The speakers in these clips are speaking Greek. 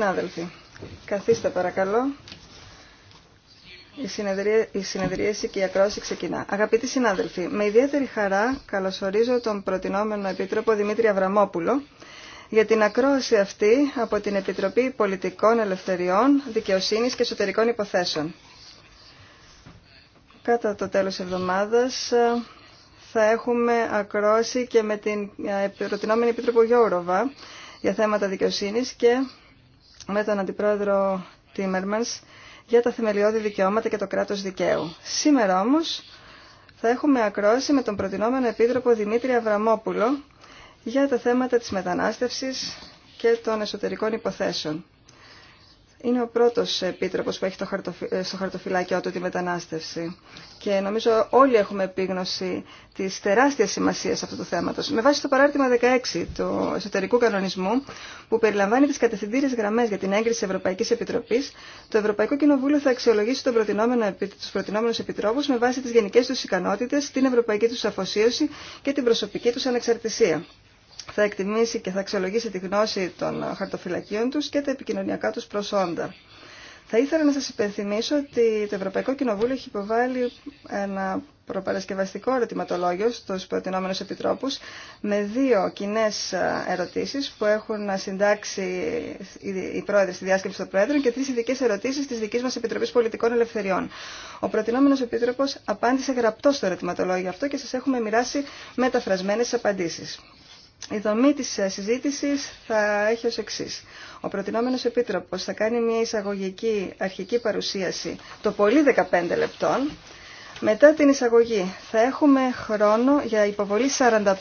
συνάδελφοι, καθίστε παρακαλώ. Η, συνεδρία, συνεδρίαση και η ακρόαση ξεκινά. Αγαπητοί συνάδελφοι, με ιδιαίτερη χαρά καλωσορίζω τον προτινόμενο Επίτροπο Δημήτρη Αβραμόπουλο για την ακρόαση αυτή από την Επιτροπή Πολιτικών Ελευθεριών, Δικαιοσύνης και Εσωτερικών Υποθέσεων. Κατά το τέλος εβδομάδας θα έχουμε ακρόαση και με την ε, προτινόμενη Επίτροπο Γιώροβα για θέματα δικαιοσύνης και με τον Αντιπρόεδρο Τίμερμανς για τα θεμελιώδη δικαιώματα και το κράτος δικαίου. Σήμερα όμως θα έχουμε ακρόαση με τον προτινόμενο Επίτροπο Δημήτρη Αβραμόπουλο για τα θέματα της μετανάστευσης και των εσωτερικών υποθέσεων είναι ο πρώτος επίτροπος που έχει στο χαρτοφυλάκιό του τη μετανάστευση. Και νομίζω όλοι έχουμε επίγνωση της τεράστιας σημασίας αυτού του θέματος. Με βάση το παράρτημα 16 του εσωτερικού κανονισμού, που περιλαμβάνει τις κατευθυντήριες γραμμές για την έγκριση Ευρωπαϊκής Επιτροπής, το Ευρωπαϊκό Κοινοβούλιο θα αξιολογήσει τον προτινόμενο, τους προτινόμενους επιτρόπους με βάση τις γενικές τους ικανότητες, την ευρωπαϊκή τους αφοσίωση και την προσωπική του ανεξαρτησία θα εκτιμήσει και θα αξιολογήσει τη γνώση των χαρτοφυλακίων τους και τα επικοινωνιακά τους προσόντα. Θα ήθελα να σας υπενθυμίσω ότι το Ευρωπαϊκό Κοινοβούλιο έχει υποβάλει ένα προπαρασκευαστικό ερωτηματολόγιο στους προτινόμενους επιτρόπους με δύο κοινέ ερωτήσεις που έχουν συντάξει οι πρόεδροι στη διάσκεψη των πρόεδρων και τρεις ειδικέ ερωτήσεις της δικής μας Επιτροπής Πολιτικών Ελευθεριών. Ο προτινόμενος επιτρόπος απάντησε γραπτό στο ερωτηματολόγιο αυτό και σας έχουμε μοιράσει μεταφρασμένες απαντήσεις. Η δομή τη ε, συζήτηση θα έχει ως εξή. Ο προτινόμενο επίτροπος θα κάνει μια εισαγωγική αρχική παρουσίαση το πολύ 15 λεπτών. Μετά την εισαγωγή θα έχουμε χρόνο για υποβολή 45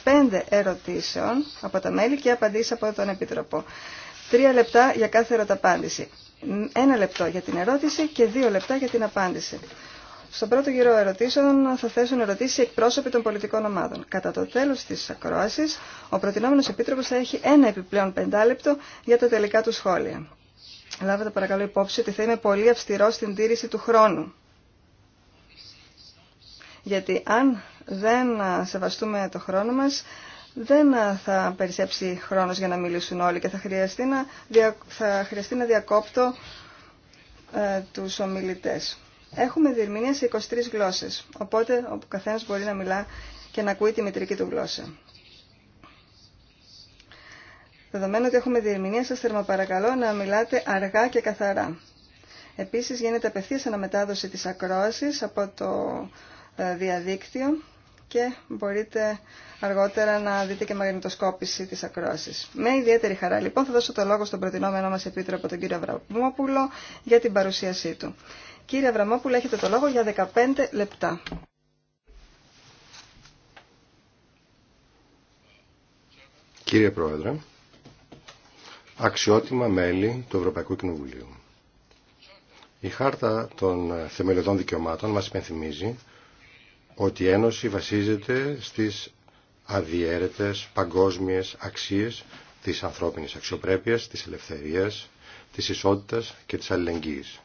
ερωτήσεων από τα μέλη και απαντήσεις από τον Επίτροπο. Τρία λεπτά για κάθε ερωταπάντηση. Ένα λεπτό για την ερώτηση και δύο λεπτά για την απάντηση. Στον πρώτο γύρο ερωτήσεων θα θέσουν ερωτήσει εκπρόσωποι των πολιτικών ομάδων. Κατά το τέλο τη ακρόαση, ο προτινόμενο επίτροπο θα έχει ένα επιπλέον πεντάλεπτο για τα τελικά του σχόλια. Λάβετε παρακαλώ υπόψη ότι θα είμαι πολύ αυστηρό στην τήρηση του χρόνου. Γιατί αν δεν σεβαστούμε το χρόνο μας, δεν θα περισσέψει χρόνος για να μιλήσουν όλοι και θα χρειαστεί να, δια... θα χρειαστεί να διακόπτω ε, τους ομιλητές. Έχουμε διερμηνία σε 23 γλώσσες, οπότε ο καθένας μπορεί να μιλά και να ακούει τη μητρική του γλώσσα. Δεδομένου ότι έχουμε διερμηνία, σας θερμοπαρακαλώ να μιλάτε αργά και καθαρά. Επίσης γίνεται απευθείας αναμετάδοση της ακρόασης από το ε, διαδίκτυο και μπορείτε αργότερα να δείτε και μαγνητοσκόπηση της ακρόασης. Με ιδιαίτερη χαρά λοιπόν θα δώσω το λόγο στον προτινόμενό μας επίτροπο τον κύριο Αβραμόπουλο για την παρουσίασή του. Κύριε Αβραμόπουλε, έχετε το λόγο για 15 λεπτά. Κύριε Πρόεδρε, αξιότιμα μέλη του Ευρωπαϊκού Κοινοβουλίου. Η Χάρτα των Θεμελιωδών Δικαιωμάτων μας υπενθυμίζει ότι η Ένωση βασίζεται στις αδιέρετες παγκόσμιες αξίες της ανθρώπινης αξιοπρέπειας, της ελευθερίας, της ισότητας και της αλληλεγγύης.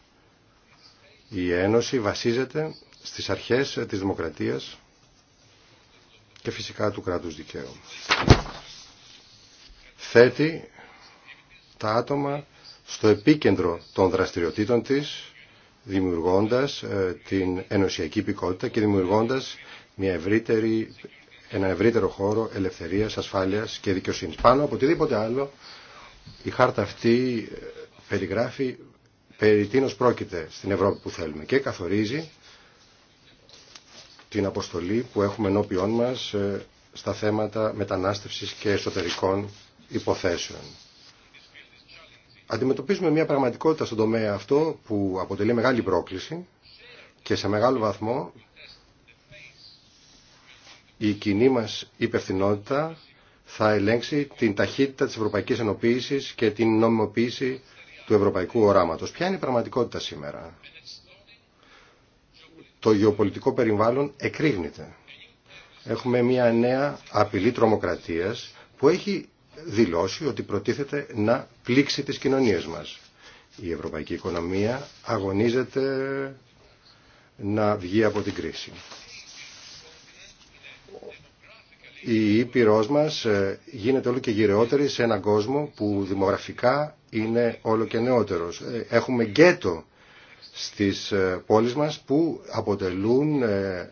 Η Ένωση βασίζεται στις αρχές της δημοκρατίας και φυσικά του κράτους δικαίου. Θέτει τα άτομα στο επίκεντρο των δραστηριοτήτων της, δημιουργώντας ε, την ενωσιακή υπηκότητα και δημιουργώντας μια ευρύτερη, ένα ευρύτερο χώρο ελευθερίας, ασφάλειας και δικαιοσύνης. Πάνω από οτιδήποτε άλλο, η χάρτα αυτή ε, περιγράφει περί τίνος πρόκειται στην Ευρώπη που θέλουμε και καθορίζει την αποστολή που έχουμε ενώπιόν μας ε, στα θέματα μετανάστευσης και εσωτερικών υποθέσεων. Αντιμετωπίζουμε μια πραγματικότητα στον τομέα αυτό που αποτελεί μεγάλη πρόκληση και σε μεγάλο βαθμό η κοινή μας υπευθυνότητα θα ελέγξει την ταχύτητα της ευρωπαϊκής ενοποίησης και την νομιμοποίηση του ευρωπαϊκού οράματος. Ποια είναι η πραγματικότητα σήμερα. Το γεωπολιτικό περιβάλλον εκρήγνεται. Έχουμε μια νέα απειλή τρομοκρατίας που έχει δηλώσει ότι προτίθεται να πλήξει τις κοινωνίες μας. Η ευρωπαϊκή οικονομία αγωνίζεται να βγει από την κρίση. Η ήπειρός μας ε, γίνεται όλο και γυρεότερη σε έναν κόσμο που δημογραφικά είναι όλο και νεότερος. Ε, έχουμε γκέτο στις ε, πόλεις μας που αποτελούν ε,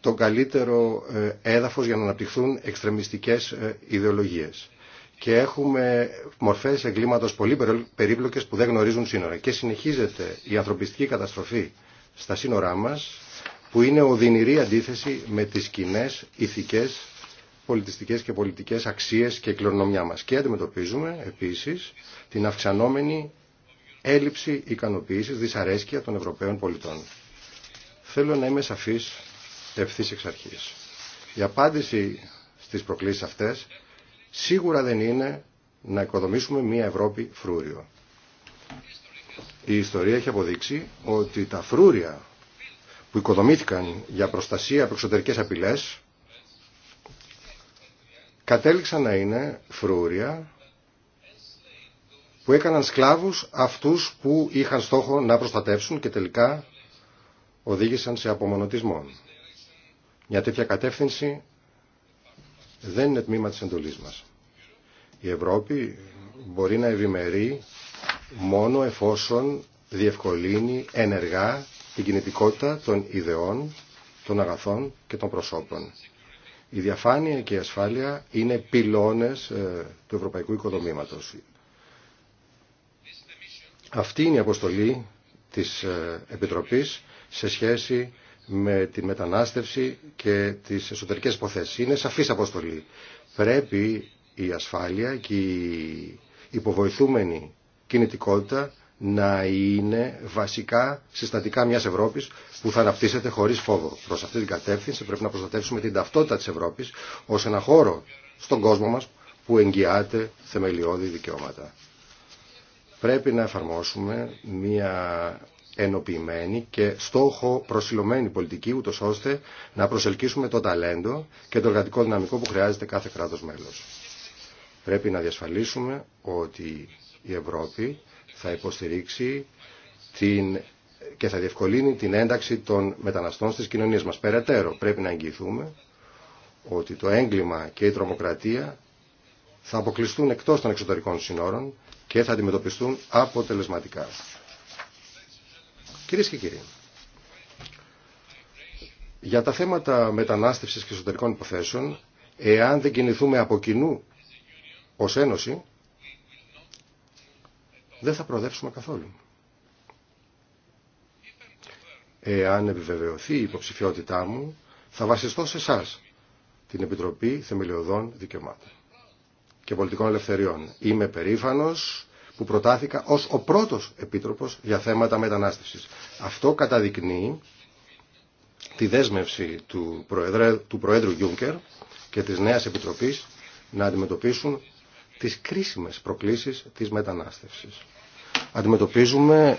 το καλύτερο έδαφος για να αναπτυχθούν εξτρεμιστικές ιδεολογίες. Και έχουμε μορφές εγκλήματος πολύ περίπλοκες που δεν γνωρίζουν σύνορα. Και συνεχίζεται η ανθρωπιστική καταστροφή στα σύνορά μας που είναι οδυνηρή αντίθεση με τις κοινέ ηθικές πολιτιστικές και πολιτικές αξίες και κληρονομιά μας. Και αντιμετωπίζουμε επίσης την αυξανόμενη έλλειψη ικανοποίησης, δυσαρέσκεια των Ευρωπαίων πολιτών. Θέλω να είμαι σαφής ευθύς εξ αρχής. Η απάντηση στις προκλήσεις αυτές σίγουρα δεν είναι να οικοδομήσουμε μια Ευρώπη φρούριο. Η ιστορία έχει αποδείξει ότι τα φρούρια που οικοδομήθηκαν για προστασία από εξωτερικές απειλές κατέληξαν να είναι φρούρια που έκαναν σκλάβους αυτούς που είχαν στόχο να προστατεύσουν και τελικά οδήγησαν σε απομονωτισμό. Μια τέτοια κατεύθυνση δεν είναι τμήμα της εντολής μας. Η Ευρώπη μπορεί να ευημερεί μόνο εφόσον διευκολύνει ενεργά την κινητικότητα των ιδεών, των αγαθών και των προσώπων. Η διαφάνεια και η ασφάλεια είναι πυλώνες ε, του ευρωπαϊκού οικοδομήματος. Αυτή είναι η αποστολή της ε, Επιτροπής σε σχέση με τη μετανάστευση και τις εσωτερικές υποθέσεις. Είναι σαφής αποστολή. Πρέπει η ασφάλεια και η υποβοηθούμενη κινητικότητα να είναι βασικά συστατικά μιας Ευρώπης που θα αναπτύσσεται χωρίς φόβο. Προς αυτή την κατεύθυνση πρέπει να προστατεύσουμε την ταυτότητα της Ευρώπης ως ένα χώρο στον κόσμο μας που εγγυάται θεμελιώδη δικαιώματα. Πρέπει να εφαρμόσουμε μια ενοποιημένη και στόχο προσιλωμένη πολιτική, ούτω ώστε να προσελκύσουμε το ταλέντο και το εργατικό δυναμικό που χρειάζεται κάθε κράτος μέλος. Πρέπει να διασφαλίσουμε ότι η Ευρώπη θα υποστηρίξει την και θα διευκολύνει την ένταξη των μεταναστών στις κοινωνίες μας. Περαιτέρω πρέπει να εγγυηθούμε ότι το έγκλημα και η τρομοκρατία θα αποκλειστούν εκτός των εξωτερικών συνόρων και θα αντιμετωπιστούν αποτελεσματικά. Κυρίες και κύριοι, για τα θέματα μετανάστευσης και εσωτερικών υποθέσεων, εάν δεν κινηθούμε από κοινού ως Ένωση, δεν θα προοδεύσουμε καθόλου. Εάν επιβεβαιωθεί η υποψηφιότητά μου, θα βασιστώ σε εσά, την Επιτροπή Θεμελιωδών Δικαιωμάτων και Πολιτικών Ελευθεριών. Είμαι περήφανο που προτάθηκα ως ο πρώτος επίτροπος για θέματα μετανάστευσης. Αυτό καταδεικνύει τη δέσμευση του, Προεδρε, του Προέδρου Γιούνκερ και της νέας Επιτροπής να αντιμετωπίσουν τι κρίσιμε προκλήσεις της μετανάστευση αντιμετωπίζουμε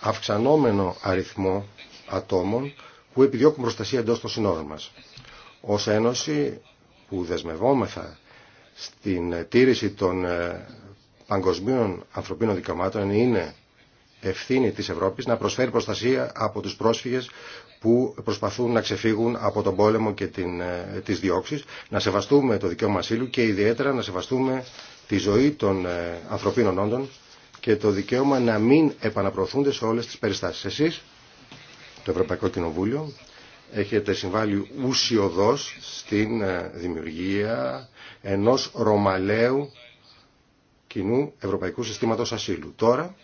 αυξανόμενο αριθμό ατόμων που επιδιώκουν προστασία εντός των συνόρων μας. Ως Ένωση που δεσμευόμεθα στην τήρηση των ε, παγκοσμίων ανθρωπίνων δικαιωμάτων είναι ευθύνη της Ευρώπης να προσφέρει προστασία από τους πρόσφυγες που προσπαθούν να ξεφύγουν από τον πόλεμο και την, ε, τις διώξεις, να σεβαστούμε το δικαίωμα ασύλου και ιδιαίτερα να σεβαστούμε τη ζωή των ε, ανθρωπίνων όντων και το δικαίωμα να μην επαναπροωθούνται σε όλες τις περιστάσεις. Εσείς, το Ευρωπαϊκό Κοινοβούλιο, έχετε συμβάλει ουσιοδός στην ε, δημιουργία ενός ρωμαλαίου κοινού ευρωπαϊκού συστήματος ασύλου. Τώρα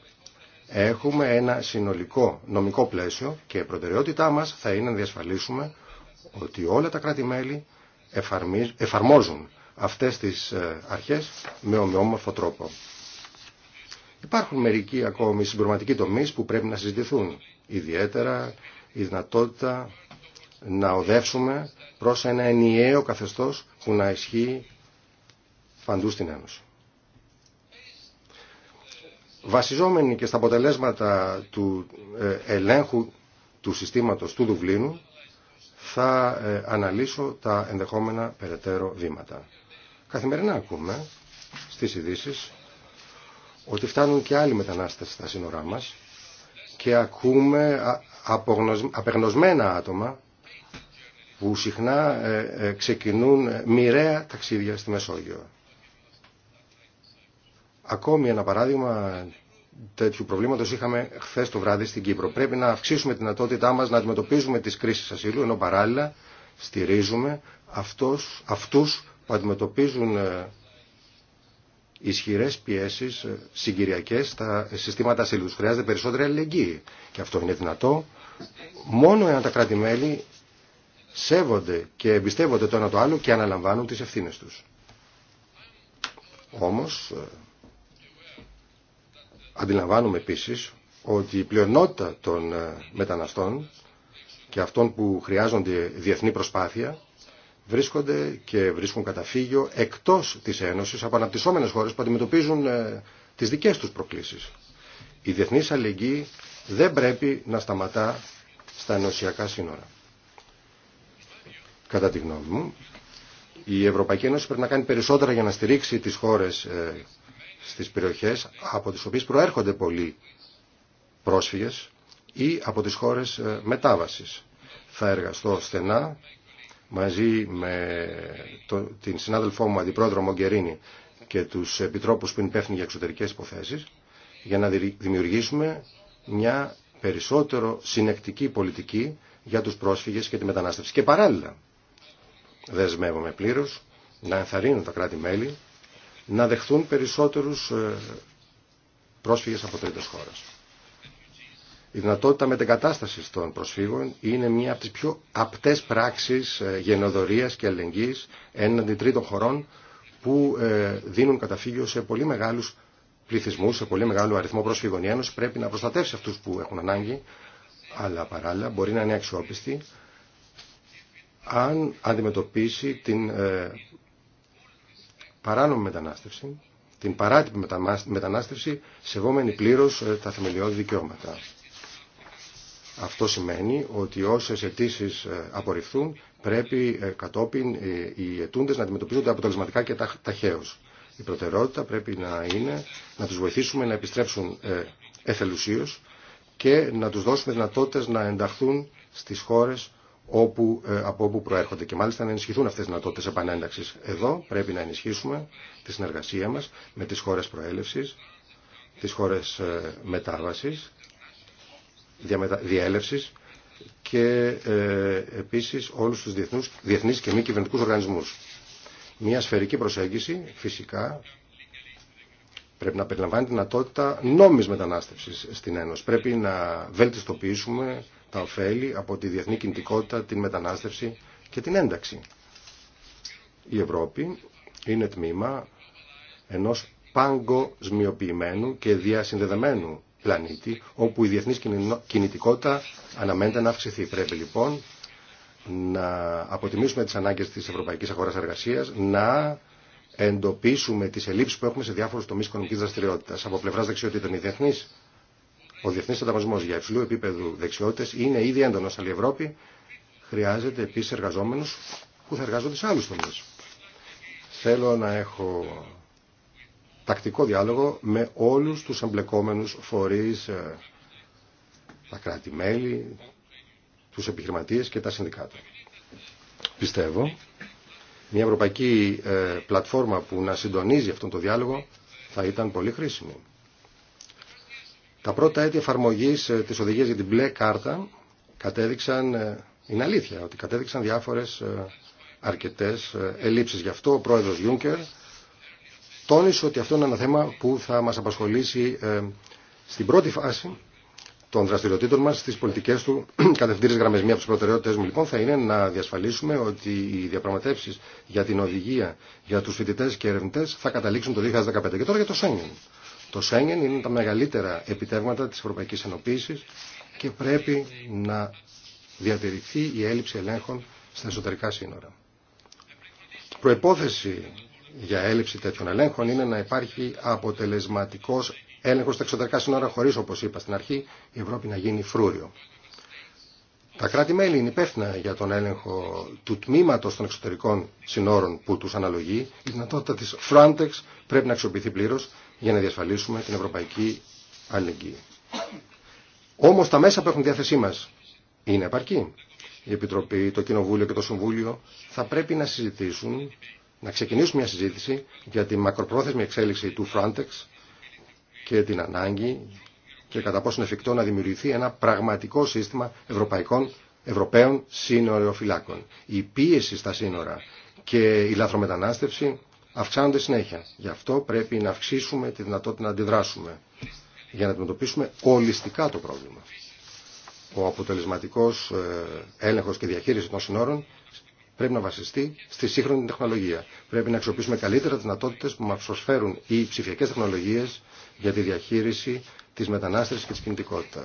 έχουμε ένα συνολικό νομικό πλαίσιο και η προτεραιότητά μας θα είναι να διασφαλίσουμε ότι όλα τα κράτη-μέλη εφαρμόζουν αυτές τις ε, αρχές με ομοιόμορφο τρόπο. Υπάρχουν μερικοί ακόμη συμπροματικοί τομείς που πρέπει να συζητηθούν. Ιδιαίτερα η δυνατότητα να οδεύσουμε προς ένα ενιαίο καθεστώς που να ισχύει παντού στην Ένωση. Βασιζόμενοι και στα αποτελέσματα του ε, ελέγχου του συστήματος του Δουβλίνου, θα ε, αναλύσω τα ενδεχόμενα περαιτέρω βήματα. Καθημερινά ακούμε στις ειδήσει ότι φτάνουν και άλλοι μετανάστες στα σύνορά μας και ακούμε απεγνωσμένα άτομα που συχνά ε, ε, ξεκινούν ε, μοιραία ταξίδια στη Μεσόγειο. Ακόμη ένα παράδειγμα τέτοιου προβλήματος είχαμε χθες το βράδυ στην Κύπρο. Πρέπει να αυξήσουμε την δυνατότητά μας να αντιμετωπίζουμε τις κρίσεις ασύλου, ενώ παράλληλα στηρίζουμε αυτούς, αυτούς που αντιμετωπίζουν ισχυρέ πιέσει ε, συγκυριακέ στα συστήματα ασύλου. Χρειάζεται περισσότερη αλληλεγγύη. Και αυτό είναι δυνατό μόνο εάν τα κράτη-μέλη σέβονται και εμπιστεύονται το ένα το άλλο και αναλαμβάνουν τι ευθύνε του. Όμω, ε, αντιλαμβάνουμε επίση ότι η πλειονότητα των ε, μεταναστών και αυτών που χρειάζονται διεθνή προσπάθεια βρίσκονται και βρίσκουν καταφύγιο εκτός της Ένωσης από αναπτυσσόμενες χώρες που αντιμετωπίζουν ε, τις δικές τους προκλήσεις. Η διεθνής αλληλεγγύη δεν πρέπει να σταματά στα ενωσιακά σύνορα. Κατά τη γνώμη μου, η Ευρωπαϊκή Ένωση πρέπει να κάνει περισσότερα για να στηρίξει τις χώρες ε, στις περιοχές από τις οποίες προέρχονται πολλοί πρόσφυγες ή από τις χώρες ε, μετάβασης. Θα εργαστώ στενά μαζί με την συνάδελφό μου αντιπρόεδρο Μογκερίνη και τους επιτρόπους που είναι υπεύθυνοι για εξωτερικές υποθέσεις για να δημιουργήσουμε μια περισσότερο συνεκτική πολιτική για τους πρόσφυγες και τη μετανάστευση. Και παράλληλα δεσμεύομαι πλήρως να ενθαρρύνουν τα κράτη-μέλη να δεχθούν περισσότερους ε, πρόσφυγες από τρίτες χώρες. Η δυνατότητα μετεγκατάσταση των προσφύγων είναι μία από τι πιο απτέ πράξει ε, γενοδορία και αλληλεγγύη έναντι τρίτων χωρών που ε, δίνουν καταφύγιο σε πολύ μεγάλου πληθυσμού, σε πολύ μεγάλο αριθμό προσφύγων. Η Ένωση πρέπει να προστατεύσει αυτού που έχουν ανάγκη, αλλά παράλληλα μπορεί να είναι αξιόπιστη αν αντιμετωπίσει την ε, παράνομη μετανάστευση, την παράτυπη μετανάστευση, σεβόμενη πλήρως τα θεμελιώδη δικαιώματα. Αυτό σημαίνει ότι όσε αιτήσει ε, απορριφθούν πρέπει ε, κατόπιν ε, οι αιτούντε να αντιμετωπίζονται αποτελεσματικά και ταχαίω. Η προτεραιότητα πρέπει να είναι να του βοηθήσουμε να επιστρέψουν εθελουσίω και να του δώσουμε δυνατότητε να ενταχθούν στι χώρε όπου, από όπου προέρχονται και μάλιστα να ενισχυθούν αυτές τι δυνατότητες επανένταξης. Εδώ πρέπει να ενισχύσουμε τη συνεργασία μας με τις χώρες προέλευσης, τις χώρες μετάβασης διαέλευσης και ε, επίσης όλους τους διεθνούς, διεθνείς και μη κυβερνητικού οργανισμούς. Μια σφαιρική προσέγγιση φυσικά πρέπει να περιλαμβάνει την δυνατότητα νόμιμης μετανάστευσης στην Ένωση. Πρέπει να βελτιστοποιήσουμε τα ωφέλη από τη διεθνή κινητικότητα, την μετανάστευση και την ένταξη. Η Ευρώπη είναι τμήμα ενός παγκοσμιοποιημένου και διασυνδεδεμένου πλανήτη όπου η διεθνής κινητικότητα αναμένεται να αυξηθεί. Πρέπει λοιπόν να αποτιμήσουμε τις ανάγκες της ευρωπαϊκής αγοράς εργασίας, να εντοπίσουμε τις ελλείψεις που έχουμε σε διάφορους τομείς οικονομικής δραστηριότητας. Από πλευράς δεξιότητων η διεθνής, ο διεθνής ανταγωνισμός για υψηλού επίπεδου δεξιότητες είναι ήδη έντονος, αλλά η Ευρώπη χρειάζεται επίσης εργαζόμενους που θα εργάζονται σε άλλους τομείς. Θέλω να έχω τακτικό διάλογο με όλους τους εμπλεκόμενους φορείς, ε, τα κράτη-μέλη, τους επιχειρηματίες και τα συνδικάτα. Πιστεύω, μια ευρωπαϊκή ε, πλατφόρμα που να συντονίζει αυτόν τον διάλογο θα ήταν πολύ χρήσιμη. Τα πρώτα έτη εφαρμογής ε, της οδηγίας για την μπλε κάρτα κατέδειξαν, είναι αλήθεια, ότι κατέδειξαν διάφορες αρκετές ελλείψεις. Γι' αυτό ο πρόεδρος Γιούνκερ τόνισε ότι αυτό είναι ένα θέμα που θα μας απασχολήσει ε, στην πρώτη φάση των δραστηριοτήτων μας στις πολιτικές του κατευθύνσεις γραμμές. Μία από τις προτεραιότητες μου λοιπόν θα είναι να διασφαλίσουμε ότι οι διαπραγματεύσεις για την οδηγία για τους φοιτητές και ερευνητές θα καταλήξουν το 2015. Και τώρα για το Σέγγεν. Το Σέγγεν είναι τα μεγαλύτερα επιτεύγματα της Ευρωπαϊκής Ενοποίησης και πρέπει να διατηρηθεί η έλλειψη ελέγχων στα εσωτερικά σύνορα. Προπόθεση για έλλειψη τέτοιων ελέγχων είναι να υπάρχει αποτελεσματικό έλεγχο στα εξωτερικά σύνορα χωρί, όπω είπα στην αρχή, η Ευρώπη να γίνει φρούριο. Τα κράτη-μέλη είναι υπεύθυνα για τον έλεγχο του τμήματο των εξωτερικών συνόρων που του αναλογεί. Η δυνατότητα τη Frontex πρέπει να αξιοποιηθεί πλήρω για να διασφαλίσουμε την ευρωπαϊκή αλληλεγγύη. Όμω τα μέσα που έχουν διάθεσή μα είναι επαρκή. Η Επιτροπή, το Κοινοβούλιο και το Συμβούλιο θα πρέπει να συζητήσουν να ξεκινήσουμε μια συζήτηση για τη μακροπρόθεσμη εξέλιξη του Frontex και την ανάγκη και κατά πόσο είναι εφικτό να δημιουργηθεί ένα πραγματικό σύστημα ευρωπαϊκών, ευρωπαίων σύνοριοφυλάκων. Η πίεση στα σύνορα και η λαθρομετανάστευση αυξάνονται συνέχεια. Γι' αυτό πρέπει να αυξήσουμε τη δυνατότητα να αντιδράσουμε για να αντιμετωπίσουμε ολιστικά το πρόβλημα. Ο αποτελεσματικός ε, έλεγχος και διαχείριση των σύνορων πρέπει να βασιστεί στη σύγχρονη τεχνολογία. Πρέπει να αξιοποιήσουμε καλύτερα τι δυνατότητε που μα προσφέρουν οι ψηφιακέ τεχνολογίε για τη διαχείριση τη μετανάστευση και τη κινητικότητα.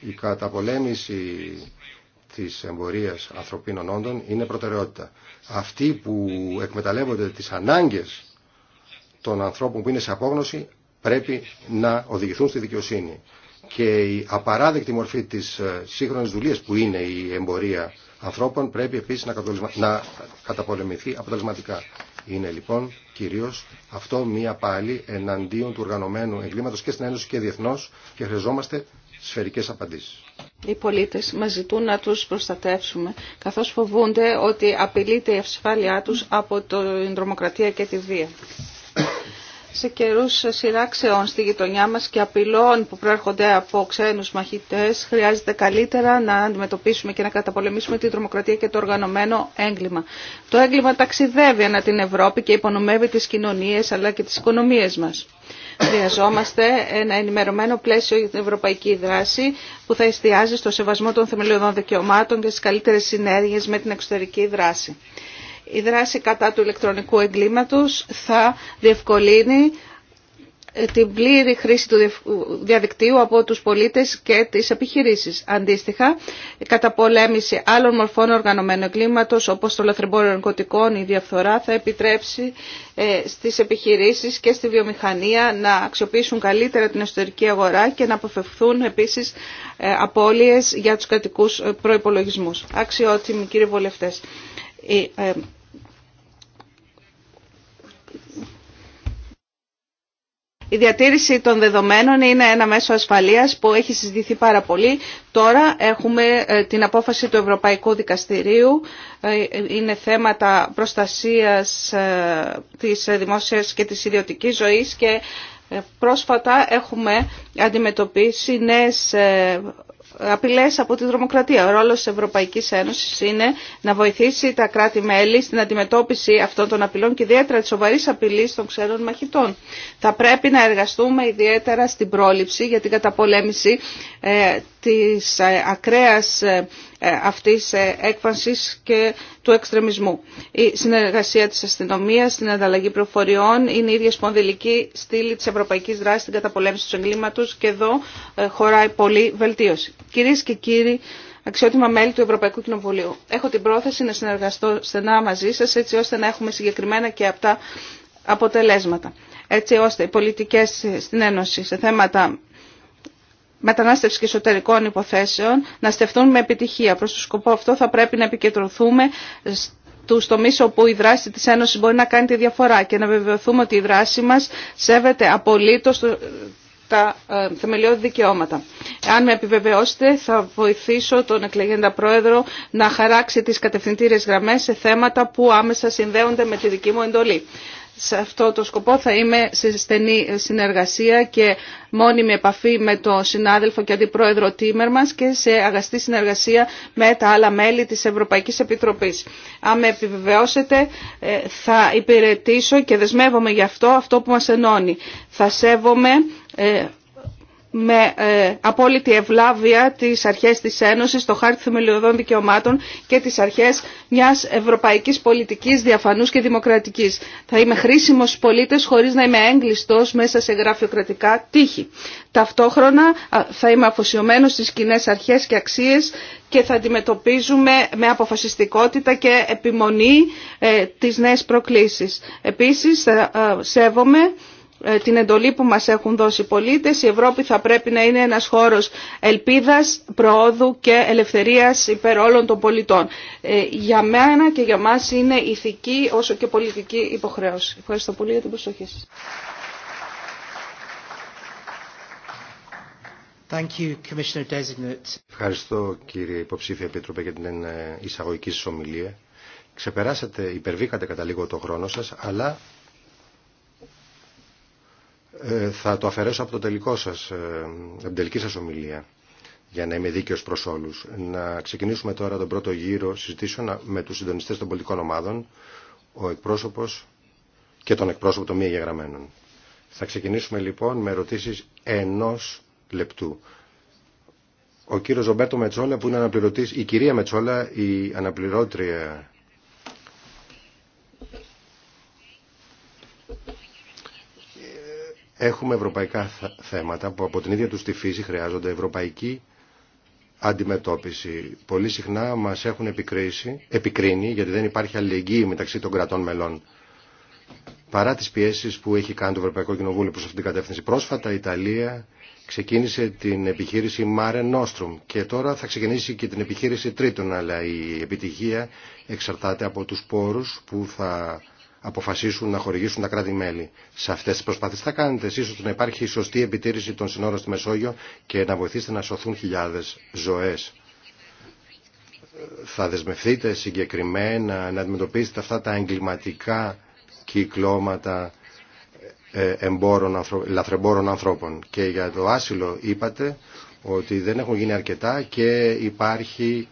Η καταπολέμηση τη εμπορία ανθρωπίνων όντων είναι προτεραιότητα. Αυτοί που εκμεταλλεύονται τι ανάγκε των ανθρώπων που είναι σε απόγνωση πρέπει να οδηγηθούν στη δικαιοσύνη. Και η απαράδεκτη μορφή της ε, σύγχρονης δουλείας που είναι η εμπορία ανθρώπων πρέπει επίσης να καταπολεμηθεί αποτελεσματικά. Είναι λοιπόν κυρίως αυτό μία πάλι εναντίον του οργανωμένου εγκλήματος και στην Ένωση και διεθνώς και χρειαζόμαστε σφαιρικές απαντήσεις. Οι πολίτες μας ζητούν να τους προστατεύσουμε καθώς φοβούνται ότι απειλείται η ασφάλειά τους από την τρομοκρατία και τη βία σε καιρού σειράξεων στη γειτονιά μα και απειλών που προέρχονται από ξένου μαχητέ, χρειάζεται καλύτερα να αντιμετωπίσουμε και να καταπολεμήσουμε την τρομοκρατία και το οργανωμένο έγκλημα. Το έγκλημα ταξιδεύει ανά την Ευρώπη και υπονομεύει τι κοινωνίε, αλλά και τι οικονομίε μα. Χρειαζόμαστε ένα ενημερωμένο πλαίσιο για την ευρωπαϊκή δράση που θα εστιάζει στο σεβασμό των θεμελιωδών δικαιωμάτων και στι καλύτερε συνέργειε με την εξωτερική δράση. Η δράση κατά του ηλεκτρονικού εγκλήματος θα διευκολύνει ε, την πλήρη χρήση του διαδικτύου από τους πολίτες και τις επιχειρήσεις. Αντίστοιχα, η καταπολέμηση άλλων μορφών οργανωμένου εγκλήματος, όπως το λαθρεμπόριο ναρκωτικών, η διαφθορά, θα επιτρέψει ε, στις επιχειρήσεις και στη βιομηχανία να αξιοποιήσουν καλύτερα την εσωτερική αγορά και να αποφευθούν επίσης ε, απώλειες για τους κατοικούς προϋπολογισμούς. Αξιότιμοι κύριε βουλευτές. Ε, ε, η διατήρηση των δεδομένων είναι ένα μέσο ασφαλείας που έχει συζητηθεί πάρα πολύ. Τώρα έχουμε ε, την απόφαση του Ευρωπαϊκού Δικαστηρίου. Είναι θέματα προστασίας της δημόσιας και της ιδιωτικής ζωής και πρόσφατα έχουμε αντιμετωπίσει νέες Απειλέ από τη δρομοκρατία. Ο ρόλος της Ευρωπαϊκής Ένωσης είναι να βοηθήσει τα κράτη-μέλη στην αντιμετώπιση αυτών των απειλών και ιδιαίτερα της σοβαρή απειλή των ξένων μαχητών. Θα πρέπει να εργαστούμε ιδιαίτερα στην πρόληψη για την καταπολέμηση ε, της ε, ακραίας ε, ε, αυτής ε, έκφανσης και του εξτρεμισμού. Η συνεργασία της αστυνομίας στην ανταλλαγή προφοριών είναι η ίδια σπονδυλική στήλη της ευρωπαϊκής δράσης στην καταπολέμηση του εγκλήματος και εδώ ε, χωράει πολύ βελτίωση. Κυρίες και κύριοι, αξιότιμα μέλη του Ευρωπαϊκού Κοινοβουλίου. Έχω την πρόθεση να συνεργαστώ στενά μαζί σας έτσι ώστε να έχουμε συγκεκριμένα και αυτά αποτελέσματα. Έτσι ώστε οι πολιτικές στην Ένωση σε θέματα μετανάστευση και εσωτερικών υποθέσεων να στεφτούν με επιτυχία. Προς το σκοπό αυτό θα πρέπει να επικεντρωθούμε του τομεί όπου η δράση τη Ένωση μπορεί να κάνει τη διαφορά και να βεβαιωθούμε ότι η δράση μα σέβεται απολύτω τα ε, θεμελιώδη δικαιώματα. Αν με επιβεβαιώσετε, θα βοηθήσω τον εκλεγέντα πρόεδρο να χαράξει τις κατευθυντήριες γραμμές σε θέματα που άμεσα συνδέονται με τη δική μου εντολή σε αυτό το σκοπό θα είμαι σε στενή συνεργασία και μόνιμη επαφή με τον συνάδελφο και αντιπρόεδρο Τίμερ μας και σε αγαστή συνεργασία με τα άλλα μέλη της Ευρωπαϊκής Επιτροπής. Αν με επιβεβαιώσετε ε, θα υπηρετήσω και δεσμεύομαι γι' αυτό αυτό που μας ενώνει. Θα σέβομαι ε, με ε, απόλυτη ευλάβεια τις αρχές της Ένωσης, το χάρτη θεμελιωδών δικαιωμάτων και τις αρχές μιας ευρωπαϊκής πολιτικής διαφανούς και δημοκρατικής. Θα είμαι χρήσιμος στους πολίτες χωρίς να είμαι έγκλειστος μέσα σε γραφειοκρατικά τύχη. Ταυτόχρονα θα είμαι αφοσιωμένος στις κοινέ αρχές και αξίες και θα αντιμετωπίζουμε με αποφασιστικότητα και επιμονή ε, τις νέες προκλήσεις. Επίσης, ε, σέβομαι ε, την εντολή που μας έχουν δώσει οι πολίτες. Η Ευρώπη θα πρέπει να είναι ένας χώρος ελπίδας, προόδου και ελευθερίας υπέρ όλων των πολιτών. Ε, για μένα και για μας είναι ηθική όσο και πολιτική υποχρέωση. Ευχαριστώ πολύ για την προσοχή σας. Thank you, Commissioner Designate. Ευχαριστώ κύριε υποψήφια επίτροπε για την ε, εισαγωγική σας ομιλία. Ξεπεράσατε, υπερβήκατε κατά λίγο το χρόνο σας, αλλά ε, θα το αφαιρέσω από, το τελικό σας, ε, από την τελική σας ομιλία για να είμαι δίκαιος προς όλους. Να ξεκινήσουμε τώρα τον πρώτο γύρο συζητήσεων με τους συντονιστές των πολιτικών ομάδων, ο εκπρόσωπος και τον εκπρόσωπο των μη εγγεγραμμένων. Θα ξεκινήσουμε λοιπόν με ερωτήσεις ενός λεπτού. Ο κύριος Ζομπέρτο Μετσόλα που είναι αναπληρωτής, η κυρία Μετσόλα, η αναπληρώτρια έχουμε ευρωπαϊκά θέματα που από την ίδια τους τη φύση χρειάζονται ευρωπαϊκή αντιμετώπιση. Πολύ συχνά μας έχουν επικρίσει, επικρίνει γιατί δεν υπάρχει αλληλεγγύη μεταξύ των κρατών μελών. Παρά τις πιέσεις που έχει κάνει το Ευρωπαϊκό Κοινοβούλιο προς αυτήν την κατεύθυνση πρόσφατα, η Ιταλία ξεκίνησε την επιχείρηση Mare Nostrum και τώρα θα ξεκινήσει και την επιχείρηση τρίτων. αλλά η επιτυχία εξαρτάται από τους πόρους που θα αποφασίσουν να χορηγήσουν τα κράτη-μέλη. Σε αυτέ τι προσπάθειε θα κάνετε εσεί ώστε να υπάρχει η σωστή επιτήρηση των συνόρων στη Μεσόγειο και να βοηθήσετε να σωθούν χιλιάδε ζωέ. Θα δεσμευτείτε συγκεκριμένα να αντιμετωπίσετε αυτά τα εγκληματικά κυκλώματα ε, εμπόρων, λαθρεμπόρων ανθρώπων. Και για το άσυλο είπατε ότι δεν έχουν γίνει αρκετά και υπάρχει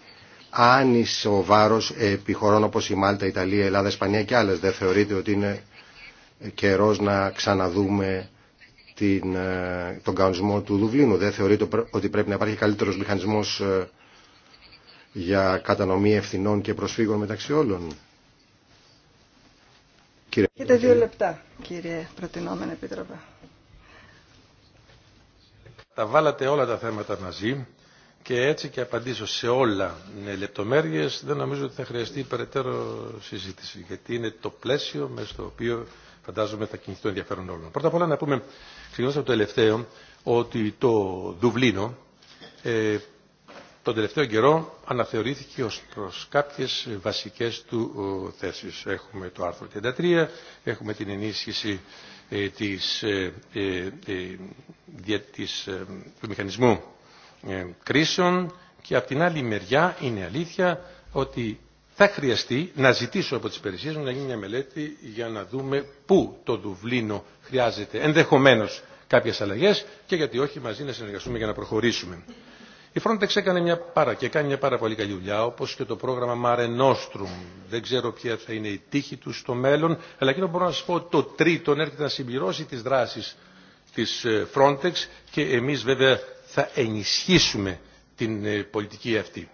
ο βάρος επί χωρών όπως η Μάλτα, η Ιταλία, η Ελλάδα, η Ισπανία και άλλες. Δεν θεωρείτε ότι είναι καιρός να ξαναδούμε την, ε, τον κανονισμό του Δουβλίνου. Δεν θεωρείτε ότι πρέπει να υπάρχει καλύτερος μηχανισμός ε, για κατανομή ευθυνών και προσφύγων μεταξύ όλων. Κύριε δύο λεπτά, κύριε Προτινόμενε Επίτροπε. Τα όλα τα θέματα μαζί και έτσι και απαντήσω σε όλα με λεπτομέρειες δεν νομίζω ότι θα χρειαστεί περαιτέρω συζήτηση γιατί είναι το πλαίσιο με στο οποίο φαντάζομαι θα κινηθεί το ενδιαφέρον όλων. Πρώτα απ' όλα να πούμε ξεκινώντας από το τελευταίο ότι το Δουβλίνο ε, τον τελευταίο καιρό αναθεωρήθηκε ως προς κάποιες βασικές του θέσεις. Έχουμε το άρθρο 33, έχουμε την ενίσχυση ε, της, ε, ε, ε, της, του μηχανισμού ε, κρίσεων και από την άλλη μεριά είναι αλήθεια ότι θα χρειαστεί να ζητήσω από τις υπηρεσίες μου να γίνει μια μελέτη για να δούμε πού το Δουβλίνο χρειάζεται ενδεχομένως κάποιες αλλαγές και γιατί όχι μαζί να συνεργαστούμε για να προχωρήσουμε. Η Frontex έκανε μια πάρα και κάνει μια πάρα πολύ καλή δουλειά, όπω και το πρόγραμμα Mare Nostrum. Δεν ξέρω ποια θα είναι η τύχη του στο μέλλον, αλλά εκείνο μπορώ να σα πω το τρίτον έρχεται να συμπληρώσει τι δράσει τη ε, Frontex και εμεί βέβαια θα ενισχύσουμε την ε, πολιτική αυτή.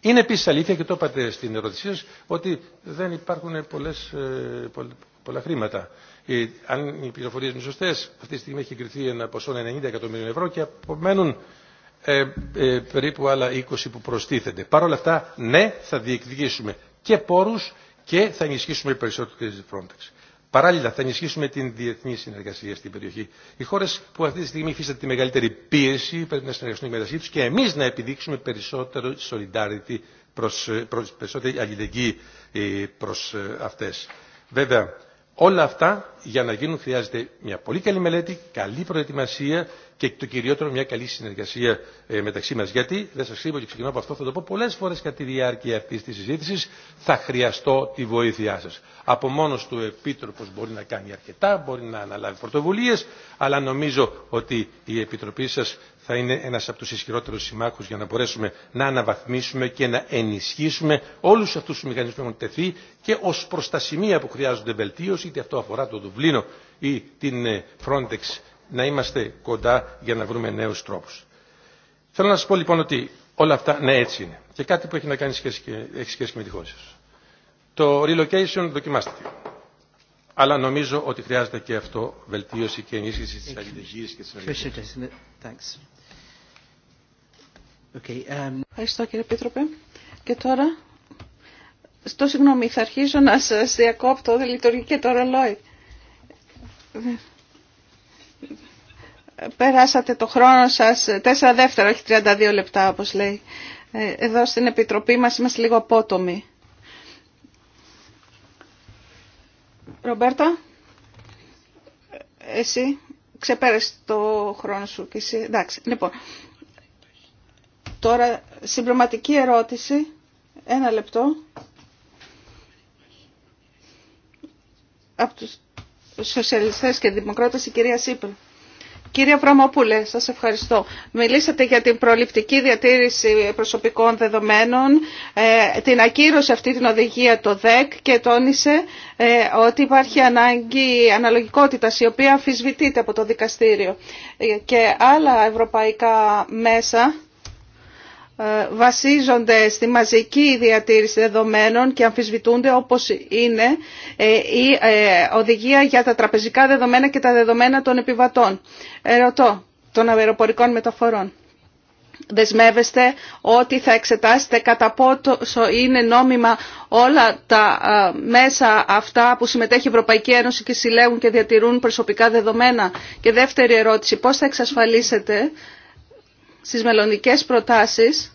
Είναι επίση αλήθεια και το είπατε στην ερώτησή σα ότι δεν υπάρχουν πολλές, ε, πολλά χρήματα. Ε, αν οι πληροφορίε είναι σωστέ, αυτή τη στιγμή έχει εγκριθεί ένα ποσό 90 εκατομμύριων ευρώ και απομένουν περίπου άλλα 20 που προστίθενται. Παρ' όλα αυτά, ναι, θα διεκδικήσουμε και πόρου και θα ενισχύσουμε περισσότερο τη Frontex. Παράλληλα, θα ενισχύσουμε την διεθνή συνεργασία στην περιοχή. Οι χώρε που αυτή τη στιγμή υφίσταται τη μεγαλύτερη πίεση πρέπει να συνεργαστούν μεταξύ του και εμεί να επιδείξουμε περισσότερο solidarity, προς, προς, περισσότερη αλληλεγγύη ε, προ ε, αυτέ. Βέβαια, Όλα αυτά για να γίνουν χρειάζεται μια πολύ καλή μελέτη, καλή προετοιμασία και το κυριότερο μια καλή συνεργασία ε, μεταξύ μα. Γιατί, δεν σα κρύβω και ξεκινώ από αυτό, θα το πω πολλέ φορέ κατά τη διάρκεια αυτή τη συζήτηση, θα χρειαστώ τη βοήθειά σα. Από μόνο του Επίτροπο μπορεί να κάνει αρκετά, μπορεί να αναλάβει πρωτοβουλίε, αλλά νομίζω ότι η Επιτροπή σα θα είναι ένας από τους ισχυρότερους συμμάχους για να μπορέσουμε να αναβαθμίσουμε και να ενισχύσουμε όλους αυτούς τους μηχανισμούς που έχουν τεθεί και ως προς τα σημεία που χρειάζονται βελτίωση, είτε αυτό αφορά το Δουβλίνο ή την ε, Frontex, να είμαστε κοντά για να βρούμε νέους τρόπους. Θέλω να σας πω λοιπόν ότι όλα αυτά, ναι έτσι είναι. Και κάτι που έχει να κάνει σχέση και, έχει σχέση με τη χώρα σας. Το relocation δοκιμάστηκε. Αλλά νομίζω ότι χρειάζεται και αυτό βελτίωση και ενίσχυση τη αλληλεγγύης και της συνεργασίας. Okay, um... Ευχαριστώ κύριε Πίτροπε. Και τώρα, στο συγγνώμη, θα αρχίσω να σας διακόπτω, δεν λειτουργεί και το ρολόι. Περάσατε το χρόνο σας, 4 δεύτερα, όχι 32 λεπτά όπως λέει. Ε, εδώ στην Επιτροπή μας είμαστε λίγο απότομοι. Ρομπέρτα, εσύ ξεπέρασε το χρόνο σου και εσύ. Εντάξει, λοιπόν, Τώρα, συμπληρωματική ερώτηση. Ένα λεπτό. Από τους σοσιαλιστές και δημοκράτες, η κυρία Σίπελ. Κύριε Βραμόπουλε, σας ευχαριστώ. Μιλήσατε για την προληπτική διατήρηση προσωπικών δεδομένων, ε, την ακύρωση αυτή την οδηγία το ΔΕΚ και τόνισε ε, ότι υπάρχει ανάγκη αναλογικότητας η οποία αμφισβητείται από το δικαστήριο ε, και άλλα ευρωπαϊκά μέσα ε, βασίζονται στη μαζική διατήρηση δεδομένων και αμφισβητούνται όπως είναι ε, η ε, οδηγία για τα τραπεζικά δεδομένα και τα δεδομένα των επιβατών. Ερωτώ των αεροπορικών μεταφορών. Δεσμεύεστε ότι θα εξετάσετε κατά πόσο είναι νόμιμα όλα τα μέσα αυτά που συμμετέχει η Ευρωπαϊκή Ένωση και συλλέγουν και διατηρούν προσωπικά δεδομένα. Και δεύτερη ερώτηση, πώς θα εξασφαλίσετε στις μελλοντικές προτάσεις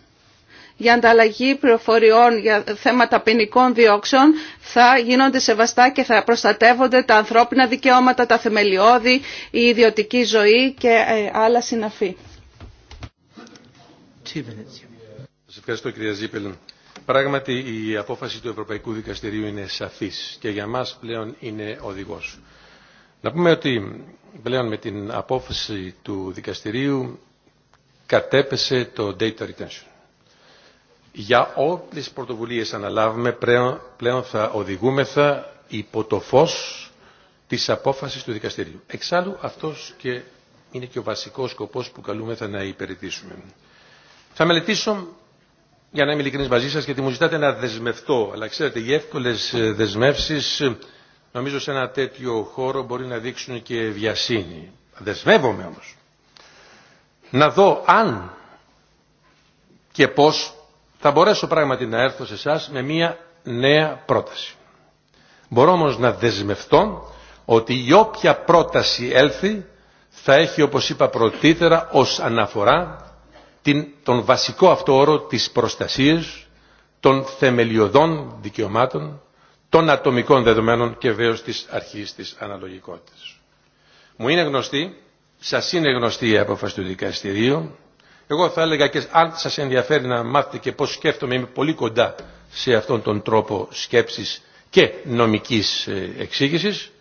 για ανταλλαγή πληροφοριών για θέματα ποινικών διώξεων θα γίνονται σεβαστά και θα προστατεύονται τα ανθρώπινα δικαιώματα, τα θεμελιώδη, η ιδιωτική ζωή και ε, άλλα συναφή. Σας ευχαριστώ κυρία Ζήπελ. Πράγματι η απόφαση του Ευρωπαϊκού Δικαστηρίου είναι σαφής και για μας πλέον είναι οδηγός. Να πούμε ότι πλέον με την απόφαση του Δικαστηρίου κατέπεσε το data retention. Για όλες τις πρωτοβουλίες αναλάβουμε πλέον θα οδηγούμεθα υπό το φως της απόφασης του δικαστηρίου. Εξάλλου αυτός και είναι και ο βασικός σκοπός που καλούμεθα να υπηρετήσουμε. Θα μελετήσω, για να είμαι ειλικρινής μαζί σας, γιατί μου ζητάτε να δεσμευτώ, αλλά ξέρετε, οι εύκολες ε, δεσμεύσεις, ε, νομίζω σε ένα τέτοιο χώρο μπορεί να δείξουν και βιασύνη. Δεσμεύομαι όμως να δω αν και πώς θα μπορέσω πράγματι να έρθω σε εσά με μια νέα πρόταση. Μπορώ όμως να δεσμευτώ ότι η όποια πρόταση έλθει θα έχει όπως είπα πρωτήτερα ως αναφορά την, τον βασικό αυτό όρο της προστασίας των θεμελιωδών δικαιωμάτων, των ατομικών δεδομένων και βέβαια της αρχής της αναλογικότητας. Μου είναι γνωστή σας είναι γνωστή η απόφαση του δικαστηρίου. Εγώ θα έλεγα και αν σας ενδιαφέρει να μάθετε και πώς σκέφτομαι, είμαι πολύ κοντά σε αυτόν τον τρόπο σκέψης και νομικής ε, εξήγησης,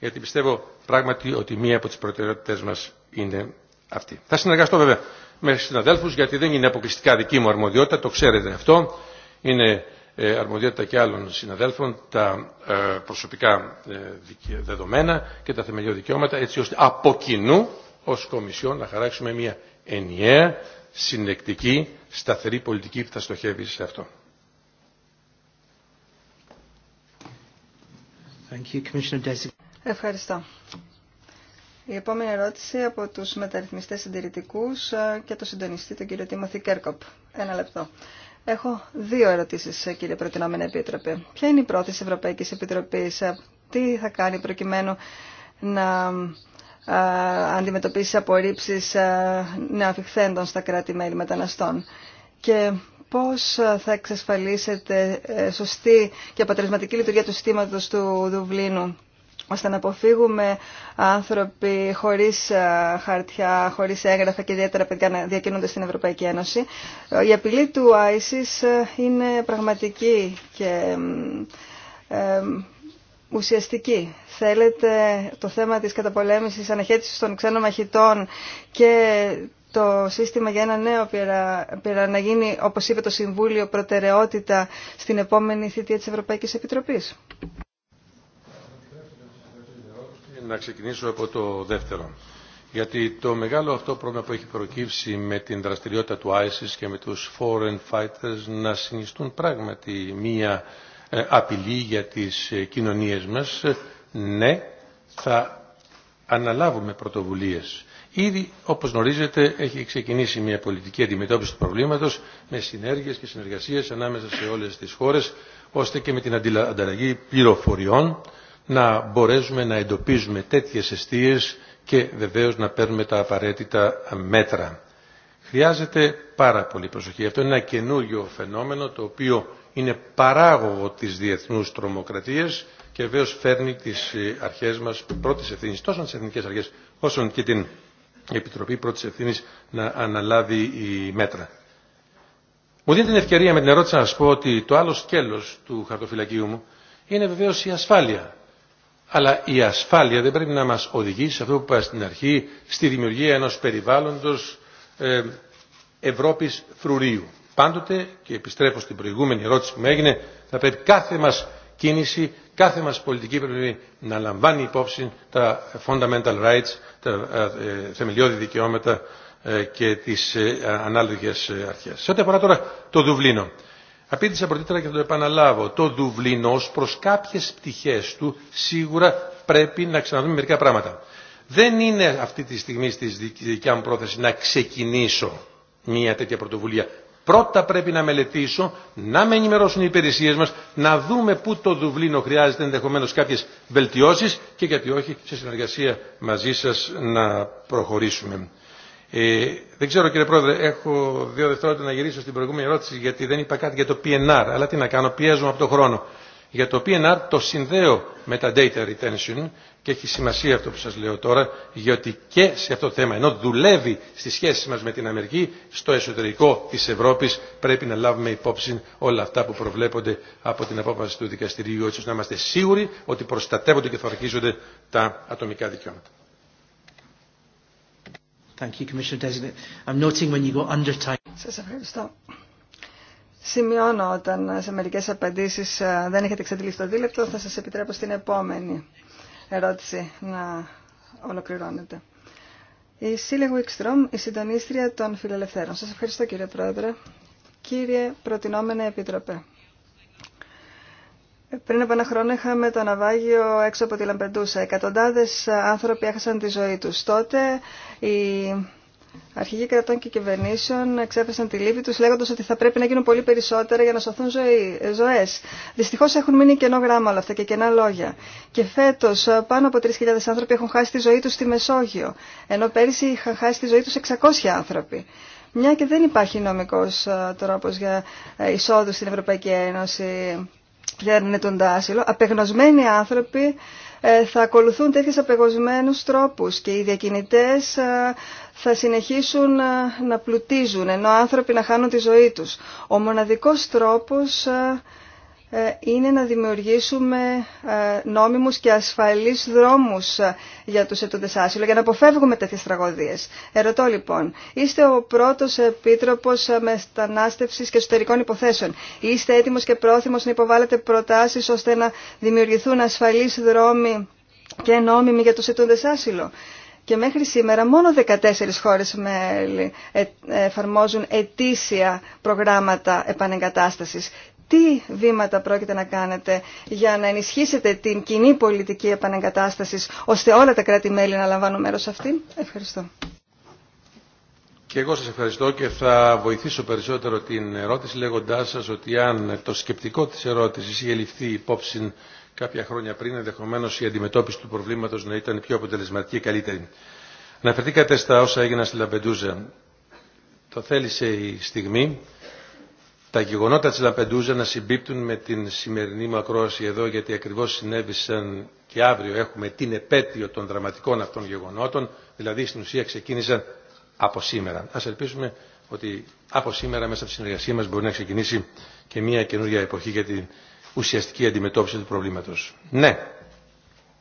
γιατί πιστεύω πράγματι ότι μία από τις προτεραιότητες μας είναι αυτή. Θα συνεργαστώ βέβαια με συναδέλφους, γιατί δεν είναι αποκλειστικά δική μου αρμοδιότητα, το ξέρετε αυτό, είναι ε, αρμοδιότητα και άλλων συναδέλφων, τα ε, προσωπικά δεδομένα και τα θεμελιώδη δικαιώματα, έτσι ώστε από κοινού ως Κομισιόν να χαράξουμε μια ενιαία, συνεκτική, σταθερή πολιτική που θα στοχεύει σε αυτό. Ευχαριστώ. Η επόμενη ερώτηση από τους μεταρρυθμιστές συντηρητικούς ε, και το συντονιστή, τον κύριο Τίμωθη Κέρκοπ. Ένα λεπτό. Έχω δύο ερωτήσεις, ε, κύριε Προτινόμενη Επίτροπε. Ποια είναι η πρόθεση Ευρωπαϊκής Επιτροπής, ε, τι θα κάνει προκειμένου να αντιμετωπίσει απορρίψει νεοαφιχθέντων στα κράτη-μέλη μεταναστών. Και πώς θα εξασφαλίσετε ε, σωστή και αποτελεσματική λειτουργία του συστήματος του Δουβλίνου ώστε να αποφύγουμε άνθρωποι χωρίς χαρτιά, χωρίς έγγραφα και ιδιαίτερα παιδιά να διακινούνται στην Ευρωπαϊκή Ένωση. Η απειλή του ISIS ε, είναι πραγματική και ε, ουσιαστική. Θέλετε το θέμα της καταπολέμησης αναχέτησης των ξένων μαχητών και το σύστημα για ένα νέο πειρα, να γίνει, όπως είπε το Συμβούλιο, προτεραιότητα στην επόμενη θητεία της Ευρωπαϊκής Επιτροπής. Να ξεκινήσω από το δεύτερο. Γιατί το μεγάλο αυτό πρόβλημα που έχει προκύψει με την δραστηριότητα του ISIS και με τους foreign fighters να συνιστούν πράγματι μία ε, απειλή για τις ε, κοινωνίες μας. Ε, ναι, θα αναλάβουμε πρωτοβουλίες. Ήδη, όπως γνωρίζετε, έχει ξεκινήσει μια πολιτική αντιμετώπιση του προβλήματος με συνέργειες και συνεργασίες ανάμεσα σε όλες τις χώρες, ώστε και με την ανταλλαγή πληροφοριών να μπορέσουμε να εντοπίζουμε τέτοιες αιστείες και βεβαίως να παίρνουμε τα απαραίτητα μέτρα. Χρειάζεται πάρα πολύ προσοχή. Αυτό είναι ένα καινούριο φαινόμενο το οποίο είναι παράγωγο της διεθνούς τρομοκρατίας και βεβαίω φέρνει τις ε, αρχές μας πρώτης ευθύνης, τόσο τις εθνικές αρχές όσο και την Επιτροπή Πρώτης Ευθύνης να αναλάβει η μέτρα. Μου δίνει την ευκαιρία με την ερώτηση να σας πω ότι το άλλο σκέλος του χαρτοφυλακίου μου είναι βεβαίω η ασφάλεια. Αλλά η ασφάλεια δεν πρέπει να μας οδηγήσει σε αυτό που είπα στην αρχή, στη δημιουργία ενός περιβάλλοντος ε, Ευρώπης φρουρίου. Πάντοτε, και επιστρέφω στην προηγούμενη ερώτηση που με έγινε, θα πρέπει κάθε μας κίνηση, κάθε μας πολιτική πρέπει να λαμβάνει υπόψη τα fundamental rights, τα ε, ε, θεμελιώδη δικαιώματα ε, και τις ανάλογες αρχές. Σε ό,τι αφορά τώρα το Δουβλίνο. Απίτησα πρωτήτερα και θα το επαναλάβω. Το Δουβλίνο ως προς κάποιες πτυχές του σίγουρα πρέπει να ξαναδούμε μερικά πράγματα. Δεν είναι αυτή τη στιγμή στη δικιά μου πρόθεση να ξεκινήσω μια τέτοια πρωτοβουλία Πρώτα πρέπει να μελετήσω, να με ενημερώσουν οι υπηρεσίε μα, να δούμε πού το Δουβλίνο χρειάζεται ενδεχομένω κάποιε βελτιώσει και γιατί όχι σε συνεργασία μαζί σα να προχωρήσουμε. Ε, δεν ξέρω κύριε Πρόεδρε, έχω δύο δευτερόλεπτα να γυρίσω στην προηγούμενη ερώτηση γιατί δεν είπα κάτι για το PNR. Αλλά τι να κάνω, πιέζομαι από τον χρόνο. Για το PNR το συνδέω με τα data retention και έχει σημασία αυτό που σας λέω τώρα, γιατί και σε αυτό το θέμα, ενώ δουλεύει στις σχέσεις μας με την Αμερική, στο εσωτερικό της Ευρώπης πρέπει να λάβουμε υπόψη όλα αυτά που προβλέπονται από την απόφαση του δικαστηρίου, έτσι ώστε να είμαστε σίγουροι ότι προστατεύονται και θα αρχίζονται τα ατομικά δικαιώματα. Thank ευχαριστώ. Σημειώνω όταν σε μερικές απαντήσεις ε, δεν έχετε εξαντλήσει το δίλεπτο, θα σας επιτρέπω στην επόμενη ερώτηση να ολοκληρώνεται. Η Σίλια Γουιξτρομ, η συντονίστρια των φιλελευθέρων. Σας ευχαριστώ κύριε Πρόεδρε. Κύριε Προτινόμενε Επίτροπε. Πριν από ένα χρόνο είχαμε το ναυάγιο έξω από τη Λαμπεντούσα. Εκατοντάδες άνθρωποι έχασαν τη ζωή τους. Τότε η Αρχηγοί κρατών και κυβερνήσεων εξέφρασαν τη λύπη του λέγοντα ότι θα πρέπει να γίνουν πολύ περισσότερα για να σωθούν ζωέ. Δυστυχώ έχουν μείνει κενό γράμμα όλα αυτά και κενά λόγια. Και φέτο πάνω από 3.000 άνθρωποι έχουν χάσει τη ζωή του στη Μεσόγειο, ενώ πέρυσι είχαν χάσει τη ζωή του 600 άνθρωποι. Μια και δεν υπάρχει νομικό ε, τρόπο για ε, εισόδου στην Ευρωπαϊκή Ένωση τον άσυλο, απεγνωσμένοι άνθρωποι ε, θα ακολουθούν τέτοιες απεγνωσμένους τρόπους και οι διακινητές θα συνεχίσουν να πλουτίζουν, ενώ άνθρωποι να χάνουν τη ζωή τους. Ο μοναδικός τρόπος ε, ε, είναι να δημιουργήσουμε ε, νόμιμους και ασφαλείς δρόμους για τους ετούντες άσυλο, για να αποφεύγουμε τέτοιες τραγωδίες. Ερωτώ λοιπόν, είστε ο πρώτος επίτροπος μετανάστευσης και εσωτερικών υποθέσεων. Είστε έτοιμος και πρόθυμος να υποβάλλετε προτάσεις ώστε να δημιουργηθούν ασφαλείς δρόμοι και νόμιμοι για τους ετούντες άσυλο. Και μέχρι σήμερα μόνο 14 χώρες μέλη ε, εφαρμόζουν ετήσια προγράμματα επανεγκατάστασης. Τι βήματα πρόκειται να κάνετε για να ενισχύσετε την κοινή πολιτική επανεγκατάστασης ώστε όλα τα κράτη-μέλη να λαμβάνουν μέρος αυτή. αυτήν. Ευχαριστώ. Και εγώ σας ευχαριστώ και θα βοηθήσω περισσότερο την ερώτηση λέγοντάς σας ότι αν το σκεπτικό της ερώτησης είχε ληφθεί υπόψη κάποια χρόνια πριν, ενδεχομένω η αντιμετώπιση του προβλήματο να ήταν πιο αποτελεσματική και καλύτερη. Αναφερθήκατε στα όσα έγιναν στη Λαμπεντούζα. Το θέλησε η στιγμή τα γεγονότα της Λαμπεντούζα να συμπίπτουν με την σημερινή μου ακρόαση εδώ, γιατί ακριβώς συνέβησαν και αύριο έχουμε την επέτειο των δραματικών αυτών γεγονότων, δηλαδή στην ουσία ξεκίνησαν από σήμερα. Ας ελπίσουμε ότι από σήμερα μέσα από τη συνεργασία μας μπορεί να ξεκινήσει και μια καινούργια εποχή για την ουσιαστική αντιμετώπιση του προβλήματος. Ναι,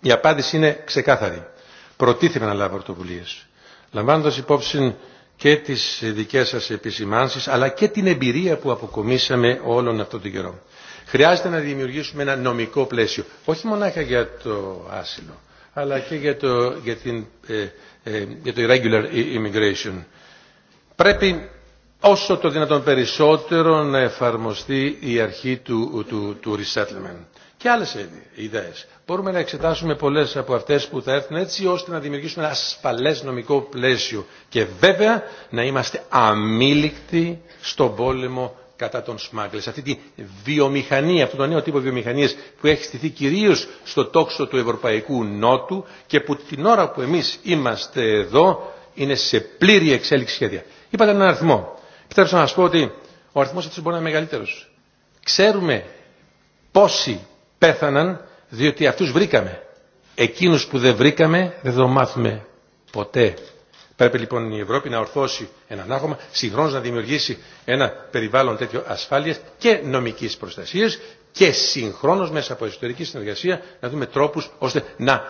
η απάντηση είναι ξεκάθαρη. Προτίθεμαι να λάβω πρωτοβουλίε. Λαμβάνοντα υπόψη και τι δικέ σα επισημάνσει, αλλά και την εμπειρία που αποκομίσαμε όλον αυτόν τον καιρό. Χρειάζεται να δημιουργήσουμε ένα νομικό πλαίσιο, όχι μονάχα για το άσυλο, αλλά και για το, για την, ε, ε, για το irregular immigration. Πρέπει όσο το δυνατόν περισσότερο να εφαρμοστεί η αρχή του, του, του resettlement. Και άλλες ε, ιδέες. Μπορούμε να εξετάσουμε πολλές από αυτές που θα έρθουν έτσι ώστε να δημιουργήσουμε ένα ασφαλές νομικό πλαίσιο και βέβαια να είμαστε αμήλικτοι στον πόλεμο κατά των σμάγκλες. Αυτή τη βιομηχανία, αυτό το νέο τύπο βιομηχανίας που έχει στηθεί κυρίως στο τόξο του Ευρωπαϊκού Νότου και που την ώρα που εμείς είμαστε εδώ είναι σε πλήρη εξέλιξη σχέδια. Είπατε έναν αριθμό. Επιτρέψτε να σα πω ότι ο αριθμό αυτό μπορεί να είναι μεγαλύτερο. Ξέρουμε πόσοι πέθαναν διότι αυτού βρήκαμε. Εκείνους που δεν βρήκαμε δεν το μάθουμε ποτέ. Πρέπει λοιπόν η Ευρώπη να ορθώσει έναν άγχομα συγχρόνω να δημιουργήσει ένα περιβάλλον τέτοιο ασφάλεια και νομική προστασία και συγχρόνω μέσα από ιστορική συνεργασία να δούμε τρόπου ώστε να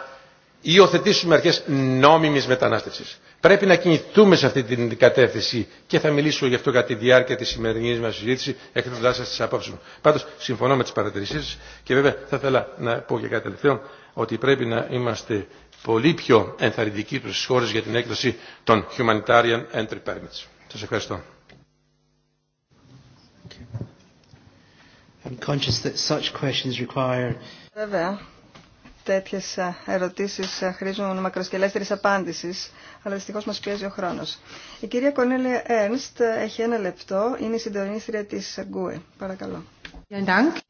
υιοθετήσουμε αρχέ νόμιμη μετανάστευση. Πρέπει να κινηθούμε σε αυτή την κατεύθυνση και θα μιλήσω γι' αυτό κατά τη διάρκεια τη σημερινή μα συζήτηση, εκθέτοντά σα τι απόψει μου. Πάντω, συμφωνώ με τι παρατηρήσει σα και βέβαια θα ήθελα να πω και κάτι τελευταίο, ότι πρέπει να είμαστε πολύ πιο ενθαρρυντικοί προ τι χώρε για την έκδοση των humanitarian entry permits. Σα ευχαριστώ. I'm conscious that such questions require τέτοιες ερωτήσεις χρήζουν μακροσκελέστερης απάντησης, αλλά δυστυχώς μας πιέζει ο χρόνος. Η κυρία Κονέλια Έρνστ έχει ένα λεπτό, είναι η συντονίστρια της ΓΚΟΕ. Παρακαλώ.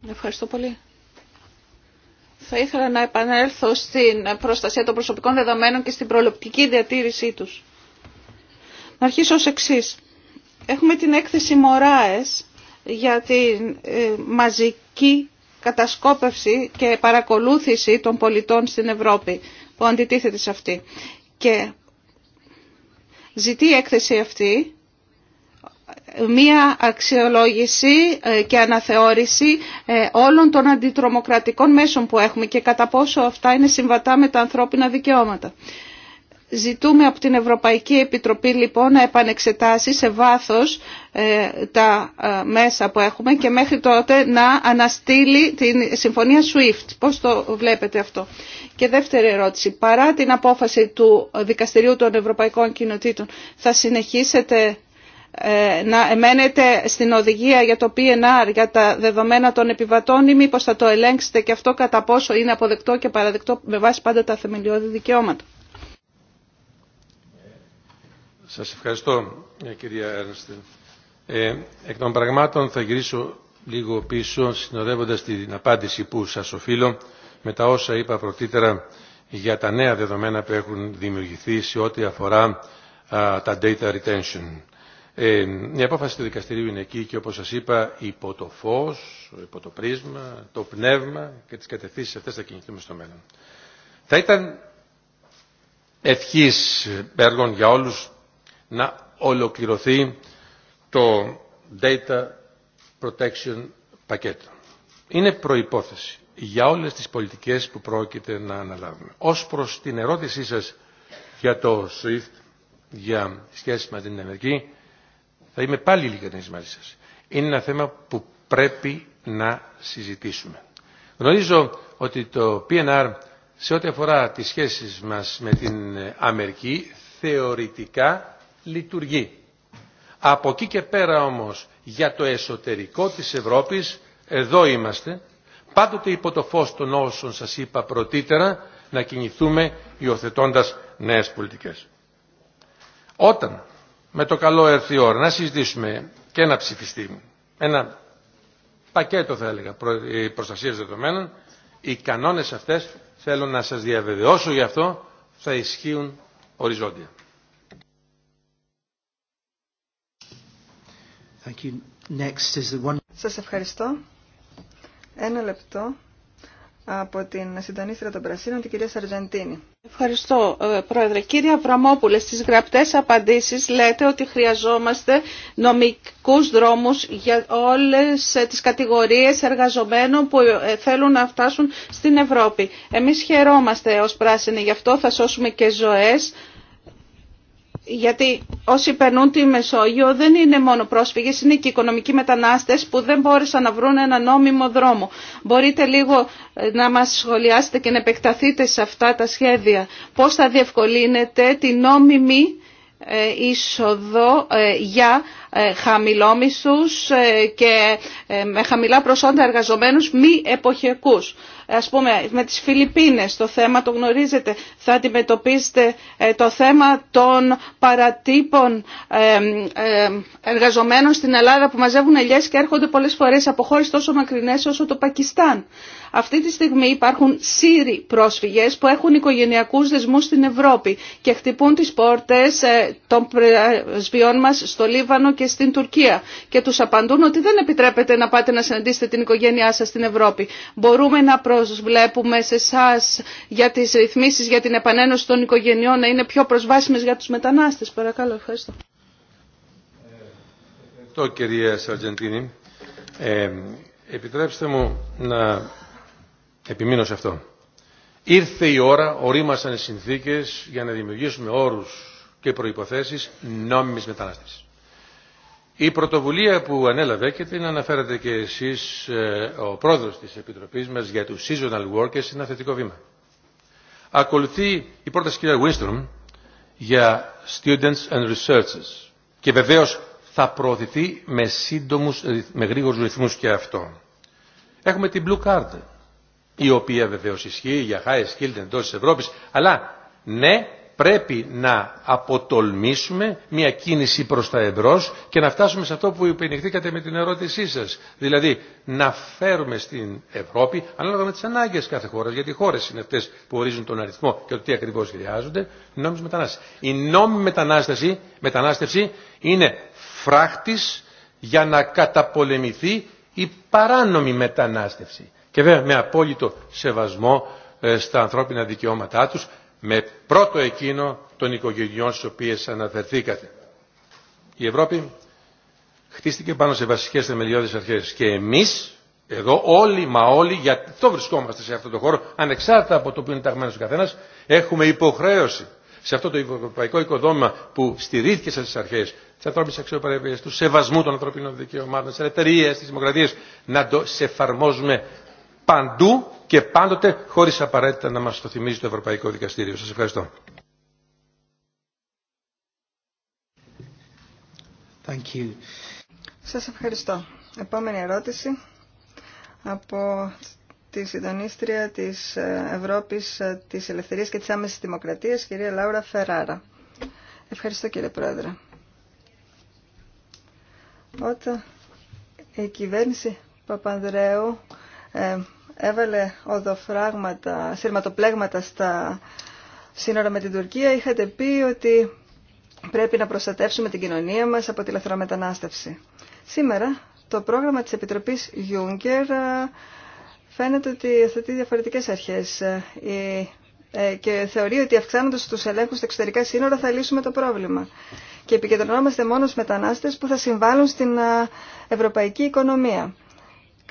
Ευχαριστώ πολύ. Θα ήθελα να επανέλθω στην προστασία των προσωπικών δεδομένων και στην προληπτική διατήρησή τους. Να αρχίσω ως εξή. Έχουμε την έκθεση Μωράες για τη ε, μαζική κατασκόπευση και παρακολούθηση των πολιτών στην Ευρώπη που αντιτίθεται σε αυτή. Και ζητεί η έκθεση αυτή μία αξιολόγηση ε, και αναθεώρηση ε, όλων των αντιτρομοκρατικών μέσων που έχουμε και κατά πόσο αυτά είναι συμβατά με τα ανθρώπινα δικαιώματα. Ζητούμε από την Ευρωπαϊκή Επιτροπή λοιπόν να επανεξετάσει σε βάθος ε, τα ε, μέσα που έχουμε και μέχρι τότε να αναστείλει την συμφωνία SWIFT. Πώς το βλέπετε αυτό. Και δεύτερη ερώτηση. Παρά την απόφαση του Δικαστηρίου των Ευρωπαϊκών Κοινοτήτων θα συνεχίσετε ε, να εμένετε στην οδηγία για το PNR, για τα δεδομένα των επιβατών ή μήπως θα το ελέγξετε και αυτό κατά πόσο είναι αποδεκτό και παραδεκτό με βάση πάντα τα θεμελιώδη δικαιώματα. Σας ευχαριστώ, ε, κυρία Έρνστε. εκ των πραγμάτων θα γυρίσω λίγο πίσω, συνοδεύοντας την απάντηση που σας οφείλω, με τα όσα είπα πρωτήτερα για τα νέα δεδομένα που έχουν δημιουργηθεί σε ό,τι αφορά τα data retention. Ε, η απόφαση του δικαστηρίου είναι εκεί και όπως σας είπα υπό το φως, υπό το πρίσμα, το πνεύμα και τις κατευθύνσεις αυτές θα κινηθούμε στο μέλλον. Θα ήταν ευχής έργων για όλους να ολοκληρωθεί το data protection πακέτο. Είναι προϋπόθεση για όλες τις πολιτικές που πρόκειται να αναλάβουμε. Ως προς την ερώτησή σας για το SWIFT, για σχέση με την Αμερική, θα είμαι πάλι ειλικρινής μαζί σας. Είναι ένα θέμα που πρέπει να συζητήσουμε. Γνωρίζω ότι το PNR σε ό,τι αφορά τις σχέσεις μας με την Αμερική θεωρητικά λειτουργεί. Από εκεί και πέρα όμως για το εσωτερικό της Ευρώπης, εδώ είμαστε, πάντοτε υπό το φως των όσων σας είπα πρωτήτερα, να κινηθούμε υιοθετώντα νέες πολιτικές. Όταν με το καλό έρθει η ώρα να συζητήσουμε και να ψηφιστεί ένα πακέτο θα έλεγα ε, προστασίας δεδομένων, οι κανόνες αυτές θέλω να σας διαβεβαιώσω γι' αυτό θα ισχύουν οριζόντια. Thank Σας ευχαριστώ. Ένα λεπτό από την συντονίστρια των Πρασίνων, την κυρία Σαρζαντίνη. Ευχαριστώ, ε, Πρόεδρε. Κύριε Αβραμόπουλε, στις γραπτές απαντήσεις λέτε ότι χρειαζόμαστε νομικούς δρόμους για όλες ε, τις κατηγορίες εργαζομένων που ε, θέλουν να φτάσουν στην Ευρώπη. Εμείς χαιρόμαστε ως πράσινοι, γι' αυτό θα σώσουμε και ζωές γιατί όσοι περνούν τη Μεσόγειο δεν είναι μόνο πρόσφυγες, είναι και οικονομικοί μετανάστες που δεν μπόρεσαν να βρουν ένα νόμιμο δρόμο. Μπορείτε λίγο ε, να μας σχολιάσετε και να επεκταθείτε σε αυτά τα σχέδια. Πώς θα διευκολύνετε τη νόμιμη ε, είσοδο ε, για χαμηλόμισθους και με χαμηλά προσόντα εργαζομένους μη εποχιακούς ας πούμε με τις Φιλιππίνες το θέμα το γνωρίζετε, θα αντιμετωπίσετε ε, το θέμα των παρατύπων ε, ε, εργαζομένων στην Ελλάδα που μαζεύουν ελιές και έρχονται πολλές φορές από χώρες τόσο μακρινές όσο το Πακιστάν. Αυτή τη στιγμή υπάρχουν Σύριοι πρόσφυγες που έχουν οικογενειακούς δεσμούς στην Ευρώπη και χτυπούν τις πόρτες ε, των πρεσβειών μας στο Λίβανο και στην Τουρκία και τους απαντούν ότι δεν επιτρέπεται να πάτε να συναντήσετε την οικογένειά σας στην Ευρώπη. Μπορούμε να προσβλέπουμε σε εσά για τις ρυθμίσεις για την επανένωση των οικογενειών να είναι πιο προσβάσιμες για τους μετανάστες. Παρακαλώ, ευχαριστώ. Ε, ευχαριστώ κυρία Σαρτζεντίνη. Ε, επιτρέψτε μου να Επιμείνω σε αυτό. Ήρθε η ώρα, ορίμασαν οι συνθήκες για να δημιουργήσουμε όρους και προϋποθέσεις νόμιμης μετανάστευσης. Η πρωτοβουλία που ανέλαβε και την αναφέρατε και εσείς ε, ο πρόεδρος της Επιτροπής μας για τους seasonal workers είναι ένα θετικό βήμα. Ακολουθεί η πρόταση κυρία Winstrom για students and researchers και βεβαίως θα προωθηθεί με σύντομους, με γρήγορους ρυθμούς και αυτό. Έχουμε την blue card η οποία βεβαίω ισχύει για high skilled εντό τη Ευρώπη, αλλά ναι, πρέπει να αποτολμήσουμε μια κίνηση προ τα εμπρός και να φτάσουμε σε αυτό που υπενηχθήκατε με την ερώτησή σα. Δηλαδή να φέρουμε στην Ευρώπη, ανάλογα με τι ανάγκε κάθε χώρα, γιατί οι χώρε είναι αυτές που ορίζουν τον αριθμό και το τι ακριβώς χρειάζονται, νόμιμη μετανάστευση. Η νόμιμη μετανάστευση, μετανάστευση είναι φράχτης για να καταπολεμηθεί η παράνομη μετανάστευση και βέβαια με απόλυτο σεβασμό ε, στα ανθρώπινα δικαιώματά τους με πρώτο εκείνο των οικογενειών στις οποίες αναφερθήκατε. Η Ευρώπη χτίστηκε πάνω σε βασικές θεμελιώδεις αρχές και εμείς εδώ όλοι μα όλοι, γιατί το βρισκόμαστε σε αυτό το χώρο, ανεξάρτητα από το που είναι ταγμένος ο καθένας, έχουμε υποχρέωση σε αυτό το ευρωπαϊκό οικοδόμημα που στηρίχθηκε τι αρχέ τη ανθρώπινη αξιοπρέπεια, του σεβασμού των ανθρωπίνων δικαιωμάτων, τη τη δημοκρατία, να το σεφαρμόζουμε παντού και πάντοτε χωρίς απαραίτητα να μας το θυμίζει το Ευρωπαϊκό Δικαστήριο. Σας ευχαριστώ. Thank you. Σας ευχαριστώ. Επόμενη ερώτηση από τη συντονίστρια της Ευρώπης της Ελευθερίας και της Άμεσης Δημοκρατίας, κυρία Λάουρα Φεράρα. Ευχαριστώ κύριε Πρόεδρε. Όταν η κυβέρνηση Παπανδρέου ε, έβαλε οδοφράγματα, σειρματοπλέγματα στα σύνορα με την Τουρκία, είχατε πει ότι πρέπει να προστατεύσουμε την κοινωνία μας από τη λαθρομετανάστευση. Σήμερα το πρόγραμμα της Επιτροπής Juncker ε, φαίνεται ότι θέτει διαφορετικές αρχές ε, και θεωρεί ότι αυξάνοντα του ελέγχου στα εξωτερικά σύνορα θα λύσουμε το πρόβλημα. Και επικεντρωνόμαστε μόνο στου μετανάστε που θα συμβάλλουν στην ευρωπαϊκή οικονομία.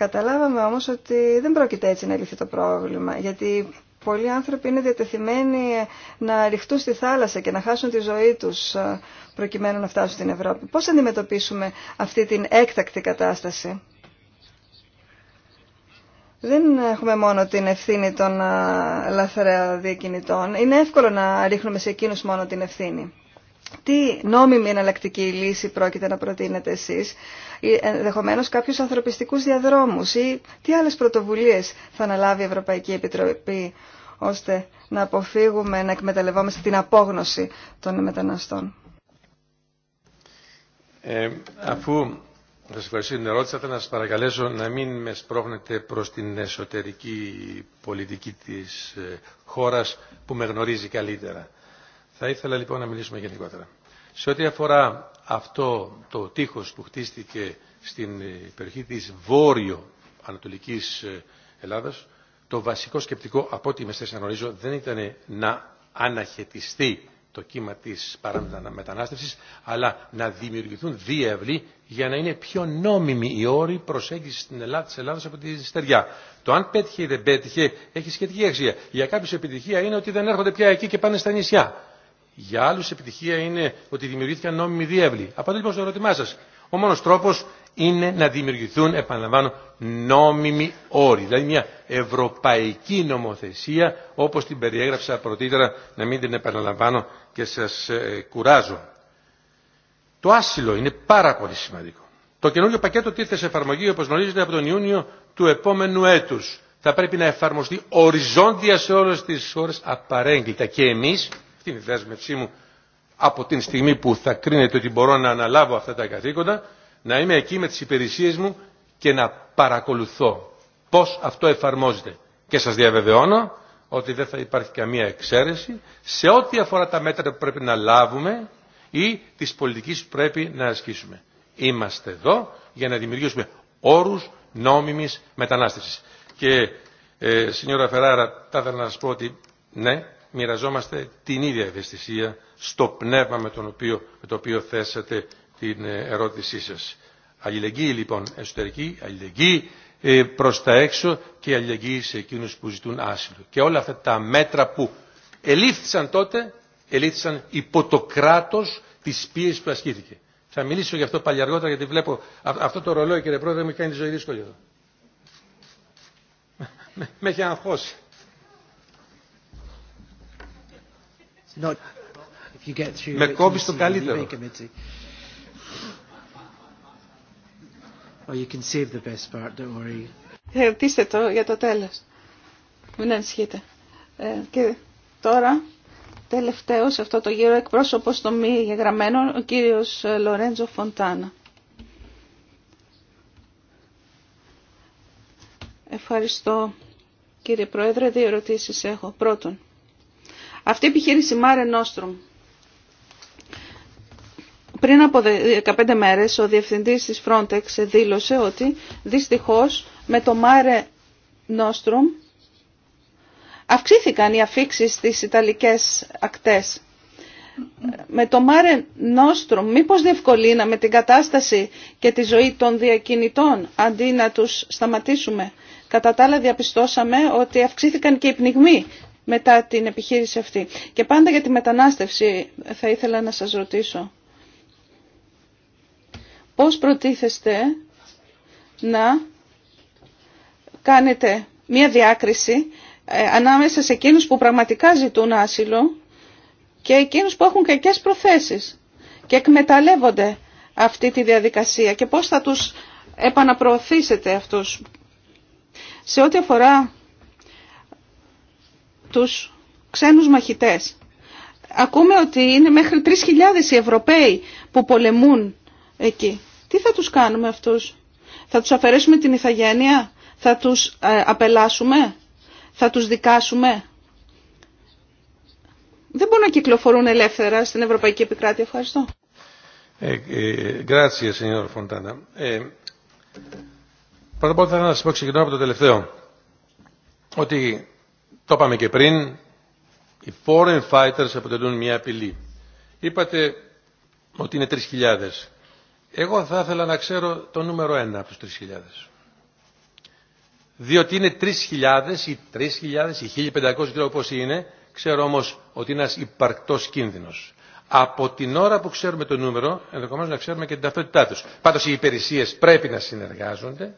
Καταλάβαμε όμως ότι δεν πρόκειται έτσι να λυθεί το πρόβλημα, γιατί πολλοί άνθρωποι είναι διατεθειμένοι να ρηχτούν στη θάλασσα και να χάσουν τη ζωή τους ε, προκειμένου να φτάσουν στην Ευρώπη. Πώς αντιμετωπίσουμε αυτή την έκτακτη κατάσταση. Δεν έχουμε μόνο την ευθύνη των ε, λαθρέα διακινητών. Είναι εύκολο να ρίχνουμε σε εκείνους μόνο την ευθύνη. Τι νόμιμη εναλλακτική λύση πρόκειται να προτείνετε εσείς, ή ενδεχομένως κάποιους ανθρωπιστικούς διαδρόμους ή τι άλλες πρωτοβουλίες θα αναλάβει η Ευρωπαϊκή Επιτροπή ώστε να αποφύγουμε να εκμεταλλευόμαστε την απόγνωση των μεταναστών. Ε, αφού σα ευχαριστώ την ερώτηση, θα αναλαβει η ευρωπαικη επιτροπη ωστε να αποφυγουμε να εκμεταλλευομαστε την απογνωση των μεταναστων αφου σας ευχαριστω την ερωτηση θα να σα παρακαλέσω να μην με σπρώχνετε προς την εσωτερική πολιτική της ε, χώρας που με γνωρίζει καλύτερα. Θα ήθελα λοιπόν να μιλήσουμε γενικότερα. Σε ό,τι αφορά αυτό το τείχος που χτίστηκε στην περιοχή της βόρειο-ανατολικής ε, Ελλάδας, το βασικό σκεπτικό από ό,τι με να γνωρίζω δεν ήταν να αναχαιτιστεί το κύμα της παράνομης αλλά να δημιουργηθούν διεύλοι για να είναι πιο νόμιμοι οι όροι προσέγγιση στην Ελλάδα, της Ελλάδας από τη στεριά. Το αν πέτυχε ή δεν πέτυχε έχει σχετική αξία. Για κάποιους επιτυχία είναι ότι δεν έρχονται πια εκεί και πάνε στα νησιά. Για άλλου επιτυχία είναι ότι δημιουργήθηκαν νόμιμοι διεύλοι. Απαντώ λοιπόν στο ερώτημά σα. Ο μόνο τρόπο είναι να δημιουργηθούν, επαναλαμβάνω, νόμιμοι όροι. Δηλαδή μια ευρωπαϊκή νομοθεσία όπω την περιέγραψα πρωτήτερα, να μην την επαναλαμβάνω και σα ε, κουράζω. Το άσυλο είναι πάρα πολύ σημαντικό. Το καινούριο πακέτο τίθεται σε εφαρμογή, όπω γνωρίζετε, από τον Ιούνιο του επόμενου έτου. Θα πρέπει να εφαρμοστεί οριζόντια σε όλε τι χώρε απαρέγκλητα. Και εμεί αυτή είναι η δέσμευσή μου από την στιγμή που θα κρίνεται ότι μπορώ να αναλάβω αυτά τα καθήκοντα, να είμαι εκεί με τις υπηρεσίες μου και να παρακολουθώ πώς αυτό εφαρμόζεται. Και σας διαβεβαιώνω ότι δεν θα υπάρχει καμία εξαίρεση σε ό,τι αφορά τα μέτρα που πρέπει να λάβουμε ή τις πολιτικές που πρέπει να ασκήσουμε. Είμαστε εδώ για να δημιουργήσουμε όρους νόμιμης μετανάστευσης. Και, ε, Φεράρα, θα ήθελα να σας πω ότι ναι, μοιραζόμαστε την ίδια ευαισθησία στο πνεύμα με, τον οποίο, με το οποίο θέσατε την ε, ερώτησή σας. Αλληλεγγύη λοιπόν εσωτερική, αλληλεγγύη ε, προς τα έξω και αλληλεγγύη σε εκείνους που ζητούν άσυλο. Και όλα αυτά τα μέτρα που ελήφθησαν τότε, ελήφθησαν υπό το κράτος της πίεσης που ασκήθηκε. Θα μιλήσω γι' αυτό πάλι αργότερα γιατί βλέπω αυτό το ρολόι κύριε Πρόεδρε μου κάνει τη ζωή δύσκολη εδώ. Με έχει αγχώσει. Με κόβει το καλύτερο. Oh, το για το τέλος. Μην ανησυχείτε. Ε, και τώρα, τελευταίο σε αυτό το γύρο εκπρόσωπο των μη γεγραμμένων, ο κύριος ε, Λορέντζο Φοντάνα. Ευχαριστώ κύριε Πρόεδρε. Δύο ερωτήσεις έχω. Πρώτον, αυτή η επιχείρηση Mare Nostrum. Πριν από 15 μέρες ο διευθυντής της Frontex δήλωσε ότι δυστυχώς με το Μάρε Nostrum αυξήθηκαν οι αφήξεις στις Ιταλικές ακτές. Με το Mare Nostrum μήπως διευκολύναμε την κατάσταση και τη ζωή των διακινητών αντί να τους σταματήσουμε. Κατά τα άλλα διαπιστώσαμε ότι αυξήθηκαν και οι πνιγμοί μετά την επιχείρηση αυτή. Και πάντα για τη μετανάστευση θα ήθελα να σας ρωτήσω. Πώς προτίθεστε να κάνετε μία διάκριση ε, ανάμεσα σε εκείνους που πραγματικά ζητούν άσυλο και εκείνους που έχουν κακές προθέσεις και εκμεταλλεύονται αυτή τη διαδικασία και πώς θα τους επαναπροωθήσετε αυτούς. Σε ό,τι αφορά τους ξένους μαχητές. Ακούμε ότι είναι μέχρι 3.000 οι Ευρωπαίοι που πολεμούν εκεί. Τι θα τους κάνουμε αυτούς. Θα τους αφαιρέσουμε την ηθαγένεια. Θα τους ε, απελάσουμε. Θα τους δικάσουμε. Δεν μπορούν να κυκλοφορούν ελεύθερα στην Ευρωπαϊκή Επικράτεια. Ευχαριστώ. Ε, ε, ε πρώτα απ' όλα θέλω να σας πω, ξεκινώ από το τελευταίο, ότι το είπαμε και πριν, οι foreign fighters αποτελούν μια απειλή. Είπατε ότι είναι 3.000. Εγώ θα ήθελα να ξέρω το νούμερο ένα από τους 3.000. Διότι είναι 3.000 ή 3.000 ή 1.500 ξέρω είναι, ξέρω όμως ότι είναι ένας υπαρκτός κίνδυνος. Από την ώρα που ξέρουμε το νούμερο, ενδεχομένως να ξέρουμε και την ταυτότητά τους. Πάντως οι υπηρεσίες πρέπει να συνεργάζονται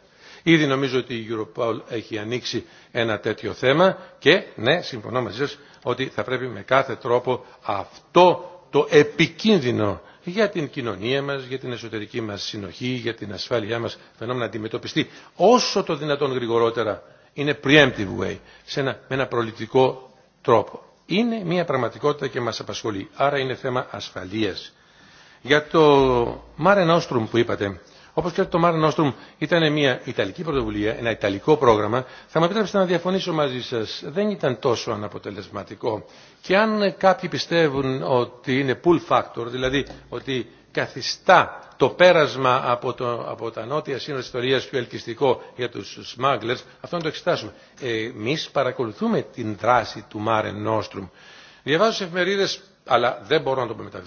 Ήδη νομίζω ότι η Europol έχει ανοίξει ένα τέτοιο θέμα και ναι, συμφωνώ μαζί σας ότι θα πρέπει με κάθε τρόπο αυτό το επικίνδυνο για την κοινωνία μας, για την εσωτερική μας συνοχή, για την ασφάλειά μας φαινόμενο να αντιμετωπιστεί όσο το δυνατόν γρηγορότερα. Είναι preemptive way, σε ένα, με ένα προληπτικό τρόπο. Είναι μια πραγματικότητα και μας απασχολεί. Άρα είναι θέμα ασφαλείας. Για το Μάρεν Όστρουμ που είπατε, Όπω και το Mare Nostrum ήταν μια Ιταλική πρωτοβουλία, ένα Ιταλικό πρόγραμμα, θα μου επιτρέψετε να διαφωνήσω μαζί σα. Δεν ήταν τόσο αναποτελεσματικό. Και αν κάποιοι πιστεύουν ότι είναι pull factor, δηλαδή ότι καθιστά το πέρασμα από, τα νότια σύνορα της ιστορίας πιο ελκυστικό για τους smugglers, αυτό να το εξετάσουμε. Εμεί παρακολουθούμε την δράση του Mare Nostrum. Διαβάζω σε εφημερίδες αλλά δεν μπορώ να το πω με τα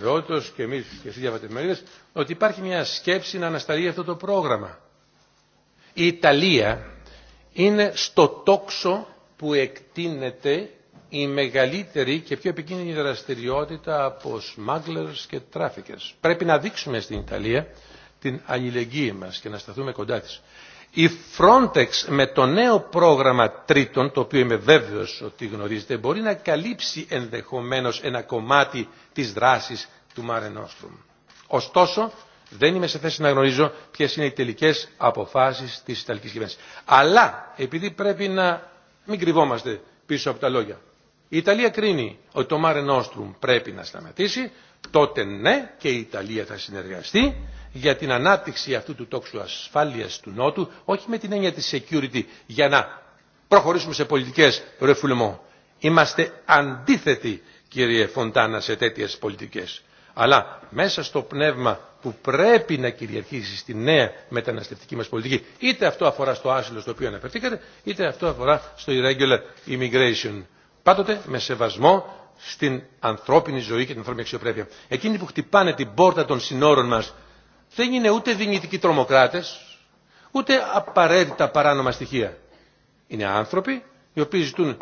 και εμεί και εσεί διαβατευμένε, ότι υπάρχει μια σκέψη να ανασταλεί αυτό το πρόγραμμα. Η Ιταλία είναι στο τόξο που εκτείνεται η μεγαλύτερη και πιο επικίνδυνη δραστηριότητα από smugglers και traffickers. Πρέπει να δείξουμε στην Ιταλία την αλληλεγγύη μας και να σταθούμε κοντά της η Frontex με το νέο πρόγραμμα τρίτων, το οποίο είμαι βέβαιος ότι γνωρίζετε, μπορεί να καλύψει ενδεχομένως ένα κομμάτι της δράσης του Mare Nostrum. Ωστόσο, δεν είμαι σε θέση να γνωρίζω ποιες είναι οι τελικές αποφάσεις της Ιταλικής κυβέρνησης. Αλλά, επειδή πρέπει να μην κρυβόμαστε πίσω από τα λόγια, η Ιταλία κρίνει ότι το Mare Nostrum πρέπει να σταματήσει, τότε ναι και η Ιταλία θα συνεργαστεί για την ανάπτυξη αυτού του τόξου ασφάλειας του Νότου, όχι με την έννοια της security για να προχωρήσουμε σε πολιτικές ρεφουλμό. Είμαστε αντίθετοι κύριε Φοντάνα σε τέτοιες πολιτικές. Αλλά μέσα στο πνεύμα που πρέπει να κυριαρχήσει στη νέα μεταναστευτική μας πολιτική, είτε αυτό αφορά στο άσυλο στο οποίο αναφερθήκατε, είτε αυτό αφορά στο irregular immigration Πάντοτε με σεβασμό στην ανθρώπινη ζωή και την ανθρώπινη αξιοπρέπεια. Εκείνοι που χτυπάνε την πόρτα των συνόρων μας δεν είναι ούτε δυνητικοί τρομοκράτες, ούτε απαραίτητα παράνομα στοιχεία. Είναι άνθρωποι οι οποίοι ζητούν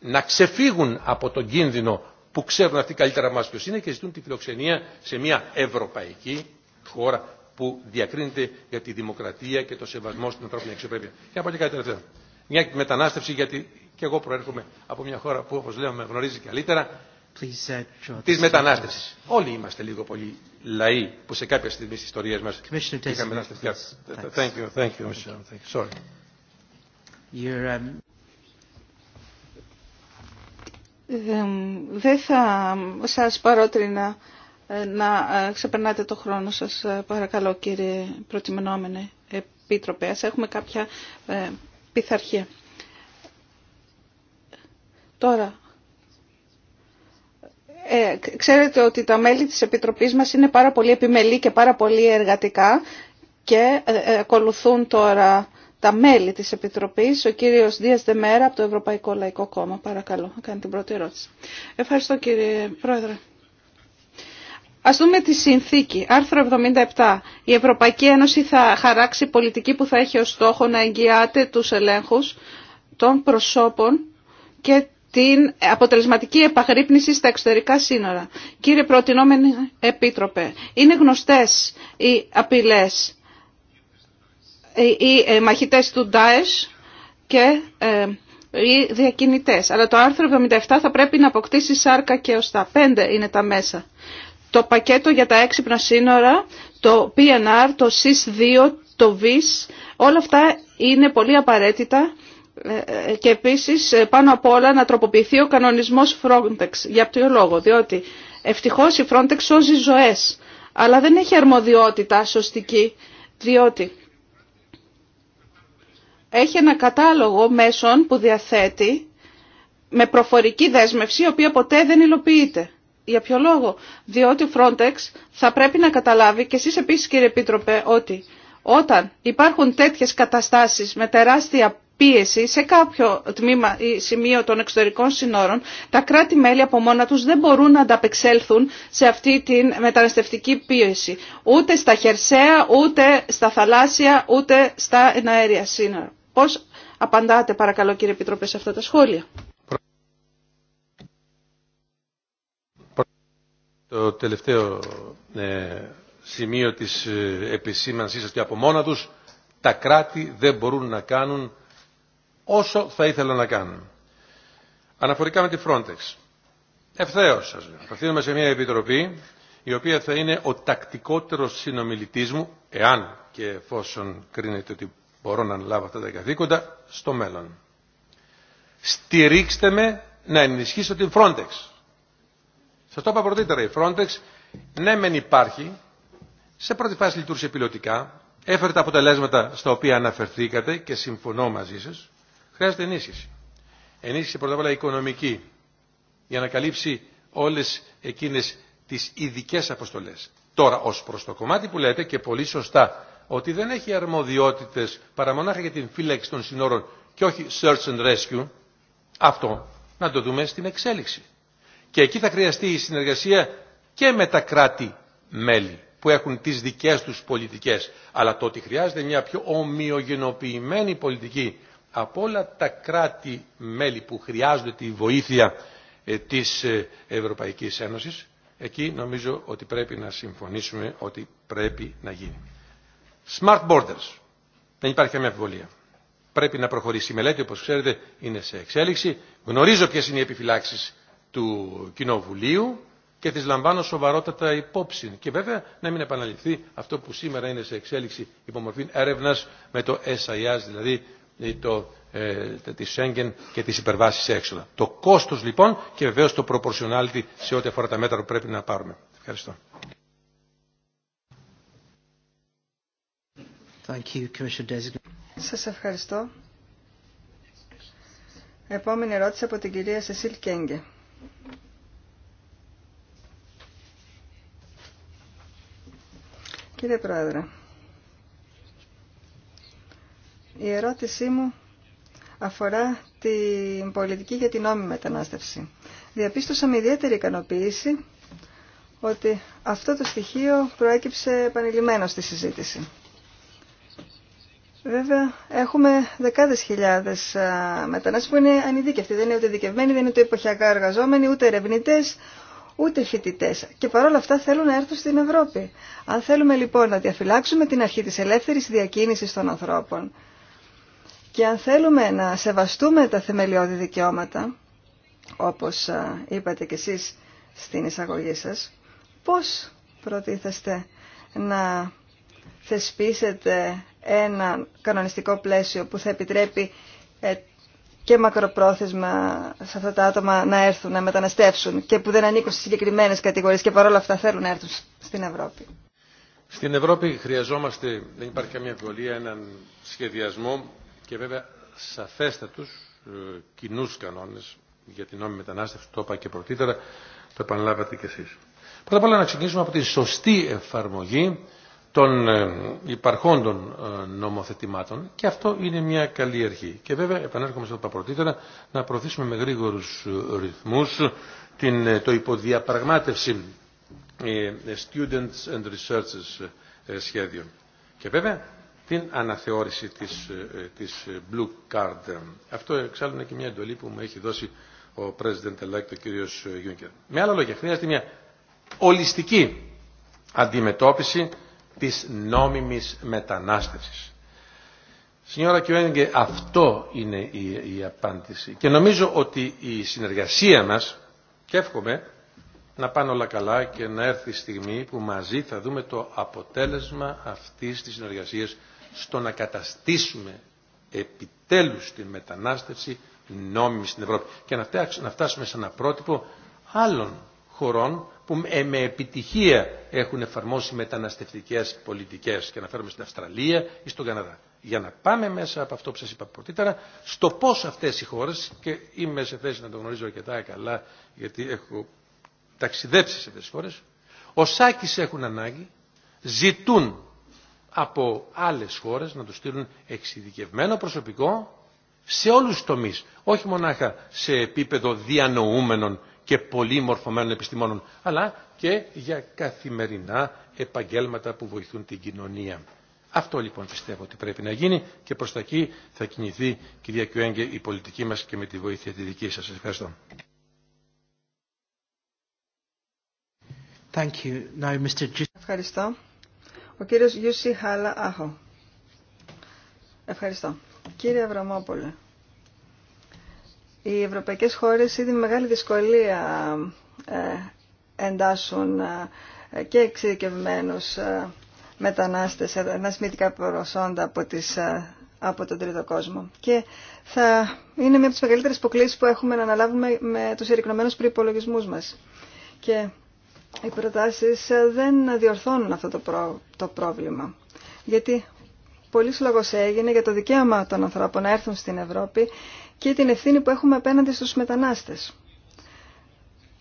να ξεφύγουν από τον κίνδυνο που ξέρουν αυτοί καλύτερα από μας ποιος είναι και ζητούν τη φιλοξενία σε μια ευρωπαϊκή χώρα που διακρίνεται για τη δημοκρατία και το σεβασμό στην ανθρώπινη αξιοπρέπεια. Και να πω και κάτι Μια μετανάστευση για και εγώ προέρχομαι από μια χώρα που όπως λέμε με γνωρίζει καλύτερα της μετανάστευσης. Όλοι είμαστε λίγο πολύ λαοί που σε κάποια στιγμή στις ιστορίες μας είχαμε μεταναστευτικά. Thank Δεν θα σας παρότρινα ε, να ε, ξεπερνάτε το χρόνο σας, ε, παρακαλώ κύριε προτιμενόμενε επίτροπε. Ας έχουμε κάποια πειθαρχία. Τώρα, ε, ξέρετε ότι τα μέλη της Επιτροπής μας είναι πάρα πολύ επιμελή και πάρα πολύ εργατικά και ε, ε, ακολουθούν τώρα τα μέλη της Επιτροπής, ο κύριος Δίας Δεμέρα από το Ευρωπαϊκό Λαϊκό Κόμμα. Παρακαλώ, κάνει την πρώτη ερώτηση. Ευχαριστώ κύριε Πρόεδρε. Ας δούμε τη συνθήκη. Άρθρο 77. Η Ευρωπαϊκή Ένωση θα χαράξει πολιτική που θα έχει ως στόχο να εγγυάται τους ελέγχους των προσώπων και την αποτελεσματική επαγρύπνηση στα εξωτερικά σύνορα. Κύριε Προτινόμενη Επίτροπε, είναι γνωστές οι απειλές, οι ε, μαχητές του Ντάες και ε, οι διακινητές. Αλλά το άρθρο 77 θα πρέπει να αποκτήσει σάρκα και τα Πέντε είναι τα μέσα. Το πακέτο για τα έξυπνα σύνορα, το PNR, το SIS2, το VIS, όλα αυτά είναι πολύ απαραίτητα ε, και επίσης ε, πάνω απ' όλα να τροποποιηθεί ο κανονισμός Frontex. Για ποιο λόγο, διότι ευτυχώς η Frontex σώζει ζωές, αλλά δεν έχει αρμοδιότητα σωστική, διότι έχει ένα κατάλογο μέσων που διαθέτει με προφορική δέσμευση, η οποία ποτέ δεν υλοποιείται. Για ποιο λόγο, διότι ο Frontex θα πρέπει να καταλάβει και εσείς επίσης κύριε Επίτροπε ότι όταν υπάρχουν τέτοιες καταστάσεις με τεράστια πίεση σε κάποιο τμήμα ή σημείο των εξωτερικών συνόρων, τα κράτη-μέλη από μόνα τους δεν μπορούν να ανταπεξέλθουν σε αυτή τη μεταναστευτική πίεση. Ούτε στα χερσαία, ούτε στα θαλάσσια, ούτε στα εναέρια σύνορα. Πώς απαντάτε παρακαλώ κύριε Επιτροπέ σε αυτά τα σχόλια. Το τελευταίο ε, σημείο της ε, επισήμανσής σας και από μόνα τους, τα κράτη δεν μπορούν να κάνουν όσο θα ήθελα να κάνουν. Αναφορικά με τη Frontex. Ευθέω σα απευθύνομαι σε μια επιτροπή η οποία θα είναι ο τακτικότερο συνομιλητή μου, εάν και εφόσον κρίνετε ότι μπορώ να αναλάβω αυτά τα καθήκοντα, στο μέλλον. Στηρίξτε με να ενισχύσω την Frontex. Σα το είπα πρωτήτερα, η Frontex ναι μεν υπάρχει, σε πρώτη φάση λειτουργήσε πιλωτικά, έφερε τα αποτελέσματα στα οποία αναφερθήκατε και συμφωνώ μαζί σας, χρειάζεται ενίσχυση. Ενίσχυση πρώτα απ' όλα οικονομική για να καλύψει όλες εκείνες τις ειδικέ αποστολές. Τώρα ως προς το κομμάτι που λέτε και πολύ σωστά ότι δεν έχει αρμοδιότητες παρά μονάχα για την φύλαξη των συνόρων και όχι search and rescue, αυτό να το δούμε στην εξέλιξη. Και εκεί θα χρειαστεί η συνεργασία και με τα κράτη-μέλη που έχουν τις δικές τους πολιτικές. Αλλά το ότι χρειάζεται μια πιο ομοιογενοποιημένη πολιτική από όλα τα κράτη-μέλη που χρειάζονται τη βοήθεια ε, της ε, Ευρωπαϊκής Ένωσης, εκεί νομίζω ότι πρέπει να συμφωνήσουμε ότι πρέπει να γίνει. Smart Borders. Δεν υπάρχει καμία αμφιβολία. Πρέπει να προχωρήσει η μελέτη, όπως ξέρετε, είναι σε εξέλιξη. Γνωρίζω ποιες είναι οι επιφυλάξεις του Κοινοβουλίου και τις λαμβάνω σοβαρότατα υπόψη. Και βέβαια να μην επαναληφθεί αυτό που σήμερα είναι σε εξέλιξη υπομορφή έρευνας με το SIS, δηλαδή το, ε, της και τις υπερβάσεις έξοδα. Το κόστος λοιπόν και βεβαίως το proportionality σε ό,τι αφορά τα μέτρα που πρέπει να πάρουμε. Ευχαριστώ. Thank Σας ευχαριστώ. Επόμενη ερώτηση από την κυρία Σεσίλ Κέγγε. Κύριε Πρόεδρε, η ερώτησή μου αφορά την πολιτική για την νόμιμη μετανάστευση. Διαπίστωσα με ιδιαίτερη ικανοποίηση ότι αυτό το στοιχείο προέκυψε επανειλημμένο στη συζήτηση. Βέβαια, έχουμε δεκάδες χιλιάδες μετανάστες που είναι ανειδίκευτοι. Δεν είναι ούτε δικευμένοι, δεν είναι ούτε εποχιακά εργαζόμενοι, ούτε ερευνητέ, ούτε φοιτητέ. Και παρόλα αυτά θέλουν να έρθουν στην Ευρώπη. Αν θέλουμε λοιπόν να διαφυλάξουμε την αρχή της ελεύθερης διακίνησης των ανθρώπων, και αν θέλουμε να σεβαστούμε τα θεμελιώδη δικαιώματα, όπως είπατε κι εσείς στην εισαγωγή σας, πώς προτίθεστε να θεσπίσετε ένα κανονιστικό πλαίσιο που θα επιτρέπει ε, και μακροπρόθεσμα σε αυτά τα άτομα να έρθουν, να μεταναστεύσουν και που δεν ανήκουν στις συγκεκριμένες κατηγορίες και παρόλα αυτά θέλουν να έρθουν στην Ευρώπη. Στην Ευρώπη χρειαζόμαστε, δεν υπάρχει καμία ευκολία, έναν σχεδιασμό και βέβαια σαφέστατους ε, κοινού κανόνες για την νόμιμη μετανάστευση, το είπα και πρωτήτερα, το επαναλάβατε κι εσείς. Πρώτα απ' όλα να ξεκινήσουμε από τη σωστή εφαρμογή των ε, υπαρχόντων ε, νομοθετημάτων και αυτό είναι μια καλή αρχή. Και βέβαια, επανέρχομαι στο πρωτήτερα, να προωθήσουμε με γρήγορους ρυθμούς την, το υποδιαπραγμάτευση students and researchers σχέδιων. Και βέβαια την αναθεώρηση της, ε, ε, της ε, Blue Card. Αυτό εξάλλου είναι και μια εντολή που μου έχει δώσει ο President-elect, ο κύριος Γιούνκερ. Με άλλα λόγια, χρειάζεται μια ολιστική αντιμετώπιση της νόμιμης μετανάστευσης. Συνιόρα Κιουένγκε, αυτό είναι η, η απάντηση. Και νομίζω ότι η συνεργασία μας, και εύχομαι να πάνε όλα καλά και να έρθει η στιγμή που μαζί θα δούμε το αποτέλεσμα αυτής της συνεργασίας στο να καταστήσουμε επιτέλους την μετανάστευση νόμιμη στην Ευρώπη και να φτάσουμε σε ένα πρότυπο άλλων χωρών που με ε, επιτυχία έχουν εφαρμόσει μεταναστευτικές πολιτικές και φέρουμε στην Αυστραλία ή στον Καναδά. Για να πάμε μέσα από αυτό που σας είπα πρωτήτερα στο πώς αυτές οι χώρες και είμαι σε θέση να το γνωρίζω αρκετά καλά γιατί έχω ταξιδέψει σε αυτές τις χώρες ο Σάκης έχουν ανάγκη, ζητούν από άλλες χώρες να το στείλουν εξειδικευμένο προσωπικό σε όλους τους τομείς. Όχι μονάχα σε επίπεδο διανοούμενων και πολύ μορφωμένων επιστημόνων, αλλά και για καθημερινά επαγγέλματα που βοηθούν την κοινωνία. Αυτό λοιπόν πιστεύω ότι πρέπει να γίνει και προς τα εκεί θα κινηθεί κυρία Κιουέγγε η πολιτική μας και με τη βοήθεια τη δική σας. Ευχαριστώ. Ευχαριστώ. Ο κύριος Γιουσί Χάλα Άχο. Ευχαριστώ. Κύριε Αβραμόπολε, οι ευρωπαϊκές χώρες ήδη με μεγάλη δυσκολία ε, εντάσσουν ε, και εξειδικευμένους ε, μετανάστες, ενασμητικά προσόντα από, από τον τρίτο κόσμο. Και θα είναι μια από τις μεγαλύτερες υποκλήσεις που έχουμε να αναλάβουμε με τους ερικνωμένους προϋπολογισμούς μας. Και οι προτάσεις ε, δεν διορθώνουν αυτό το πρόβλημα. Γιατί πολλής λόγος έγινε για το δικαίωμα των ανθρώπων να έρθουν στην Ευρώπη και την ευθύνη που έχουμε απέναντι στους μετανάστες.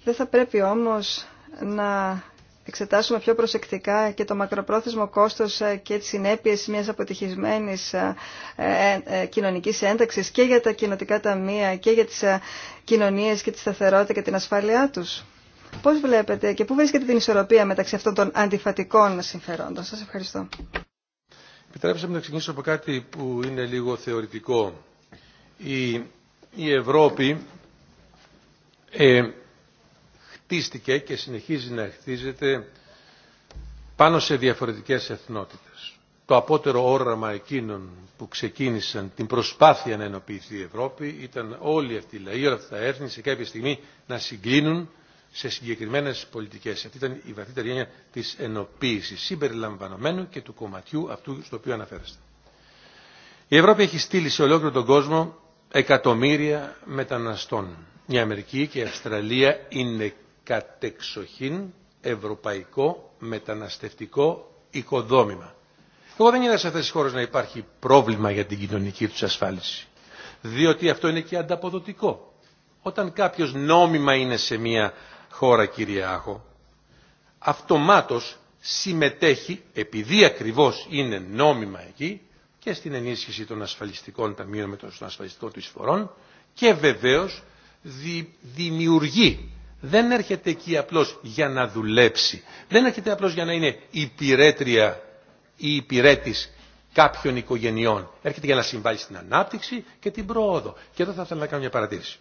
Δεν θα πρέπει όμως να εξετάσουμε πιο προσεκτικά και το μακροπρόθεσμο κόστος ε, και τις συνέπειες μιας αποτυχισμένης ε, κοινωνικής ένταξης και για τα κοινοτικά ταμεία και για τις κοινωνίες και τη σταθερότητα και την ασφάλειά τους. Πώς βλέπετε και πού βρίσκεται την ισορροπία μεταξύ αυτών των αντιφατικών συμφερόντων. Σας ευχαριστώ. Επιτρέψτε μου να ξεκινήσω από κάτι που είναι λίγο θεωρητικό. Η, η Ευρώπη ε, χτίστηκε και συνεχίζει να χτίζεται πάνω σε διαφορετικές εθνότητες. Το απότερο όραμα εκείνων που ξεκίνησαν την προσπάθεια να ενοποιηθεί η Ευρώπη ήταν όλοι αυτοί οι λαοί, όλα αυτά τα έθνη σε κάποια στιγμή να συγκλίνουν σε συγκεκριμένε. πολιτικές. Αυτή ήταν η βαθύτερη έννοια τη ενοποίηση συμπεριλαμβανομένου και του κομματιού αυτού στο οποίο αναφέρεστε. Η Ευρώπη έχει στείλει σε ολόκληρο τον κόσμο εκατομμύρια μεταναστών. Η Αμερική και η Αυστραλία είναι κατεξοχήν ευρωπαϊκό μεταναστευτικό οικοδόμημα. Εγώ δεν είδα σε αυτέ τι χώρε να υπάρχει πρόβλημα για την κοινωνική του ασφάλιση. Διότι αυτό είναι και ανταποδοτικό. Όταν κάποιο νόμιμα είναι σε μια χώρα κύριε αυτομάτως συμμετέχει επειδή ακριβώς είναι νόμιμα εκεί και στην ενίσχυση των ασφαλιστικών ταμείων με τον ασφαλιστικό του εισφορών και βεβαίως δημιουργεί. Δεν έρχεται εκεί απλώς για να δουλέψει. Δεν έρχεται απλώς για να είναι υπηρέτρια ή υπηρέτης κάποιων οικογενειών. Έρχεται για να συμβάλλει στην ανάπτυξη και την πρόοδο. Και εδώ θα ήθελα να κάνω μια παρατήρηση.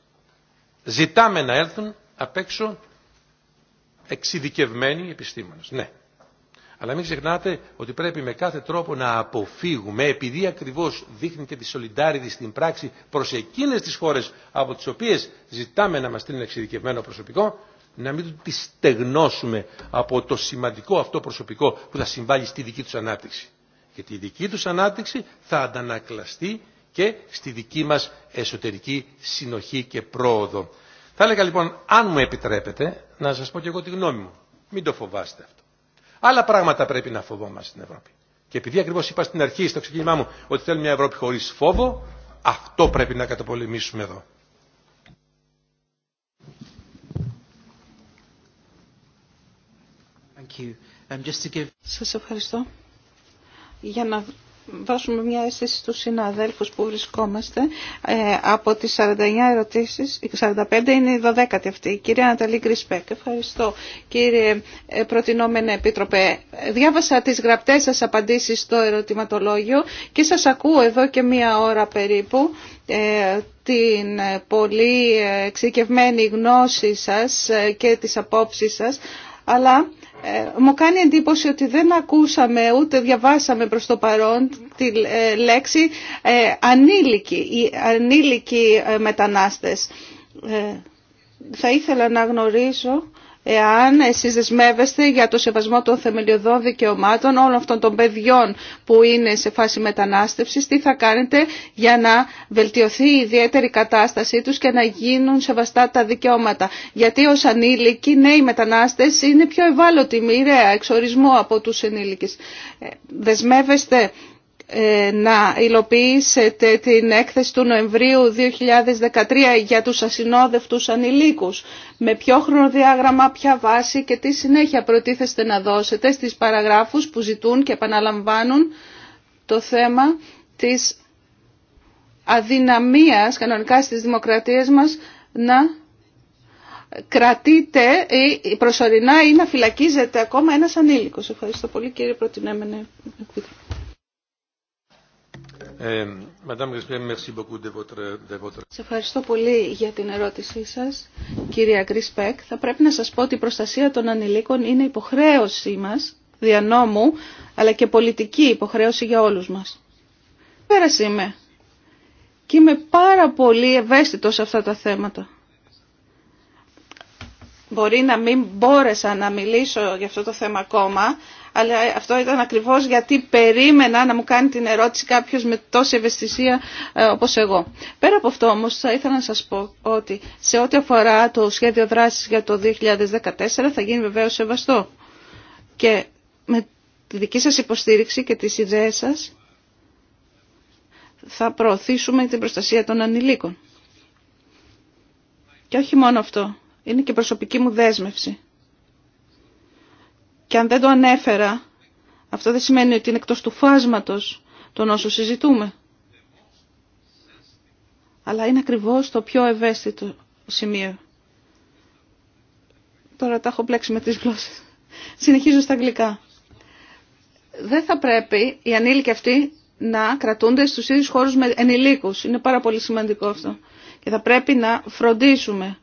Ζητάμε να έρθουν απ' έξω εξειδικευμένοι επιστήμονες. Ναι. Αλλά μην ξεχνάτε ότι πρέπει με κάθε τρόπο να αποφύγουμε, επειδή ακριβώς δείχνει και τη σολιντάριδη στην πράξη προς εκείνες τις χώρες από τις οποίες ζητάμε να μας στείλουν εξειδικευμένο προσωπικό, να μην τη στεγνώσουμε από το σημαντικό αυτό προσωπικό που θα συμβάλλει στη δική τους ανάπτυξη. Γιατί η δική τους ανάπτυξη θα αντανακλαστεί και στη δική μας εσωτερική συνοχή και πρόοδο. Θα έλεγα λοιπόν, αν μου επιτρέπετε, να σας πω και εγώ τη γνώμη μου. Μην το φοβάστε αυτό. Άλλα πράγματα πρέπει να φοβόμαστε στην Ευρώπη. Και επειδή ακριβώς είπα στην αρχή, στο ξεκίνημά μου, ότι θέλουμε μια Ευρώπη χωρίς φόβο, αυτό πρέπει να καταπολεμήσουμε εδώ. Um, give... ευχαριστώ. Για να δώσουμε μια αίσθηση στους συναδέλφους που βρισκόμαστε. Ε, από τις 49 ερωτήσεις, 45 είναι η 12η αυτή. Η αυτη Αναταλή Γκρισπέκ, ευχαριστώ. Κύριε ε, Προτινόμενε Επίτροπε, διάβασα τις γραπτές σας απαντήσεις στο ερωτηματολόγιο και σας ακούω εδώ και μία ώρα περίπου ε, την ε, πολύ εξειδικευμένη γνώση σας και τις απόψεις σας, αλλά ε, μου κάνει εντύπωση ότι δεν ακούσαμε ούτε διαβάσαμε προς το παρόν τη ε, λέξη ε, ανήλικοι, οι ανήλικοι μετανάστες. Θα ήθελα να γνωρίζω εάν εσείς δεσμεύεστε για το σεβασμό των θεμελιωδών δικαιωμάτων όλων αυτών των παιδιών που είναι σε φάση μετανάστευσης, τι θα κάνετε για να βελτιωθεί η ιδιαίτερη κατάστασή τους και να γίνουν σεβαστά τα δικαιώματα. Γιατί ως ανήλικοι νέοι μετανάστες είναι πιο ευάλωτοι μοιραία εξορισμού από τους ενήλικες. Ε, δεσμεύεστε ε, να υλοποιήσετε την έκθεση του Νοεμβρίου 2013 για τους ασυνόδευτους ανηλίκους. Με ποιο χρονοδιάγραμμα, ποια βάση και τι συνέχεια προτίθεστε να δώσετε στις παραγράφους που ζητούν και επαναλαμβάνουν το θέμα της αδυναμίας κανονικά στις δημοκρατίες μας να κρατείτε προσωρινά ή να φυλακίζετε ακόμα ένας ανήλικος. Ευχαριστώ πολύ κύριε Προτινέμενε. Ε, σε ευχαριστώ πολύ για την ερώτησή σας, κυρία Γκρισπέκ. Θα πρέπει να σας πω ότι η προστασία των ανηλίκων είναι υποχρέωση μας, δια νόμου, αλλά και πολιτική υποχρέωση για όλους μας. Πέρασε είμαι και είμαι πάρα πολύ ευαίσθητος σε αυτά τα θέματα. Μπορεί να μην μπόρεσα να μιλήσω για αυτό το θέμα ακόμα, αλλά αυτό ήταν ακριβώς γιατί περίμενα να μου κάνει την ερώτηση κάποιος με τόση ευαισθησία ε, όπως εγώ. Πέρα από αυτό όμως θα ήθελα να σας πω ότι σε ό,τι αφορά το σχέδιο δράσης για το 2014 θα γίνει βεβαίως σεβαστό. Και με τη δική σας υποστήριξη και τις ιδέες σας θα προωθήσουμε την προστασία των ανηλίκων. Και όχι μόνο αυτό, είναι και προσωπική μου δέσμευση. Και αν δεν το ανέφερα, αυτό δεν σημαίνει ότι είναι εκτός του φάσματος των όσων συζητούμε. Αλλά είναι ακριβώς το πιο ευαίσθητο σημείο. Τώρα τα έχω πλέξει με τις γλώσσες. Συνεχίζω στα αγγλικά. Δεν θα πρέπει οι ανήλικοι αυτοί να κρατούνται στους ίδιους χώρους με ενηλίκους. Είναι πάρα πολύ σημαντικό αυτό. Και θα πρέπει να φροντίσουμε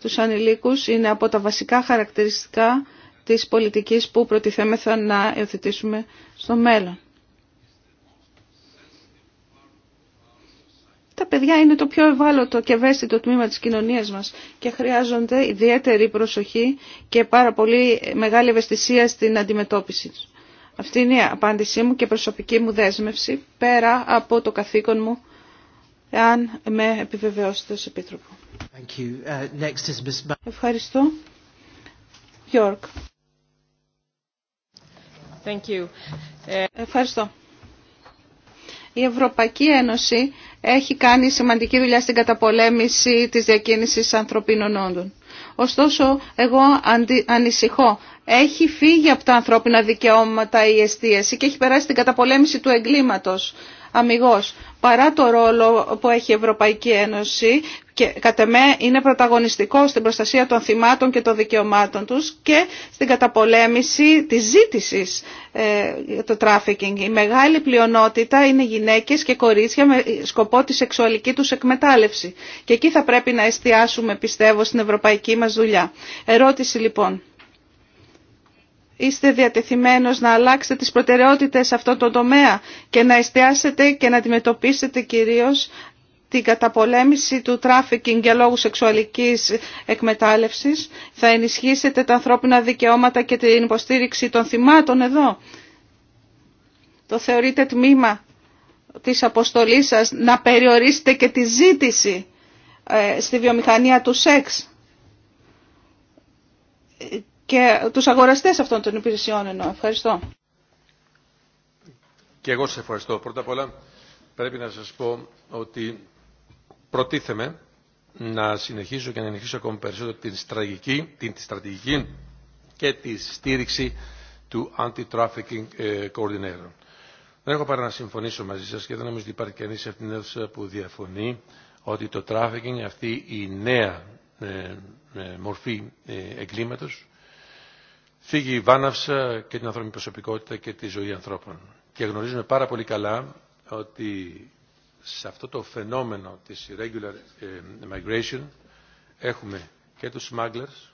τους ανηλίκους. Είναι από τα βασικά χαρακτηριστικά της πολιτικής που προτιθέμεθα να υιοθετήσουμε στο μέλλον. Τα παιδιά είναι το πιο ευάλωτο και ευαίσθητο τμήμα της κοινωνίας μας και χρειάζονται ιδιαίτερη προσοχή και πάρα πολύ μεγάλη ευαισθησία στην αντιμετώπιση τους. Αυτή είναι η απάντησή μου και προσωπική μου δέσμευση πέρα από το καθήκον μου εάν με επιβεβαιώσετε ως Επίτροπο. Uh, Ευχαριστώ. Ευχαριστώ. Η Ευρωπαϊκή Ένωση έχει κάνει σημαντική δουλειά στην καταπολέμηση της διακίνησης ανθρωπίνων όντων. Ωστόσο, εγώ ανησυχώ. Έχει φύγει από τα ανθρώπινα δικαιώματα η εστίαση και έχει περάσει την καταπολέμηση του εγκλήματος αμυγός. Παρά το ρόλο που έχει η Ευρωπαϊκή Ένωση και είναι πρωταγωνιστικό στην προστασία των θυμάτων και των δικαιωμάτων τους και στην καταπολέμηση της ζήτησης ε, το τράφικινγκ. Η μεγάλη πλειονότητα είναι γυναίκες και κορίτσια με σκοπό τη σεξουαλική τους εκμετάλλευση. Και εκεί θα πρέπει να εστιάσουμε πιστεύω στην ευρωπαϊκή μας δουλειά. Ερώτηση λοιπόν είστε διατεθειμένος να αλλάξετε τις προτεραιότητες σε αυτόν το τομέα και να εστιάσετε και να αντιμετωπίσετε κυρίως την καταπολέμηση του τράφικινγκ για λόγους σεξουαλικής εκμετάλλευσης. Θα ενισχύσετε τα ανθρώπινα δικαιώματα και την υποστήριξη των θυμάτων εδώ. Το θεωρείτε τμήμα της αποστολής σας να περιορίσετε και τη ζήτηση ε, στη βιομηχανία του σεξ και τους αγοραστές αυτών των υπηρεσιών εννοώ. Ευχαριστώ. Και εγώ σας ευχαριστώ. Πρώτα απ' όλα πρέπει να σας πω ότι προτίθεμαι να συνεχίσω και να συνεχίσω ακόμα περισσότερο την στρατηγική, την στρατηγική και τη στήριξη του Anti-Trafficking ε, Coordinator. Δεν έχω παρά να συμφωνήσω μαζί σας και δεν νομίζω ότι υπάρχει κανείς σε αυτήν την αίθουσα που διαφωνεί ότι το trafficking, αυτή η νέα ε, ε, μορφή ε, εγκλήματος, φύγει η βάναυσα και την ανθρώπινη προσωπικότητα και τη ζωή ανθρώπων. Και γνωρίζουμε πάρα πολύ καλά ότι σε αυτό το φαινόμενο της irregular ε, migration έχουμε και τους smugglers,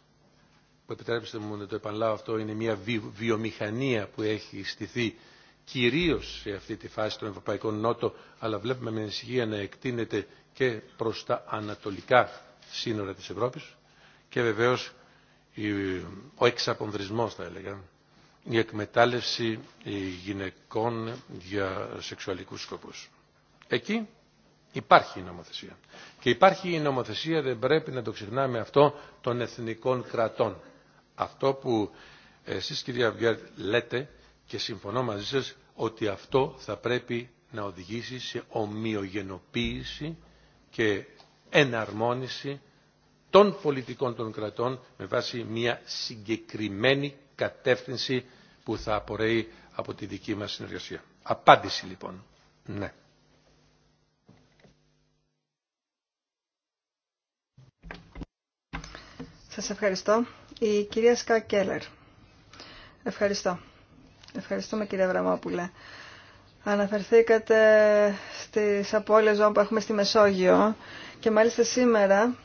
που επιτρέψτε μου να το επαναλάβω αυτό, είναι μια βιομηχανία που έχει στηθεί κυρίως σε αυτή τη φάση των Ευρωπαϊκών Νότων, αλλά βλέπουμε με ανησυχία να εκτείνεται και προς τα ανατολικά σύνορα της Ευρώπης και βεβαίως ο εξαπονδρισμός θα έλεγα, η εκμετάλλευση γυναικών για σεξουαλικούς σκοπούς. Εκεί υπάρχει η νομοθεσία. Και υπάρχει η νομοθεσία, δεν πρέπει να το ξεχνάμε αυτό, των εθνικών κρατών. Αυτό που εσείς κυρία Βιέρ λέτε και συμφωνώ μαζί σας ότι αυτό θα πρέπει να οδηγήσει σε ομοιογενοποίηση και εναρμόνιση των πολιτικών των κρατών με βάση μια συγκεκριμένη κατεύθυνση που θα απορρέει από τη δική μας συνεργασία. Απάντηση λοιπόν. Ναι. Σας ευχαριστώ. Η κυρία Σκά Κέλλερ. Ευχαριστώ. Ευχαριστούμε κυρία Βραμόπουλε. Αναφερθήκατε στις απώλειες ζώων που έχουμε στη Μεσόγειο και μάλιστα σήμερα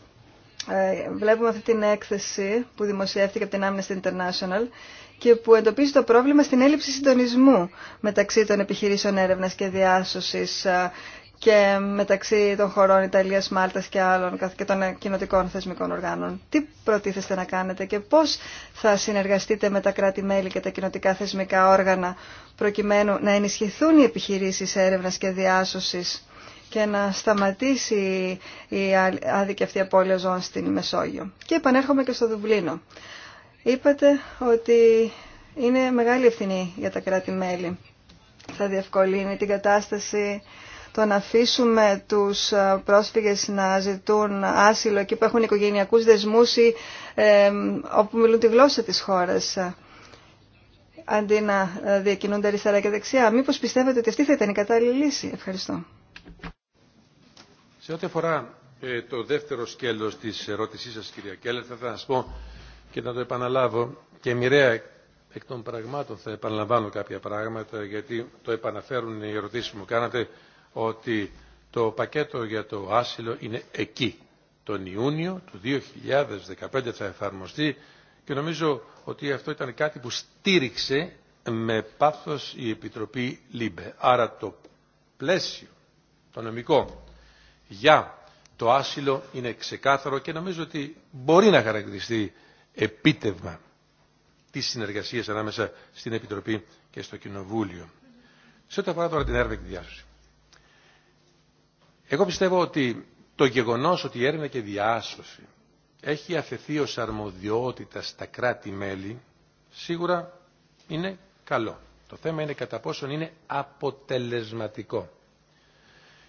ε, βλέπουμε αυτή την έκθεση που δημοσιεύτηκε από την Amnesty International και που εντοπίζει το πρόβλημα στην έλλειψη συντονισμού μεταξύ των επιχειρήσεων έρευνας και διάσωσης ε, και μεταξύ των χωρών Ιταλίας, Μάλτας και άλλων και των ε, κοινοτικών θεσμικών οργάνων. Τι προτίθεστε να κάνετε και πώς θα συνεργαστείτε με τα κράτη-μέλη και τα κοινοτικά θεσμικά όργανα προκειμένου να ενισχυθούν οι επιχειρήσεις έρευνας και διάσωσης και να σταματήσει η άδικη αυτή απώλεια ζώων στην Μεσόγειο. Και επανέρχομαι και στο Δουβλίνο. Είπατε ότι είναι μεγάλη ευθυνή για τα κράτη-μέλη. Θα διευκολύνει την κατάσταση το να αφήσουμε τους ε, πρόσφυγες να ζητούν άσυλο εκεί που έχουν οικογενειακούς δεσμούς ή ε, όπου μιλούν τη γλώσσα της χώρας ε, αντί να ε, διακινούνται αριστερά και δεξιά. Μήπως πιστεύετε ότι αυτή θα ήταν η οπου μιλουν τη γλωσσα της χωρας αντι λύση. Ευχαριστώ. Σε ό,τι αφορά ε, το δεύτερο σκέλος της ερώτησής σας, κυρία Κέλλερ, θα, να σας πω και να το επαναλάβω και μοιραία εκ των πραγμάτων θα επαναλαμβάνω κάποια πράγματα γιατί το επαναφέρουν οι ερωτήσεις που μου κάνατε ότι το πακέτο για το άσυλο είναι εκεί. Τον Ιούνιο του 2015 θα εφαρμοστεί και νομίζω ότι αυτό ήταν κάτι που στήριξε με πάθος η Επιτροπή ΛΥΜΠΕ. Άρα το πλαίσιο, το νομικό για το άσυλο είναι ξεκάθαρο και νομίζω ότι μπορεί να χαρακτηριστεί επίτευμα της συνεργασίας ανάμεσα στην Επιτροπή και στο Κοινοβούλιο. Σε ό,τι αφορά τώρα την έρευνα και τη διάσωση. Εγώ πιστεύω ότι το γεγονός ότι η έρευνα και διάσωση έχει αφαιθεί ως αρμοδιότητα στα κράτη-μέλη, σίγουρα είναι καλό. Το θέμα είναι κατά πόσον είναι αποτελεσματικό.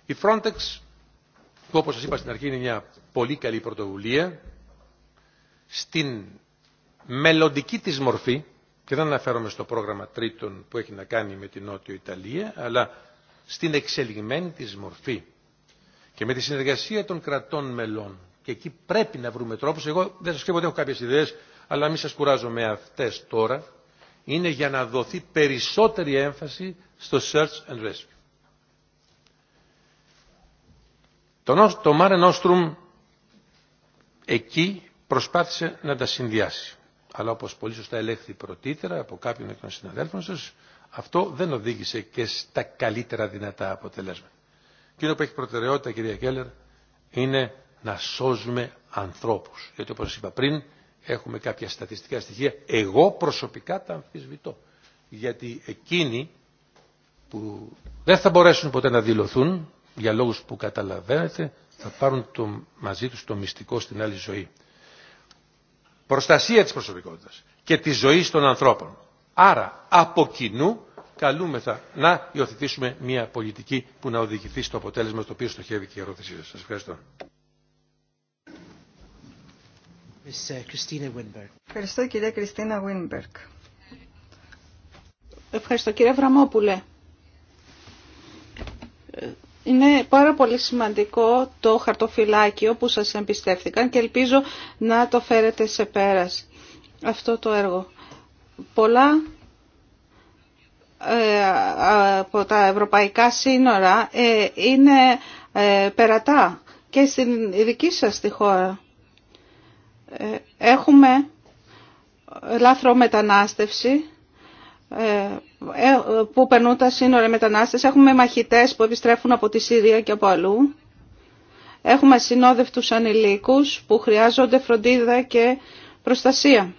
Η Frontex που όπως σας είπα στην αρχή είναι μια πολύ καλή πρωτοβουλία στην μελλοντική της μορφή και δεν αναφέρομαι στο πρόγραμμα τρίτων που έχει να κάνει με την Νότιο Ιταλία αλλά στην εξελιγμένη της μορφή και με τη συνεργασία των κρατών μελών και εκεί πρέπει να βρούμε τρόπους εγώ δεν σας κρύβω ότι έχω κάποιες ιδέες αλλά μην σας κουράζω με αυτές τώρα είναι για να δοθεί περισσότερη έμφαση στο search and rescue Το, το Όστρουμ εκεί προσπάθησε να τα συνδυάσει. Αλλά όπως πολύ σωστά ελέγχθη πρωτήτερα από κάποιον εκ των συναδέλφων σας, αυτό δεν οδήγησε και στα καλύτερα δυνατά αποτελέσματα. Κύριο που έχει προτεραιότητα, κυρία Κέλλερ, είναι να σώζουμε ανθρώπους. Γιατί όπως σας είπα πριν, έχουμε κάποια στατιστικά στοιχεία. Εγώ προσωπικά τα αμφισβητώ. Γιατί εκείνοι που δεν θα μπορέσουν ποτέ να δηλωθούν για λόγους που καταλαβαίνετε θα πάρουν το, μαζί τους το μυστικό στην άλλη ζωή. Προστασία της προσωπικότητας και της ζωής των ανθρώπων. Άρα από κοινού καλούμεθα να υιοθετήσουμε μια πολιτική που να οδηγηθεί στο αποτέλεσμα στο οποίο στοχεύει και η ερώτησή σας. Σας ευχαριστώ. Uh, ευχαριστώ κυρία Κριστίνα Βίνμπερκ. Ευχαριστώ κύριε Βραμόπουλε είναι πάρα πολύ σημαντικό το χαρτοφυλάκιο που σας εμπιστεύτηκαν και ελπίζω να το φέρετε σε πέρας αυτό το έργο. Πολλά ε, από τα ευρωπαϊκά σύνορα ε, είναι ε, περατά και στην δική σας τη χώρα. Έχουμε λάθρο μετανάστευση ε, ε, που περνούν τα σύνορα μετανάστες. Έχουμε μαχητές που επιστρέφουν από τη Συρία και από αλλού. Έχουμε συνόδευτους ανηλίκους που χρειάζονται φροντίδα και προστασία.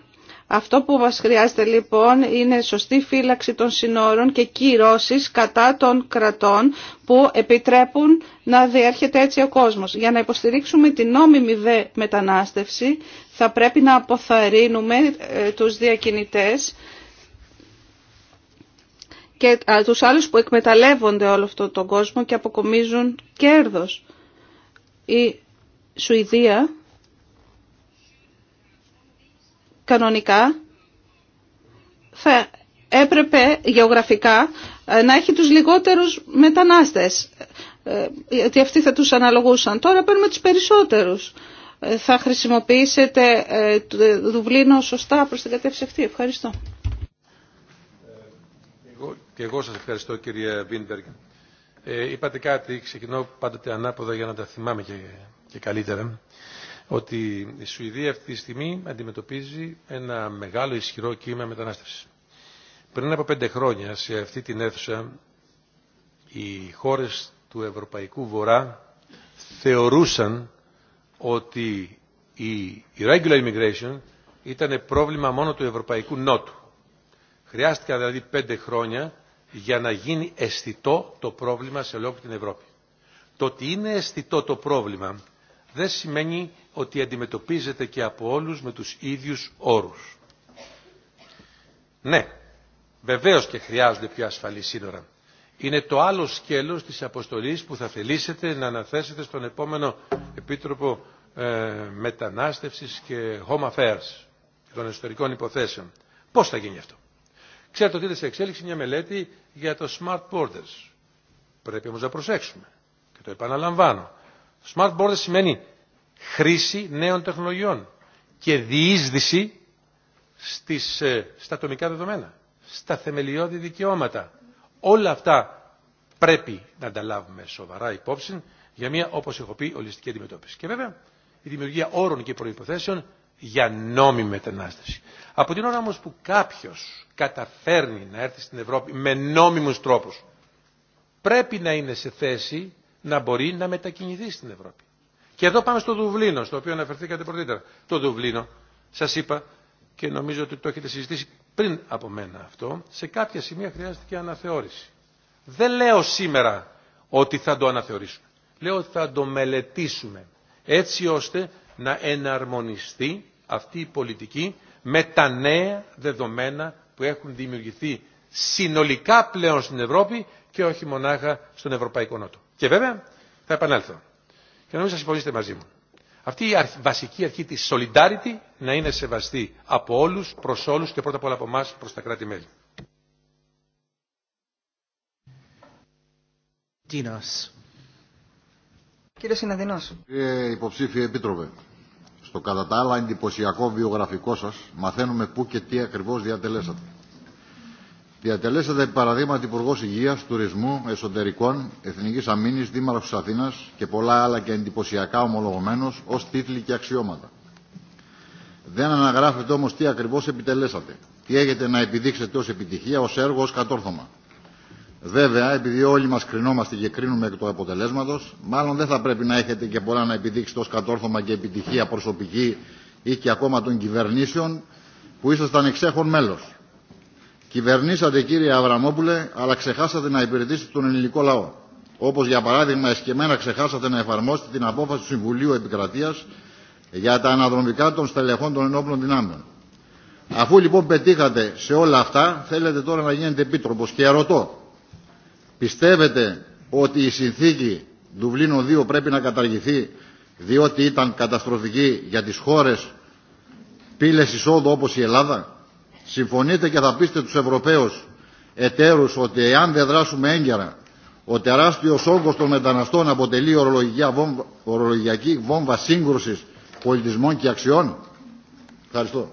Αυτό που μας χρειάζεται λοιπόν είναι σωστή φύλαξη των συνόρων και κυρώσεις κατά των κρατών που επιτρέπουν να διέρχεται έτσι ο κόσμος. Για να υποστηρίξουμε την νόμιμη μετανάστευση θα πρέπει να αποθαρρύνουμε ε, τους διακινητές και τους άλλους που εκμεταλλεύονται όλο αυτό τον κόσμο και αποκομίζουν κέρδος. Η Σουηδία κανονικά έπρεπε γεωγραφικά ε, να έχει τους λιγότερους μετανάστες ε, γιατί αυτοί θα τους αναλογούσαν. Τώρα παίρνουμε τους περισσότερους. Ε, θα χρησιμοποιήσετε το Δουβλίνο σωστά προς την κατεύθυνση αυτή. Ευχαριστώ. Και εγώ σας ευχαριστώ κύριε Βίνμπεργκ. Ε, είπατε κάτι, ξεκινώ πάντοτε ανάποδα για να τα θυμάμαι και, καλύτερα, ότι η Σουηδία αυτή τη στιγμή αντιμετωπίζει ένα μεγάλο ισχυρό κύμα μετανάστευσης. Πριν από πέντε χρόνια σε αυτή την αίθουσα οι χώρες του Ευρωπαϊκού Βορρά θεωρούσαν ότι η regular immigration ήταν πρόβλημα μόνο του Ευρωπαϊκού Νότου. Χρειάστηκαν δηλαδή πέντε χρόνια για να γίνει αισθητό το πρόβλημα σε ολόκληρη την Ευρώπη. Το ότι είναι αισθητό το πρόβλημα δεν σημαίνει ότι αντιμετωπίζεται και από όλους με τους ίδιους όρους. Ναι, βεβαίως και χρειάζονται πιο ασφαλή σύνορα. Είναι το άλλο σκέλος της αποστολής που θα θελήσετε να αναθέσετε στον επόμενο Επίτροπο ε, Μετανάστευσης και Home Affairs των εσωτερικών Υποθέσεων. Πώς θα γίνει αυτό. Ξέρετε ότι είναι σε εξέλιξη μια μελέτη για το Smart Borders. Πρέπει όμως να προσέξουμε. Και το επαναλαμβάνω. Smart Borders σημαίνει χρήση νέων τεχνολογιών και διείσδυση στις, ε, στα ατομικά δεδομένα, στα θεμελιώδη δικαιώματα. Όλα αυτά πρέπει να τα λάβουμε σοβαρά υπόψη για μια, όπως έχω πει, ολιστική αντιμετώπιση. Και βέβαια, η δημιουργία όρων και προϋποθέσεων για νόμιμη μετανάστευση. Από την ώρα όμως που κάποιος καταφέρνει να έρθει στην Ευρώπη με νόμιμους τρόπους, πρέπει να είναι σε θέση να μπορεί να μετακινηθεί στην Ευρώπη. Και εδώ πάμε στο Δουβλίνο, στο οποίο αναφερθήκατε πρωτήτερα. Το Δουβλίνο, σας είπα και νομίζω ότι το έχετε συζητήσει πριν από μένα αυτό, σε κάποια σημεία χρειάστηκε αναθεώρηση. Δεν λέω σήμερα ότι θα το αναθεωρήσουμε. Λέω ότι θα το μελετήσουμε έτσι ώστε να εναρμονιστεί αυτή η πολιτική με τα νέα δεδομένα που έχουν δημιουργηθεί συνολικά πλέον στην Ευρώπη και όχι μονάχα στον Ευρωπαϊκό Νότο. Και βέβαια θα επανέλθω. Και μην σας συμφωνήσετε μαζί μου. Αυτή η βασική αρχή της solidarity να είναι σεβαστή από όλους, προς όλους και πρώτα απ' όλα από εμά προς τα κράτη-μέλη. Κύριε Συναδεινός. Κύριε υποψήφιε επίτροπε, στο κατά τα άλλα εντυπωσιακό βιογραφικό σας μαθαίνουμε πού και τι ακριβώς διατελέσατε. Διατελέσατε παραδείγματι Υπουργό Υγεία, Τουρισμού, Εσωτερικών, Εθνική Αμήνη, Δήμαρχο Αθήνα και πολλά άλλα και εντυπωσιακά ομολογωμένο, ω τίτλοι και αξιώματα. Δεν αναγράφετε όμω τι ακριβώ επιτελέσατε, τι έχετε να επιδείξετε ω επιτυχία, ω έργο, ω κατόρθωμα. Βέβαια, επειδή όλοι μα κρινόμαστε και κρίνουμε εκ του αποτελέσματο, μάλλον δεν θα πρέπει να έχετε και πολλά να επιδείξετε ω κατόρθωμα και επιτυχία προσωπική ή και ακόμα των κυβερνήσεων που ήσασταν εξέχον μέλο. Κυβερνήσατε, κύριε Αβραμόπουλε, αλλά ξεχάσατε να υπηρετήσετε τον ελληνικό λαό. Όπω για παράδειγμα, εσκεμένα ξεχάσατε να εφαρμόσετε την απόφαση του Συμβουλίου Επικρατεία για τα αναδρομικά των στελεχών των ενόπλων δυνάμεων. Αφού λοιπόν πετύχατε σε όλα αυτά, θέλετε τώρα να γίνετε επίτροπο. Και ερωτώ. Πιστεύετε ότι η συνθήκη Δουβλίνο 2 πρέπει να καταργηθεί διότι ήταν καταστροφική για τις χώρες πύλες εισόδου όπως η Ελλάδα. Συμφωνείτε και θα πείστε τους Ευρωπαίους εταίρους ότι εάν δεν δράσουμε έγκαιρα ο τεράστιος όγκος των μεταναστών αποτελεί ορολογιακή βόμβα σύγκρουσης πολιτισμών και αξιών. Ευχαριστώ.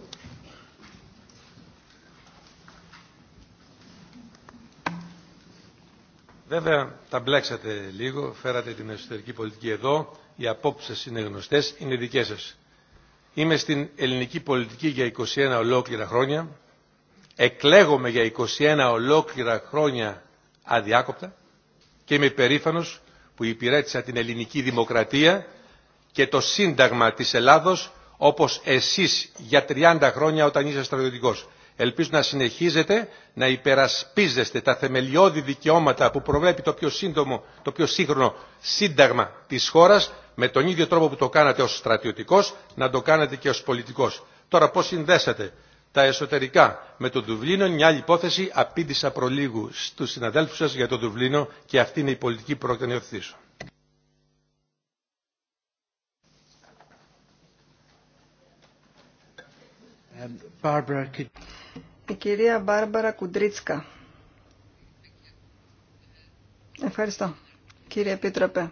Βέβαια τα μπλέξατε λίγο, φέρατε την εσωτερική πολιτική εδώ, οι απόψεις είναι γνωστές, είναι δικές σας. Είμαι στην ελληνική πολιτική για 21 ολόκληρα χρόνια, εκλέγομαι για 21 ολόκληρα χρόνια αδιάκοπτα και είμαι περήφανος που υπηρέτησα την ελληνική δημοκρατία και το Σύνταγμα της Ελλάδος όπως εσείς για 30 χρόνια όταν είσαι στρατιωτικός. Ελπίζω να συνεχίζετε να υπερασπίζεστε τα θεμελιώδη δικαιώματα που προβλέπει το πιο, σύντομο, το πιο σύγχρονο σύνταγμα της χώρας με τον ίδιο τρόπο που το κάνατε ως στρατιωτικός να το κάνετε και ως πολιτικός. Τώρα πώς συνδέσατε τα εσωτερικά με το Δουβλίνο μια άλλη υπόθεση. Απήντησα προλίγου στους συναδέλφους σας για το Δουβλίνο και αυτή είναι η πολιτική που η κυρία Μπάρμπαρα Κουντρίτσκα. Ευχαριστώ, κύριε Επίτροπε.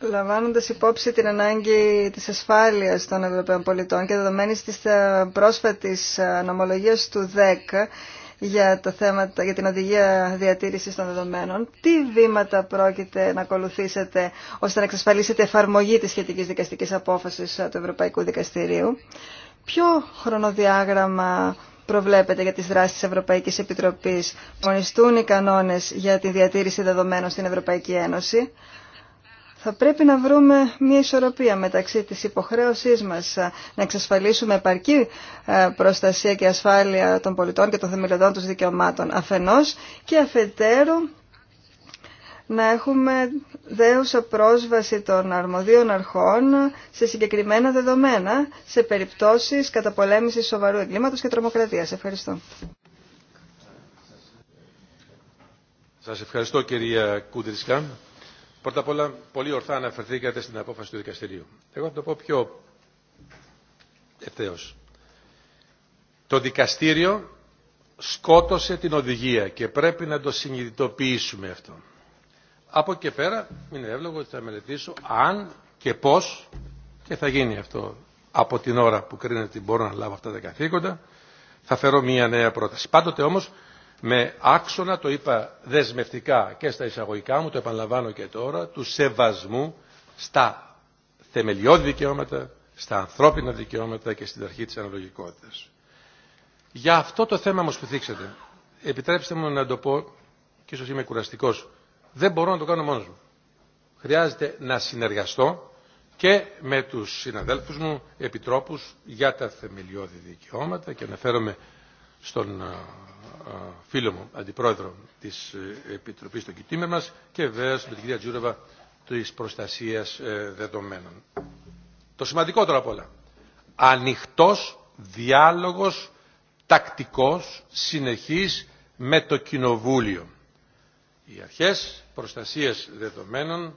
Λαμβάνοντας υπόψη την ανάγκη της ασφάλειας των Ευρωπαίων πολιτών και δεδομένης της ε, πρόσφατης ε, νομολογίας του ΔΕΚ για, το θέμα, για την οδηγία διατήρησης των δεδομένων. Τι βήματα πρόκειται να ακολουθήσετε ώστε να εξασφαλίσετε εφαρμογή της σχετικής δικαστικής απόφασης του Ευρωπαϊκού Δικαστηρίου. Ποιο χρονοδιάγραμμα προβλέπετε για τις δράσεις της Ευρωπαϊκής Επιτροπής. Μονιστούν οι κανόνες για τη διατήρηση δεδομένων στην Ευρωπαϊκή Ένωση. Θα πρέπει να βρούμε μια ισορροπία μεταξύ της υποχρέωσής μας να εξασφαλίσουμε επαρκή ε, προστασία και ασφάλεια των πολιτών και των θεμελιωδών τους δικαιωμάτων αφενός και αφετέρου να έχουμε δέουσα πρόσβαση των αρμοδίων αρχών σε συγκεκριμένα δεδομένα σε περιπτώσεις καταπολέμησης σοβαρού εγκλήματος και τρομοκρατίας. Ευχαριστώ. Σας ευχαριστώ κυρία Κούντρισκα. Πρώτα απ' όλα, πολύ ορθά αναφερθήκατε στην απόφαση του δικαστηρίου. Εγώ θα το πω πιο ευθέω. Το δικαστήριο σκότωσε την οδηγία και πρέπει να το συνειδητοποιήσουμε αυτό. Από και πέρα είναι εύλογο ότι θα μελετήσω αν και πώς και θα γίνει αυτό από την ώρα που κρίνεται ότι μπορώ να λάβω αυτά τα καθήκοντα θα φέρω μια νέα πρόταση. Πάντοτε όμως με άξονα, το είπα δεσμευτικά και στα εισαγωγικά μου, το επαναλαμβάνω και τώρα, του σεβασμού στα θεμελιώδη δικαιώματα, στα ανθρώπινα δικαιώματα και στην αρχή της αναλογικότητας. Για αυτό το θέμα όμως που θίξατε, επιτρέψτε μου να το πω, και ίσως είμαι κουραστικός, δεν μπορώ να το κάνω μόνος μου. Χρειάζεται να συνεργαστώ και με τους συναδέλφους μου επιτρόπους για τα θεμελιώδη δικαιώματα και αναφέρομαι στον ε, φίλο μου, αντιπρόεδρο της ε, Επιτροπής των κοιτήμε μας και βέβαια με την κυρία Τζούρεβα της προστασίας ε, δεδομένων. Το σημαντικότερο απ' όλα, ανοιχτός διάλογος τακτικός, συνεχής με το Κοινοβούλιο. Οι αρχές προστασίας δεδομένων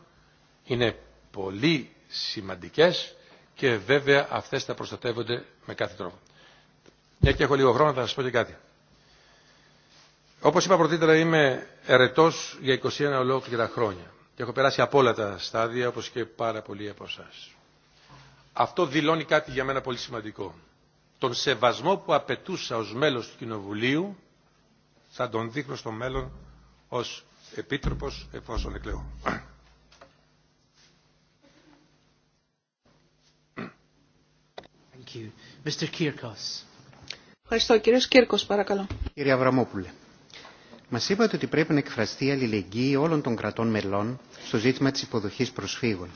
είναι πολύ σημαντικές και βέβαια αυτές θα προστατεύονται με κάθε τρόπο. Μια και έχω λίγο χρόνο θα σας πω και κάτι. Όπως είπα πρωτήτερα είμαι ερετός για 21 ολόκληρα χρόνια και έχω περάσει από όλα τα στάδια όπως και πάρα πολλοί από εσά. Αυτό δηλώνει κάτι για μένα πολύ σημαντικό. Τον σεβασμό που απαιτούσα ως μέλος του Κοινοβουλίου θα τον δείχνω στο μέλλον ως Επίτροπος εφόσον εκλεγώ. Ευχαριστώ κύριος Κύρκος παρακαλώ. Κύριε Αβραμόπουλε. Μα είπατε ότι πρέπει να εκφραστεί η αλληλεγγύη όλων των κρατών μελών στο ζήτημα τη υποδοχή προσφύγων.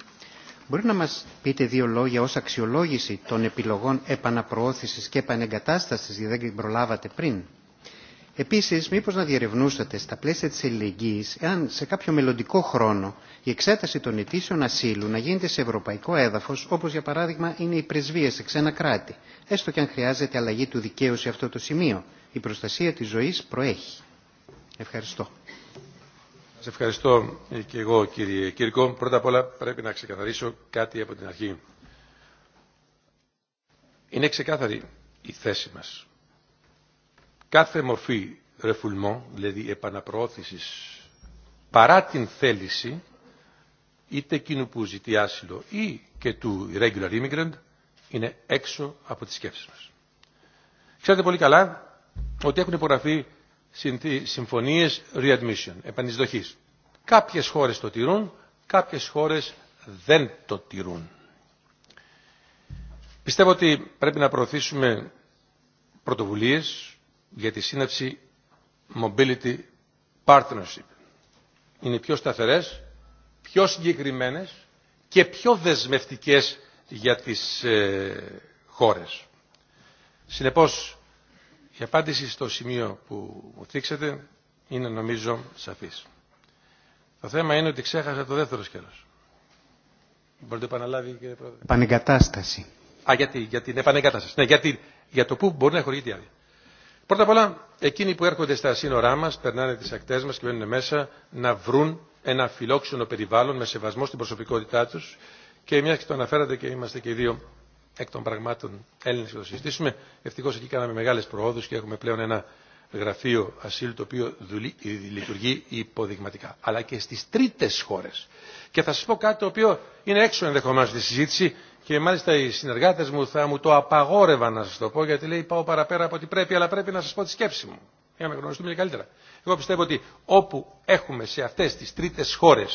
Μπορεί να μα πείτε δύο λόγια ω αξιολόγηση των επιλογών επαναπροώθηση και επανεγκατάσταση, γιατί δεν προλάβατε πριν. Επίση, μήπω να διερευνούσατε στα πλαίσια τη αλληλεγγύη, εάν σε κάποιο μελλοντικό χρόνο η εξέταση των αιτήσεων ασύλου να γίνεται σε ευρωπαϊκό έδαφο, όπω για παράδειγμα είναι οι πρεσβείε σε ξένα κράτη, έστω και αν χρειάζεται αλλαγή του δικαίου σε αυτό το σημείο. Η προστασία τη ζωή προέχει. Ευχαριστώ. Σας ευχαριστώ και εγώ κύριε Κύρκο. Πρώτα απ' όλα πρέπει να ξεκαθαρίσω κάτι από την αρχή. Είναι ξεκάθαρη η θέση μας. Κάθε μορφή ρεφουλμό, δηλαδή επαναπροώθησης, παρά την θέληση είτε εκείνου που ζητεί άσυλο ή και του regular immigrant, είναι έξω από τις σκέψεις μας. Ξέρετε πολύ καλά ότι έχουν υπογραφεί συμφωνίε readmission, επανεισδοχή. Κάποιες χώρες το τηρούν, κάποιες χώρες δεν το τηρούν. Πιστεύω ότι πρέπει να προωθήσουμε πρωτοβουλίε για τη σύναψη Mobility Partnership. Είναι πιο σταθερές, πιο συγκεκριμένε και πιο δεσμευτικές για τις ε, χώρες. Συνεπώς, η απάντηση στο σημείο που μου θίξετε είναι νομίζω σαφής. Το θέμα είναι ότι ξέχασα το δεύτερο σκέλος. Μπορείτε να επαναλάβει κύριε Πρόεδρε. Επανεγκατάσταση. Α, γιατί, για την ναι, επανεγκατάσταση. Ναι, γιατί, για το πού μπορεί να χορηγείται η άδεια. Πρώτα απ' όλα, εκείνοι που έρχονται στα σύνορά μα, περνάνε τι ακτέ μα και μένουν μέσα να βρουν ένα φιλόξενο περιβάλλον με σεβασμό στην προσωπικότητά του και μια και το αναφέρατε και είμαστε και οι δύο εκ των πραγμάτων Έλληνε και το συζητήσουμε. Ευτυχώ εκεί κάναμε μεγάλε προόδου και έχουμε πλέον ένα γραφείο ασύλου το οποίο ε, λειτουργεί υποδειγματικά. Αλλά και στι τρίτε χώρε. Και θα σα πω κάτι το οποίο είναι έξω ενδεχομένω στη συζήτηση και μάλιστα οι συνεργάτε μου θα μου το απαγόρευαν να σα το πω γιατί λέει πάω παραπέρα από ό,τι πρέπει, αλλά πρέπει να σα πω τη σκέψη μου. Για να γνωριστούμε και καλύτερα. Εγώ πιστεύω ότι όπου έχουμε σε αυτέ τι τρίτε χώρε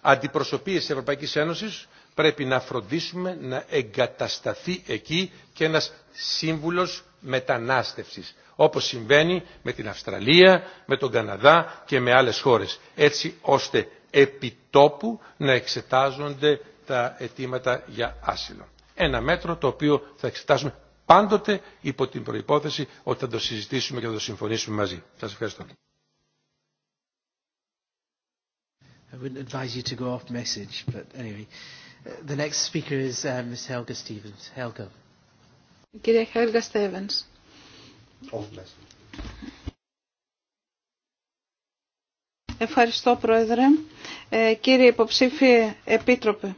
αντιπροσωπείε τη Ευρωπαϊκή Ένωση, πρέπει να φροντίσουμε να εγκατασταθεί εκεί και ένας σύμβουλος μετανάστευσης όπως συμβαίνει με την Αυστραλία, με τον Καναδά και με άλλες χώρες έτσι ώστε επιτόπου να εξετάζονται τα αιτήματα για άσυλο. Ένα μέτρο το οποίο θα εξετάσουμε πάντοτε υπό την προϋπόθεση ότι θα το συζητήσουμε και θα το συμφωνήσουμε μαζί. Σας ευχαριστώ. The next speaker is uh, Ms. Helga Stevens. Helga. Η Helga Stevens. Ευχαριστώ, Πρόεδρε. Ε, κύριε Υποψήφιε Επίτροπε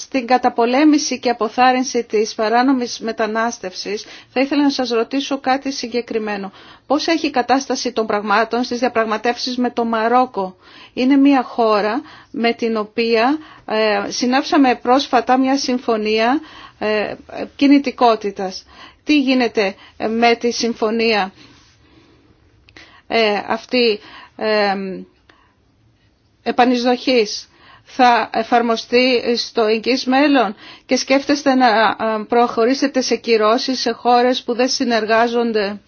στην καταπολέμηση και αποθάρρυνση της παράνομης μετανάστευσης, θα ήθελα να σας ρωτήσω κάτι συγκεκριμένο. Πώς έχει η κατάσταση των πραγμάτων στις διαπραγματεύσεις με το Μαρόκο. Είναι μια χώρα με την οποία ε, συνάψαμε πρόσφατα μια συμφωνία ε, κινητικότητας. Τι γίνεται ε, με τη συμφωνία αυτή επανεισδοχής θα εφαρμοστεί στο εγγύς μέλλον και σκέφτεστε να ε, προχωρήσετε σε κυρώσεις σε χώρες που δεν συνεργάζονται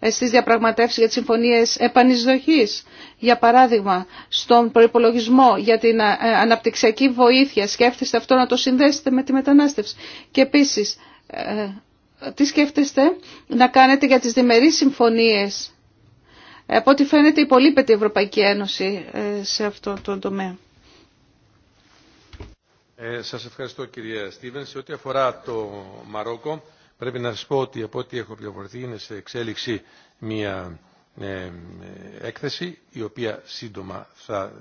ε, στις διαπραγματεύσεις για τις συμφωνίες επανεισδοχής. Για παράδειγμα, στον προϋπολογισμό για την ε, αναπτυξιακή βοήθεια σκέφτεστε αυτό να το συνδέσετε με τη μετανάστευση. Και επίσης, τι σκέφτεστε να κάνετε για τις διμερείς συμφωνίες. Από ό,τι φαίνεται υπολείπεται η Ευρωπαϊκή Ένωση σε αυτό το τομέα. Σα ε, σας ευχαριστώ κυρία Στίβεν. Σε ό,τι αφορά το Μαρόκο, πρέπει να σας πω ότι από ό,τι έχω πληροφορηθεί είναι σε εξέλιξη μια ε, έκθεση η οποία σύντομα ε, θα,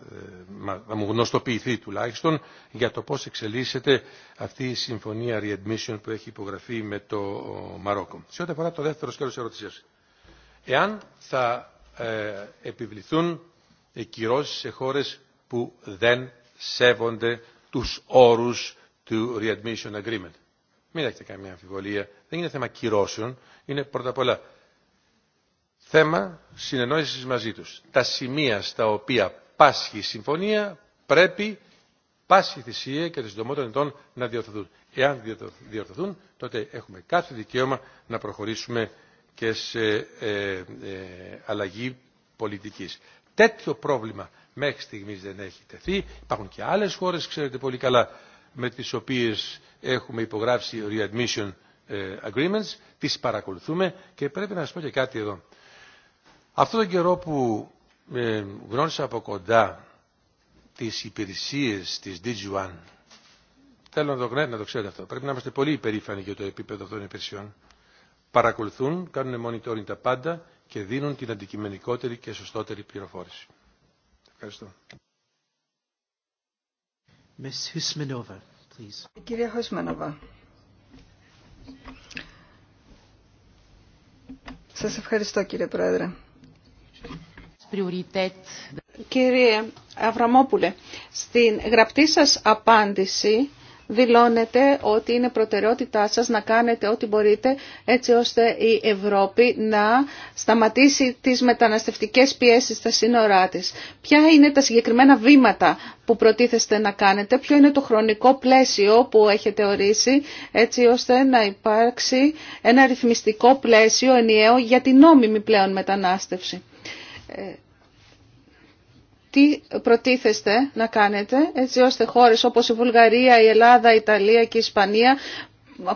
μου γνωστοποιηθεί τουλάχιστον για το πώς εξελίσσεται αυτή η συμφωνία readmission που έχει υπογραφεί με το Μαρόκο. Σε ό,τι αφορά το δεύτερο σκέλος ερωτησίας. Εάν θα επιβληθούν κυρώσεις σε χώρες που δεν σέβονται τους όρους του readmission agreement. Μην έχετε καμία αμφιβολία. Δεν είναι θέμα κυρώσεων. Είναι πρώτα απ' όλα θέμα συνεννόησης μαζί τους. Τα σημεία στα οποία πάσχει η συμφωνία πρέπει πάση θυσία και των συντομότερων ετών να διορθωθούν. Εάν διορθωθούν, τότε έχουμε κάθε δικαίωμα να προχωρήσουμε και σε ε, ε, αλλαγή πολιτικής. Τέτοιο πρόβλημα μέχρι στιγμής δεν έχει τεθεί. Υπάρχουν και άλλες χώρες, ξέρετε πολύ καλά, με τις οποίες έχουμε υπογράψει readmission ε, agreements, τις παρακολουθούμε και πρέπει να σας πω και κάτι εδώ. Αυτό τον καιρό που ε, γνώρισα από κοντά τις υπηρεσίες της DigiOne, θέλω να το, να το ξέρετε αυτό, πρέπει να είμαστε πολύ υπερήφανοι για το επίπεδο αυτών των υπηρεσιών, παρακολουθούν, κάνουν monitoring τα πάντα και δίνουν την αντικειμενικότερη και σωστότερη πληροφόρηση. Ευχαριστώ. Κυρία Χουσμενόβα. Σας ευχαριστώ κύριε Πρόεδρε. Κύριε Αβραμόπουλε, στην γραπτή σας απάντηση δηλώνετε ότι είναι προτεραιότητά σας να κάνετε ό,τι μπορείτε έτσι ώστε η Ευρώπη να σταματήσει τις μεταναστευτικές πιέσεις στα σύνορά της. Ποια είναι τα συγκεκριμένα βήματα που προτίθεστε να κάνετε, ποιο είναι το χρονικό πλαίσιο που έχετε ορίσει έτσι ώστε να υπάρξει ένα ρυθμιστικό πλαίσιο ενιαίο για την νόμιμη πλέον μετανάστευση. Ε, τι προτίθεστε να κάνετε, έτσι ώστε χώρες όπως η Βουλγαρία, η Ελλάδα, η Ιταλία και η Ισπανία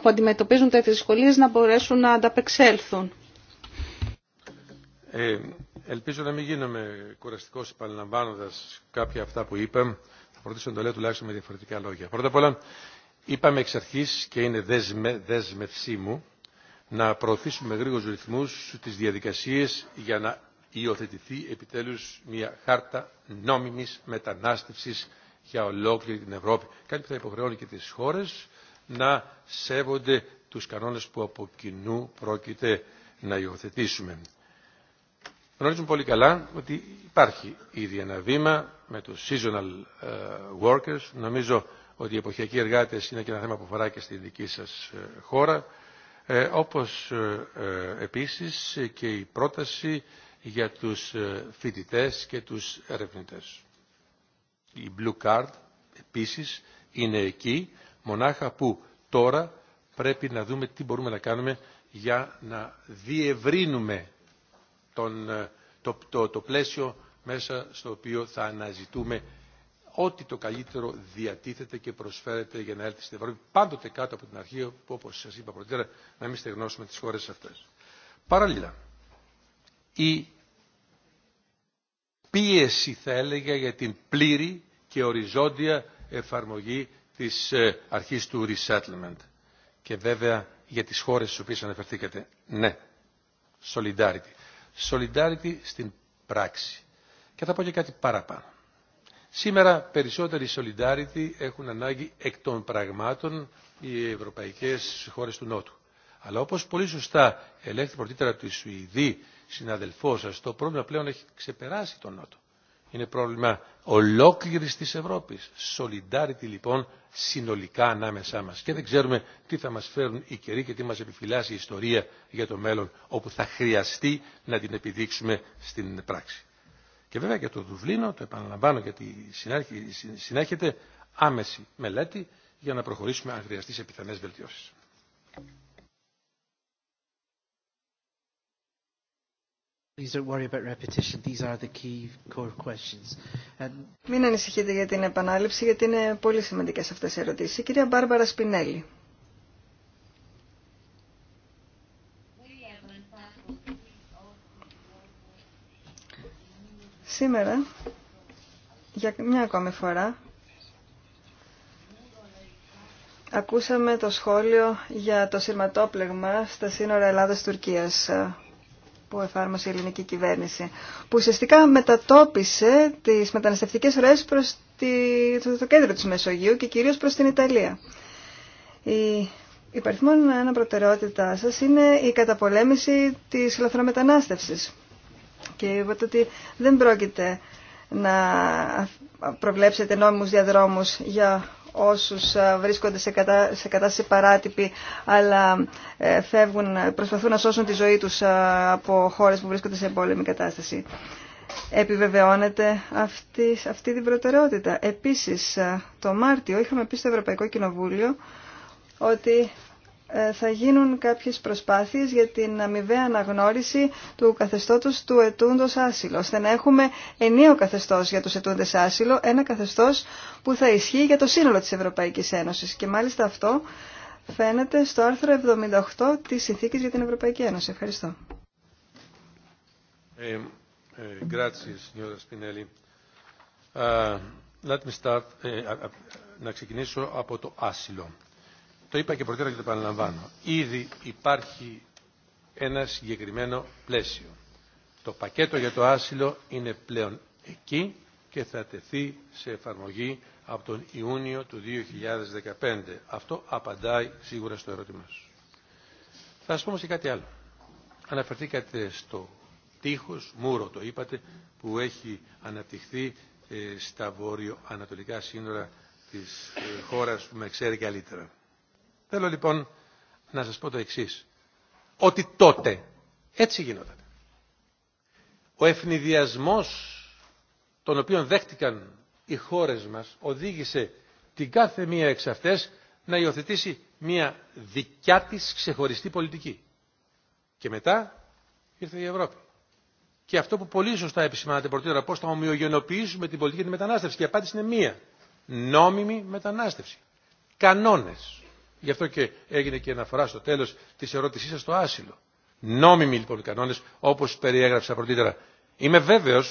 που αντιμετωπίζουν τέτοιες δυσκολίε να μπορέσουν να ανταπεξέλθουν. Ε, ελπίζω να μην γίνομαι κουραστικό, επαναλαμβάνοντα κάποια αυτά που είπα. Θα προτίσω να το λέω τουλάχιστον με διαφορετικά λόγια. Πρώτα απ' όλα, είπαμε εξ αρχή και είναι δεσμε, δέσμευσή μου να προωθήσουμε γρήγορου ρυθμού τι διαδικασίε για να υιοθετηθεί επιτέλους μια χάρτα νόμιμης μετανάστευσης για ολόκληρη την Ευρώπη. Κάτι που θα υποχρεώνει και τις χώρες να σέβονται τους κανόνες που από κοινού πρόκειται να υιοθετήσουμε. Γνωρίζουμε πολύ καλά ότι υπάρχει ήδη ένα βήμα με τους seasonal ε, workers. Νομίζω ότι οι εποχιακοί εργάτες είναι και ένα θέμα που αφορά και στη δική σας ε, χώρα. Ε, όπως επίσης και η πρόταση για τους ε, φοιτητές και τους ερευνητές. Η Blue Card επίσης είναι εκεί μονάχα που τώρα πρέπει να δούμε τι μπορούμε να κάνουμε για να διευρύνουμε τον, ε, το, το, πλαίσιο μέσα στο οποίο θα αναζητούμε ό,τι το καλύτερο διατίθεται και προσφέρεται για να έρθει στην Ευρώπη, πάντοτε κάτω από την αρχή, που όπως σας είπα πρωτήρα, να μην στεγνώσουμε τις χώρες αυτές. Παράλληλα, η πίεση θα έλεγα για την πλήρη και οριζόντια εφαρμογή της ε, αρχής του resettlement. Και βέβαια για τις χώρες στις οποίες αναφερθήκατε. Ναι, solidarity. Solidarity στην πράξη. Και θα πω και κάτι παραπάνω. Σήμερα περισσότεροι solidarity έχουν ανάγκη εκ των πραγμάτων οι ευρωπαϊκές χώρες του Νότου. Αλλά όπως πολύ σωστά ελέγχθη πρωτήτερα από τη Σουηδή συναδελφό σα, το πρόβλημα πλέον έχει ξεπεράσει τον Νότο. Είναι πρόβλημα ολόκληρη της Ευρώπης. Solidarity λοιπόν συνολικά ανάμεσά μας. Και δεν ξέρουμε τι θα μας φέρουν οι καιροί και τι μας επιφυλάσσει η ιστορία για το μέλλον, όπου θα χρειαστεί να την επιδείξουμε στην πράξη. Και βέβαια και το Δουβλίνο, το επαναλαμβάνω γιατί συνέχεται άμεση μελέτη για να προχωρήσουμε αν χρειαστεί σε πιθανές βελτιώσεις. Μην ανησυχείτε για την επανάληψη, γιατί είναι πολύ σημαντικές αυτές οι ερωτήσεις. κυρία Μπάρμπαρα Σπινέλη. Σήμερα, για μια ακόμη φορά, ακούσαμε το σχόλιο για το σειρματόπλεγμα στα σύνορα Ελλάδας-Τουρκίας που εφάρμοσε η ελληνική κυβέρνηση, που ουσιαστικά μετατόπισε τις μεταναστευτικές ροές προς το κέντρο της Μεσογείου και κυρίως προς την Ιταλία. Η υπαριθμόν ένα προτεραιότητά σας είναι η καταπολέμηση της λαθρομετανάστευσης. Και είπατε ότι δεν πρόκειται να προβλέψετε νόμιμους διαδρόμους για όσους ε, βρίσκονται σε, σε κατάσταση παράτυπη αλλά ε, φεύγουν, προσπαθούν να σώσουν τη ζωή τους ε, από χώρες που βρίσκονται σε πόλεμη κατάσταση. Επιβεβαιώνεται αυτή, αυτή την προτεραιότητα. Επίσης, το Μάρτιο είχαμε πει στο Ευρωπαϊκό Κοινοβούλιο ότι ε, θα γίνουν κάποιες προσπάθειες για την αμοιβαία αναγνώριση του καθεστώτος του ετούντος άσυλο, ώστε να έχουμε ενίο καθεστώς για τους ετούντες άσυλο, ένα καθεστώς που θα ισχύει για το σύνολο της Ευρωπαϊκής Ένωσης. Και μάλιστα αυτό φαίνεται στο άρθρο 78 της Συνθήκης για την Ευρωπαϊκή Ένωση. Ευχαριστώ. Ε, ε, ε, ε να ξεκινήσω από το άσυλο το είπα και προτείνω και το επαναλαμβάνω, ήδη υπάρχει ένα συγκεκριμένο πλαίσιο. Το πακέτο για το άσυλο είναι πλέον εκεί και θα τεθεί σε εφαρμογή από τον Ιούνιο του 2015. Αυτό απαντάει σίγουρα στο ερώτημά σου. Θα σας πω όμως και κάτι άλλο. Αναφερθήκατε στο τείχος, μούρο το είπατε, που έχει αναπτυχθεί ε, στα βόρειο-ανατολικά σύνορα της ε, χώρας που με ξέρει καλύτερα. Θέλω λοιπόν να σας πω το εξής. Ότι τότε έτσι γινόταν. Ο ευνηδιασμός τον οποίο δέχτηκαν οι χώρες μας οδήγησε την κάθε μία εξ αυτές να υιοθετήσει μία δικιά της ξεχωριστή πολιτική. Και μετά ήρθε η Ευρώπη. Και αυτό που πολύ σωστά επισημάνατε πρωτήτερα, πώς θα ομοιογενοποιήσουμε την πολιτική τη μετανάστευση. Και η απάντηση είναι μία. Νόμιμη μετανάστευση. Κανόνες. Γι' αυτό και έγινε και αναφορά στο τέλο τη ερώτησή σα στο άσυλο. Νόμιμοι λοιπόν οι κανόνε, όπω περιέγραψα πρωτήτερα. Είμαι βέβαιο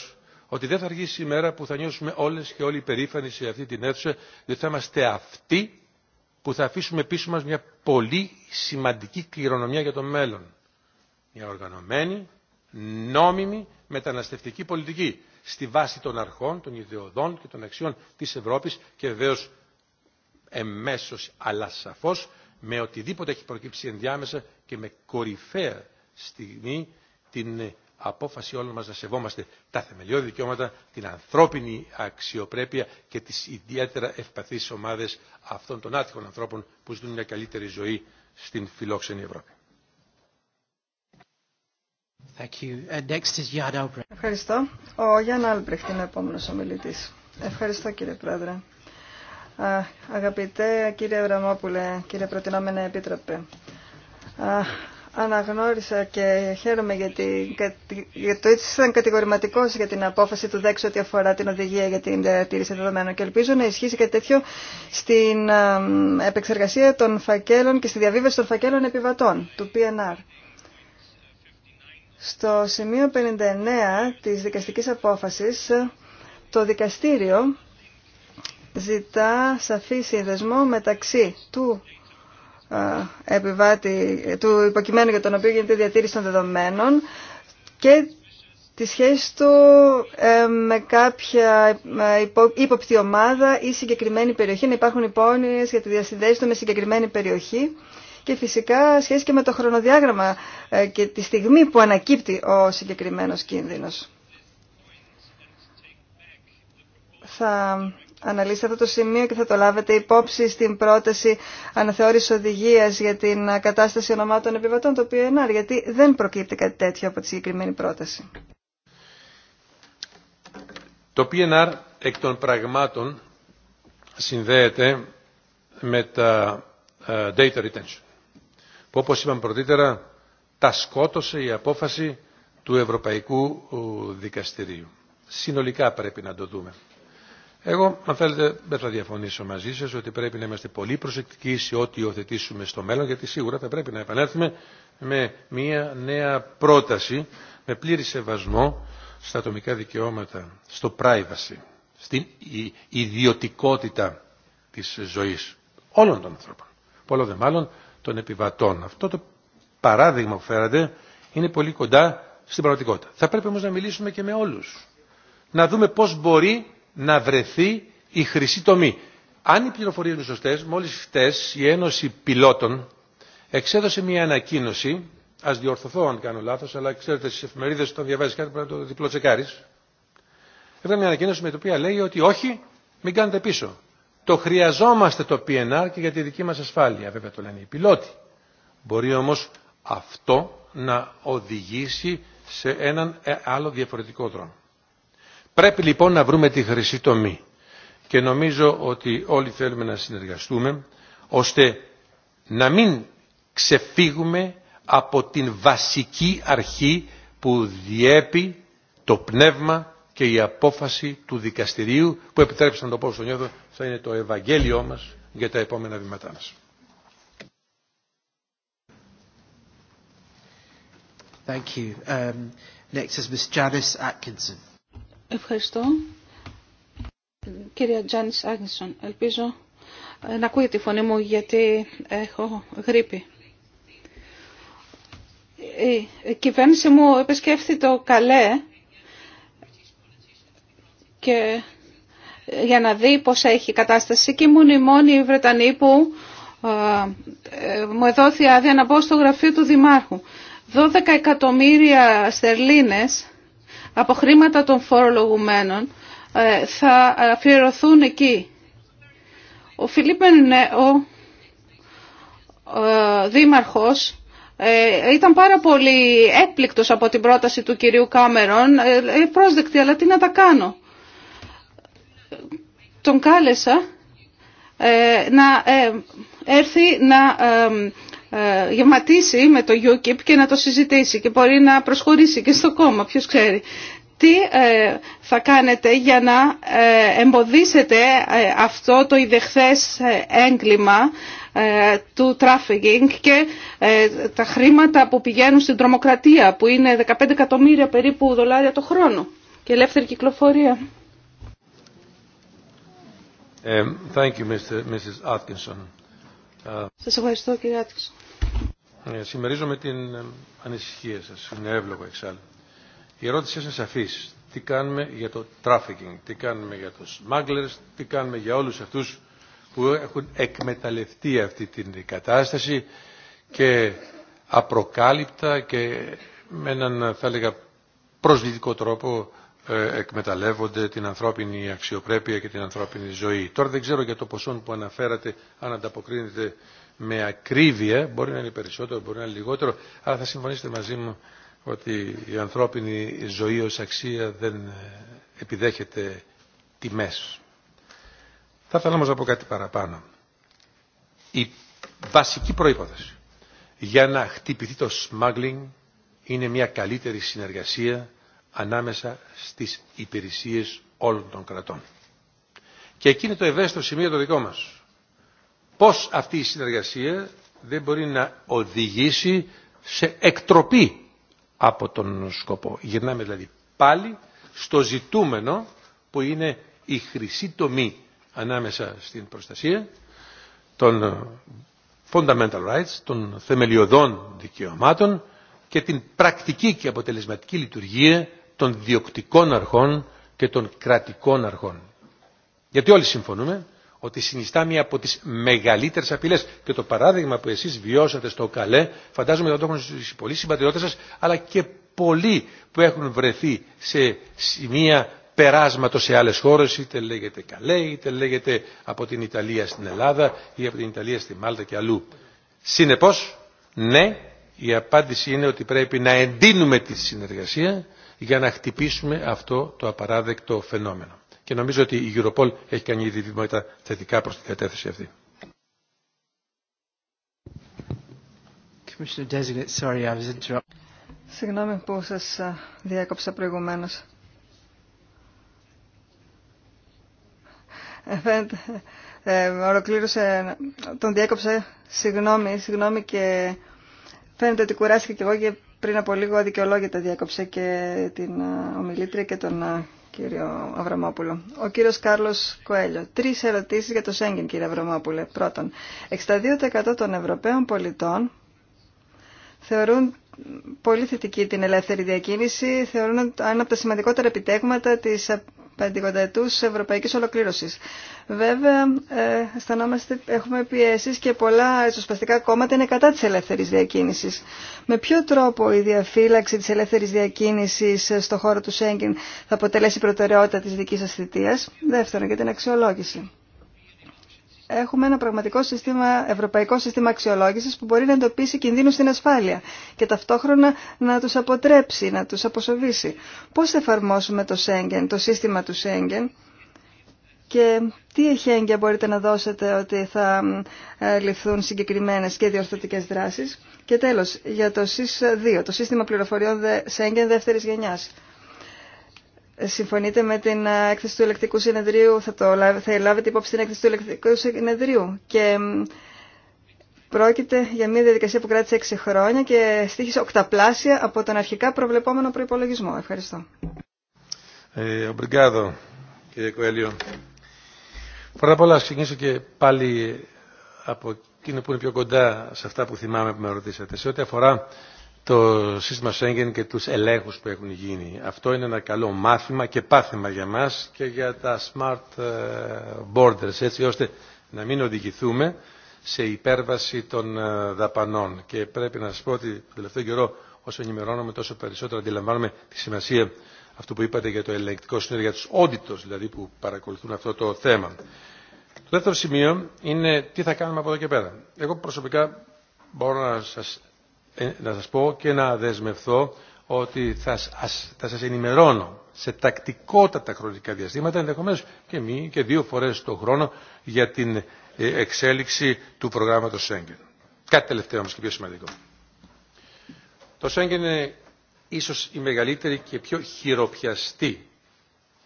ότι δεν θα αργήσει η μέρα που θα νιώσουμε όλε και όλοι υπερήφανοι σε αυτή την αίθουσα, διότι θα είμαστε αυτοί που θα αφήσουμε πίσω μα μια πολύ σημαντική κληρονομιά για το μέλλον. Μια οργανωμένη, νόμιμη μεταναστευτική πολιτική στη βάση των αρχών, των ιδεωδών και των αξιών της Ευρώπης και βεβαίω εμέσως αλλά σαφώς με οτιδήποτε έχει προκύψει ενδιάμεσα και με κορυφαία στιγμή την απόφαση όλων μας να σεβόμαστε τα θεμελιώδη δικαιώματα, την ανθρώπινη αξιοπρέπεια και τις ιδιαίτερα ευπαθείς ομάδες αυτών των άτυχων ανθρώπων που ζουν μια καλύτερη ζωή στην φιλόξενη Ευρώπη. Uh, Ευχαριστώ. Ο Γιάννα Άλμπρεχτ είναι επόμενος ομιλητής. Ευχαριστώ κύριε Πρόεδρε. Αγαπητέ κύριε Βραμόπουλε, κύριε προτινόμενα Επίτροπε, αναγνώρισα και χαίρομαι γιατί, για το έτσι ήταν κατηγορηματικό για την απόφαση του ΔΕΚΣ ότι αφορά την οδηγία για την διατήρηση ε, δεδομένων. Και ελπίζω να ισχύσει κάτι τέτοιο στην επεξεργασία των φακέλων και στη διαβίβαση των φακέλων επιβατών του PNR. Στο σημείο 59 της δικαστικής απόφασης, το δικαστήριο ζητά σαφή συνδεσμό μεταξύ του επιβάτη, του υποκειμένου για τον οποίο γίνεται διατήρηση των δεδομένων και τη σχέση του ε, με κάποια ε, ύποπτη ομάδα ή συγκεκριμένη περιοχή, να υπάρχουν υπόνοιες για τη διασυνδέση του με συγκεκριμένη περιοχή και φυσικά σχέση και με το χρονοδιάγραμμα ε, και τη στιγμή που ανακύπτει ο συγκεκριμένος κίνδυνος. Θα αναλύσει αυτό το σημείο και θα το λάβετε υπόψη στην πρόταση αναθεώρησης οδηγία για την κατάσταση ονομάτων επιβατών, το οποίο γιατί δεν προκύπτει κάτι τέτοιο από τη συγκεκριμένη πρόταση. Το PNR εκ των πραγμάτων συνδέεται με τα ε, data retention που όπως είπαμε πρωτήτερα τα σκότωσε η απόφαση του Ευρωπαϊκού ε, Δικαστηρίου. Συνολικά πρέπει να το δούμε. Εγώ, αν θέλετε, δεν θα διαφωνήσω μαζί σα ότι πρέπει να είμαστε πολύ προσεκτικοί σε ό,τι υιοθετήσουμε στο μέλλον, γιατί σίγουρα θα πρέπει να επανέλθουμε με μια νέα πρόταση με πλήρη σεβασμό στα ατομικά δικαιώματα, στο privacy, στην ιδιωτικότητα τη ζωή όλων των ανθρώπων. Πολλό δε μάλλον των επιβατών. Αυτό το παράδειγμα που φέρατε είναι πολύ κοντά στην πραγματικότητα. Θα πρέπει όμω να μιλήσουμε και με όλου, Να δούμε πώ μπορεί να βρεθεί η χρυσή τομή. Αν οι πληροφορίε είναι σωστέ, μόλι χτε η Ένωση Πιλότων εξέδωσε μια ανακοίνωση. Α διορθωθώ αν κάνω λάθο, αλλά ξέρετε στι εφημερίδε όταν διαβάζει κάτι πρέπει να το διπλό τσεκάρει. μια ανακοίνωση με την οποία λέει ότι όχι, μην κάνετε πίσω. Το χρειαζόμαστε το PNR και για τη δική μα ασφάλεια, βέβαια το λένε οι πιλότοι. Μπορεί όμω αυτό να οδηγήσει σε έναν ε, άλλο διαφορετικό δρόμο. Πρέπει λοιπόν να βρούμε τη χρυσή τομή και νομίζω ότι όλοι θέλουμε να συνεργαστούμε ώστε να μην ξεφύγουμε από την βασική αρχή που διέπει το πνεύμα και η απόφαση του δικαστηρίου που επιτρέψει να το πω στον νιώθω θα είναι το Ευαγγέλιό μας για τα επόμενα βήματά μας. Um, Ευχαριστώ. Κυρία Τζάνις Άγνισον, ελπίζω ε, να ακούει τη φωνή μου γιατί έχω γρήπη. Η κυβέρνηση μου επισκέφθη το Καλέ και ε, για να δει πώς έχει η κατάσταση και ήμουν η μόνη Βρετανή που ε, μου εδόθη άδεια να μπω στο γραφείο του Δημάρχου. 12 εκατομμύρια στερλίνες από χρήματα των φορολογουμένων ε, θα αφιερωθούν εκεί. Ο Φιλίπ ο ε, δήμαρχος ε, ήταν πάρα πολύ έκπληκτος από την πρόταση του κυρίου Κάμερον, ε, πρόσδεκτη, αλλά τι να τα κάνω. Τον κάλεσα να έρθει να ε, γεματίσει με το UKIP και να το συζητήσει και μπορεί να προσχωρήσει και στο κόμμα, ποιος ξέρει. Τι ε, θα κάνετε για να ε, εμποδίσετε αυτό το ιδεχθές έγκλημα του τράφικινγκ και τα χρήματα που πηγαίνουν στην τρομοκρατία που είναι 15 εκατομμύρια περίπου δολάρια το χρόνο και ελεύθερη κυκλοφορία. Thank you, Mr. Mrs. Atkinson. Σας ευχαριστώ κύριε Άτκινσον. Ε, συμμερίζομαι την ε, ανησυχία σας, είναι εύλογο εξάλλου. Η ερώτησή σας σαφής. Τι κάνουμε για το trafficking, τι κάνουμε για τους smugglers, τι κάνουμε για όλους αυτούς που έχουν εκμεταλλευτεί αυτή την κατάσταση και απροκάλυπτα και με έναν θα έλεγα προσβλητικό τρόπο ε, εκμεταλλεύονται την ανθρώπινη αξιοπρέπεια και την ανθρώπινη ζωή. Τώρα δεν ξέρω για το ποσό που αναφέρατε αν ανταποκρίνεται με ακρίβεια, μπορεί να είναι περισσότερο, μπορεί να είναι λιγότερο, αλλά θα συμφωνήσετε μαζί μου ότι η ανθρώπινη ζωή ως αξία δεν ε, επιδέχεται τιμές. Θα ήθελα όμως να πω κάτι παραπάνω. Η βασική προϋπόθεση για να χτυπηθεί το smuggling είναι μια καλύτερη συνεργασία ανάμεσα στις υπηρεσίες όλων των κρατών. Και εκεί είναι το ευαίσθητο σημείο το δικό μας πώς αυτή η συνεργασία δεν μπορεί να οδηγήσει σε εκτροπή από τον σκοπό. Γυρνάμε δηλαδή πάλι στο ζητούμενο που είναι η χρυσή τομή ανάμεσα στην προστασία των fundamental rights, των θεμελιωδών δικαιωμάτων και την πρακτική και αποτελεσματική λειτουργία των διοκτικών αρχών και των κρατικών αρχών. Γιατί όλοι συμφωνούμε ότι συνιστά μία από τις μεγαλύτερες απειλές. Και το παράδειγμα που εσείς βιώσατε στο Καλέ, φαντάζομαι θα το έχουν ζήσει πολλοί συμπατριώτες σας, αλλά και πολλοί που έχουν βρεθεί σε σημεία περάσματος σε άλλες χώρες, είτε λέγεται Καλέ, είτε λέγεται από την Ιταλία στην Ελλάδα ή από την Ιταλία στη Μάλτα και αλλού. Συνεπώς, ναι, η απάντηση είναι ότι πρέπει να εντείνουμε τη συνεργασία για να χτυπήσουμε αυτό το απαράδεκτο φαινόμενο και νομίζω ότι η Europol έχει κάνει ήδη βήματα θετικά προς την κατεύθυνση αυτή. Συγγνώμη που σας διέκοψα προηγουμένως. Ε, φαίνεται, ε, ολοκλήρωσε, τον διέκοψε, συγγνώμη, συγγνώμη και φαίνεται ότι κουράστηκε και εγώ και πριν από λίγο αδικαιολόγητα διέκοψε και την ομιλήτρια και τον κύριο Αβραμόπουλο. Ο κύριο Κάρλος Κοέλιο. Τρει ερωτήσει για το Σέγγεν, κύριε Αβραμόπουλε. Πρώτον, 62% των Ευρωπαίων πολιτών θεωρούν πολύ θετική την ελεύθερη διακίνηση, θεωρούν ένα από τα σημαντικότερα επιτέγματα της πεντηκονταετούς ευρωπαϊκής ολοκλήρωσης. Βέβαια, ε, αισθανόμαστε, έχουμε πιέσει και πολλά εσωσπαστικά κόμματα είναι κατά της ελεύθερης διακίνησης. Με ποιο τρόπο η διαφύλαξη της ελεύθερης διακίνησης στον χώρο του Σέγγιν θα αποτελέσει προτεραιότητα της δικής σας θητείας. Δεύτερον, για την αξιολόγηση έχουμε ένα πραγματικό σύστημα, ευρωπαϊκό σύστημα αξιολόγησης που μπορεί να εντοπίσει κινδύνους στην ασφάλεια και ταυτόχρονα να τους αποτρέψει, να τους αποσοβήσει. Πώς εφαρμόσουμε το Σέγγεν, το σύστημα του Σέγγεν και τι εχέγγυα μπορείτε να δώσετε ότι θα ε, ληφθούν συγκεκριμένες και διορθωτικές δράσεις. Και τέλος, για το ΣΥΣ2, το Σύστημα Πληροφοριών Σέγγεν Δεύτερης Γενιάς συμφωνείτε με την ε, έκθεση του ηλεκτρικού συνεδρίου, θα, το, θα λάβετε υπόψη την έκθεση του ηλεκτρικού συνεδρίου. Και πρόκειται για μια διαδικασία που κράτησε 6 χρόνια και στήχησε οκταπλάσια από τον αρχικά προβλεπόμενο προϋπολογισμό. Ευχαριστώ. Ε, κύριε Κοέλιο. Πρώτα απ' όλα, ας ξεκινήσω και πάλι από εκείνο που είναι πιο κοντά σε αυτά που θυμάμαι που με ρωτήσατε. Σε ό,τι αφορά το σύστημα Σέγγεν και τους ελέγχους που έχουν γίνει. Αυτό είναι ένα καλό μάθημα και πάθημα για μας και για τα smart ε, borders, έτσι ώστε να μην οδηγηθούμε σε υπέρβαση των ε, δαπανών. Και πρέπει να σας πω ότι τον τελευταίο καιρό όσο ενημερώνομαι τόσο περισσότερο αντιλαμβάνομαι τη σημασία αυτού που είπατε για το ελεγκτικό σύνολο για τους όντιτος δηλαδή που παρακολουθούν αυτό το θέμα. Το δεύτερο σημείο είναι τι θα κάνουμε από εδώ και πέρα. Εγώ προσωπικά μπορώ να σας ε, να σας πω και να δεσμευθώ ότι θα, θα σας ενημερώνω σε τακτικότατα χρονικά διαστήματα, ενδεχομένως και, μη, και δύο φορές το χρόνο για την ε, εξέλιξη του προγράμματος Σέγγεν. Κάτι τελευταίο όμως και πιο σημαντικό. Το Σέγγεν είναι ίσως η μεγαλύτερη και πιο χειροπιαστή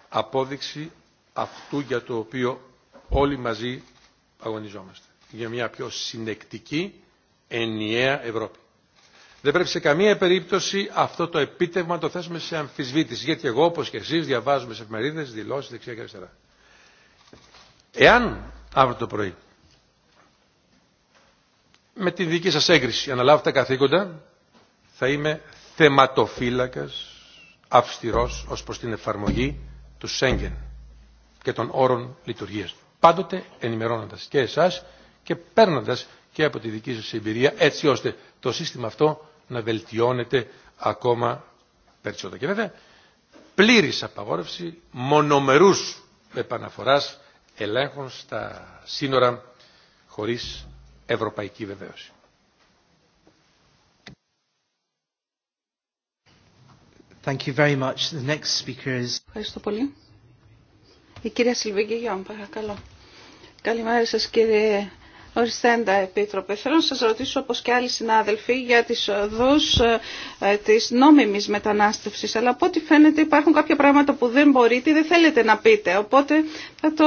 απόδειξη αυτού για το οποίο όλοι μαζί αγωνιζόμαστε. Για μια πιο συνεκτική, ενιαία Ευρώπη. Δεν πρέπει σε καμία περίπτωση αυτό το επίτευγμα να το θέσουμε σε αμφισβήτηση. Γιατί εγώ, όπω και εσεί, διαβάζουμε σε εφημερίδε δηλώσει δεξιά και αριστερά. Εάν αύριο το πρωί με την δική σα έγκριση αναλάβω τα καθήκοντα, θα είμαι θεματοφύλακα αυστηρό ω προ την εφαρμογή του Σέγγεν και των όρων λειτουργία του. Πάντοτε ενημερώνοντα και εσά και παίρνοντα και από τη δική σας εμπειρία έτσι ώστε το σύστημα αυτό να βελτιώνεται ακόμα περισσότερο. Και βέβαια πλήρης απαγόρευση μονομερούς επαναφοράς ελέγχων στα σύνορα χωρίς ευρωπαϊκή βεβαίωση. Thank you very much. The next speaker is... Ευχαριστώ πολύ. Η κυρία Σιλβίγκη Γιάν, παρακαλώ. Καλημέρα σας κύριε Οριστέντα, Επίτροπε, θέλω να σας ρωτήσω, όπως και άλλοι συνάδελφοι, για τις οδούς ε, της νόμιμης μετανάστευσης. Αλλά από ό,τι φαίνεται υπάρχουν κάποια πράγματα που δεν μπορείτε ή δεν θέλετε να πείτε. Οπότε θα το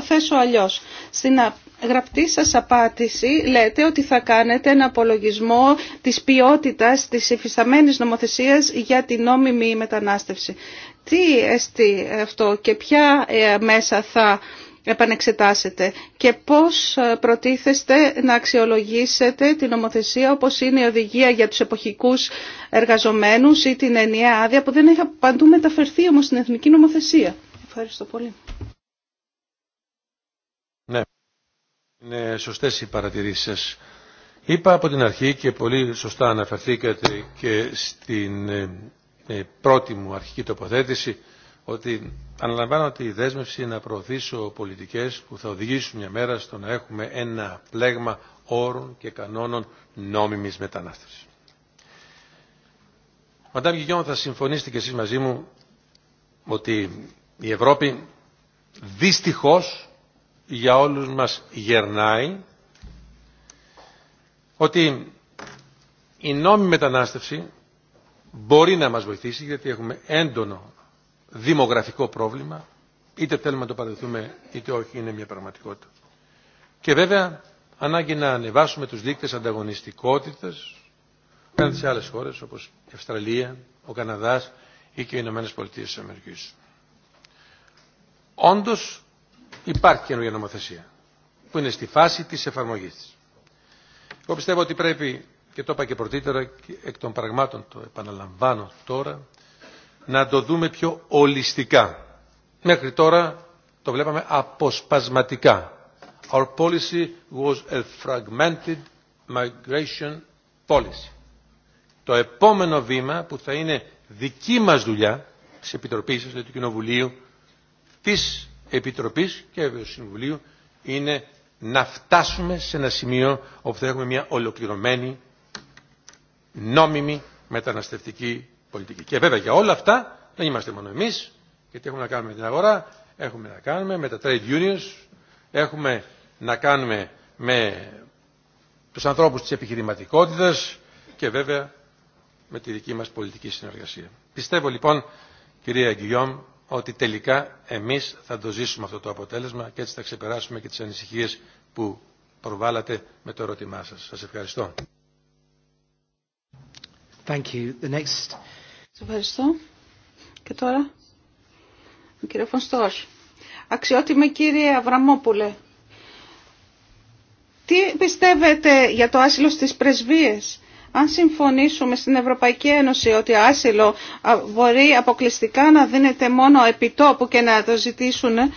θέσω αλλιώς. Στην γραπτή σας απάντηση λέτε ότι θα κάνετε ένα απολογισμό της ποιότητας της εφισταμένης νομοθεσίας για την νόμιμη μετανάστευση. Τι εστί αυτό και ποια ε, μέσα θα επανεξετάσετε και πώς ε, προτίθεστε να αξιολογήσετε την νομοθεσία όπως είναι η οδηγία για τους εποχικούς εργαζομένους ή την ενιαία άδεια που δεν έχει παντού μεταφερθεί όμως στην εθνική νομοθεσία. Ευχαριστώ πολύ. Ναι, είναι σωστές οι παρατηρήσεις σας. Είπα από την αρχή και πολύ σωστά αναφερθήκατε και στην ε, ε, πρώτη μου αρχική τοποθέτηση ότι αναλαμβάνω ότι η δέσμευση να προωθήσω πολιτικές που θα οδηγήσουν μια μέρα στο να έχουμε ένα πλέγμα όρων και κανόνων νόμιμης μετανάστευσης. Μαντάμ Γιγιόν, θα συμφωνήσετε και εσείς μαζί μου ότι η Ευρώπη δυστυχώς για όλους μας γερνάει ότι η νόμιμη μετανάστευση μπορεί να μας βοηθήσει γιατί έχουμε έντονο δημογραφικό πρόβλημα. Είτε θέλουμε να το παραδεχθούμε είτε όχι είναι μια πραγματικότητα. Και βέβαια ανάγκη να ανεβάσουμε τους δείκτες ανταγωνιστικότητας πέραν σε άλλες χώρες όπως η Αυστραλία, ο Καναδάς ή και οι Ηνωμένες Πολιτείες της Αμερικής. Όντως υπάρχει καινούργια νομοθεσία που είναι στη φάση της εφαρμογής της. Εγώ πιστεύω ότι πρέπει, και το είπα και πρωτήτερα, εκ των πραγμάτων το επαναλαμβάνω τώρα, να το δούμε πιο ολιστικά. Μέχρι τώρα το βλέπαμε αποσπασματικά. Our policy was a fragmented migration policy. Το επόμενο βήμα που θα είναι δική μας δουλειά της Επιτροπής σας, του Κοινοβουλίου, της Επιτροπής και του Συμβουλίου είναι να φτάσουμε σε ένα σημείο όπου θα έχουμε μια ολοκληρωμένη νόμιμη μεταναστευτική πολιτική. Και βέβαια για όλα αυτά δεν είμαστε μόνο εμεί, γιατί έχουμε να κάνουμε με την αγορά, έχουμε να κάνουμε με τα trade unions, έχουμε να κάνουμε με του ανθρώπου τη επιχειρηματικότητα και βέβαια με τη δική μα πολιτική συνεργασία. Πιστεύω λοιπόν, κυρία Γκυγιόμ, ότι τελικά εμεί θα το ζήσουμε αυτό το αποτέλεσμα και έτσι θα ξεπεράσουμε και τι ανησυχίε που προβάλλατε με το ερώτημά σα. Σα ευχαριστώ. Thank you. The next... Σας ευχαριστώ. Και τώρα, ο κύριο Φωνστός. Αξιότιμη κύριε Αβραμόπουλε, τι πιστεύετε για το άσυλο στις πρεσβείες. Αν συμφωνήσουμε στην Ευρωπαϊκή Ένωση ότι άσυλο μπορεί αποκλειστικά να δίνεται μόνο επιτόπου και να το ζητήσουν ε,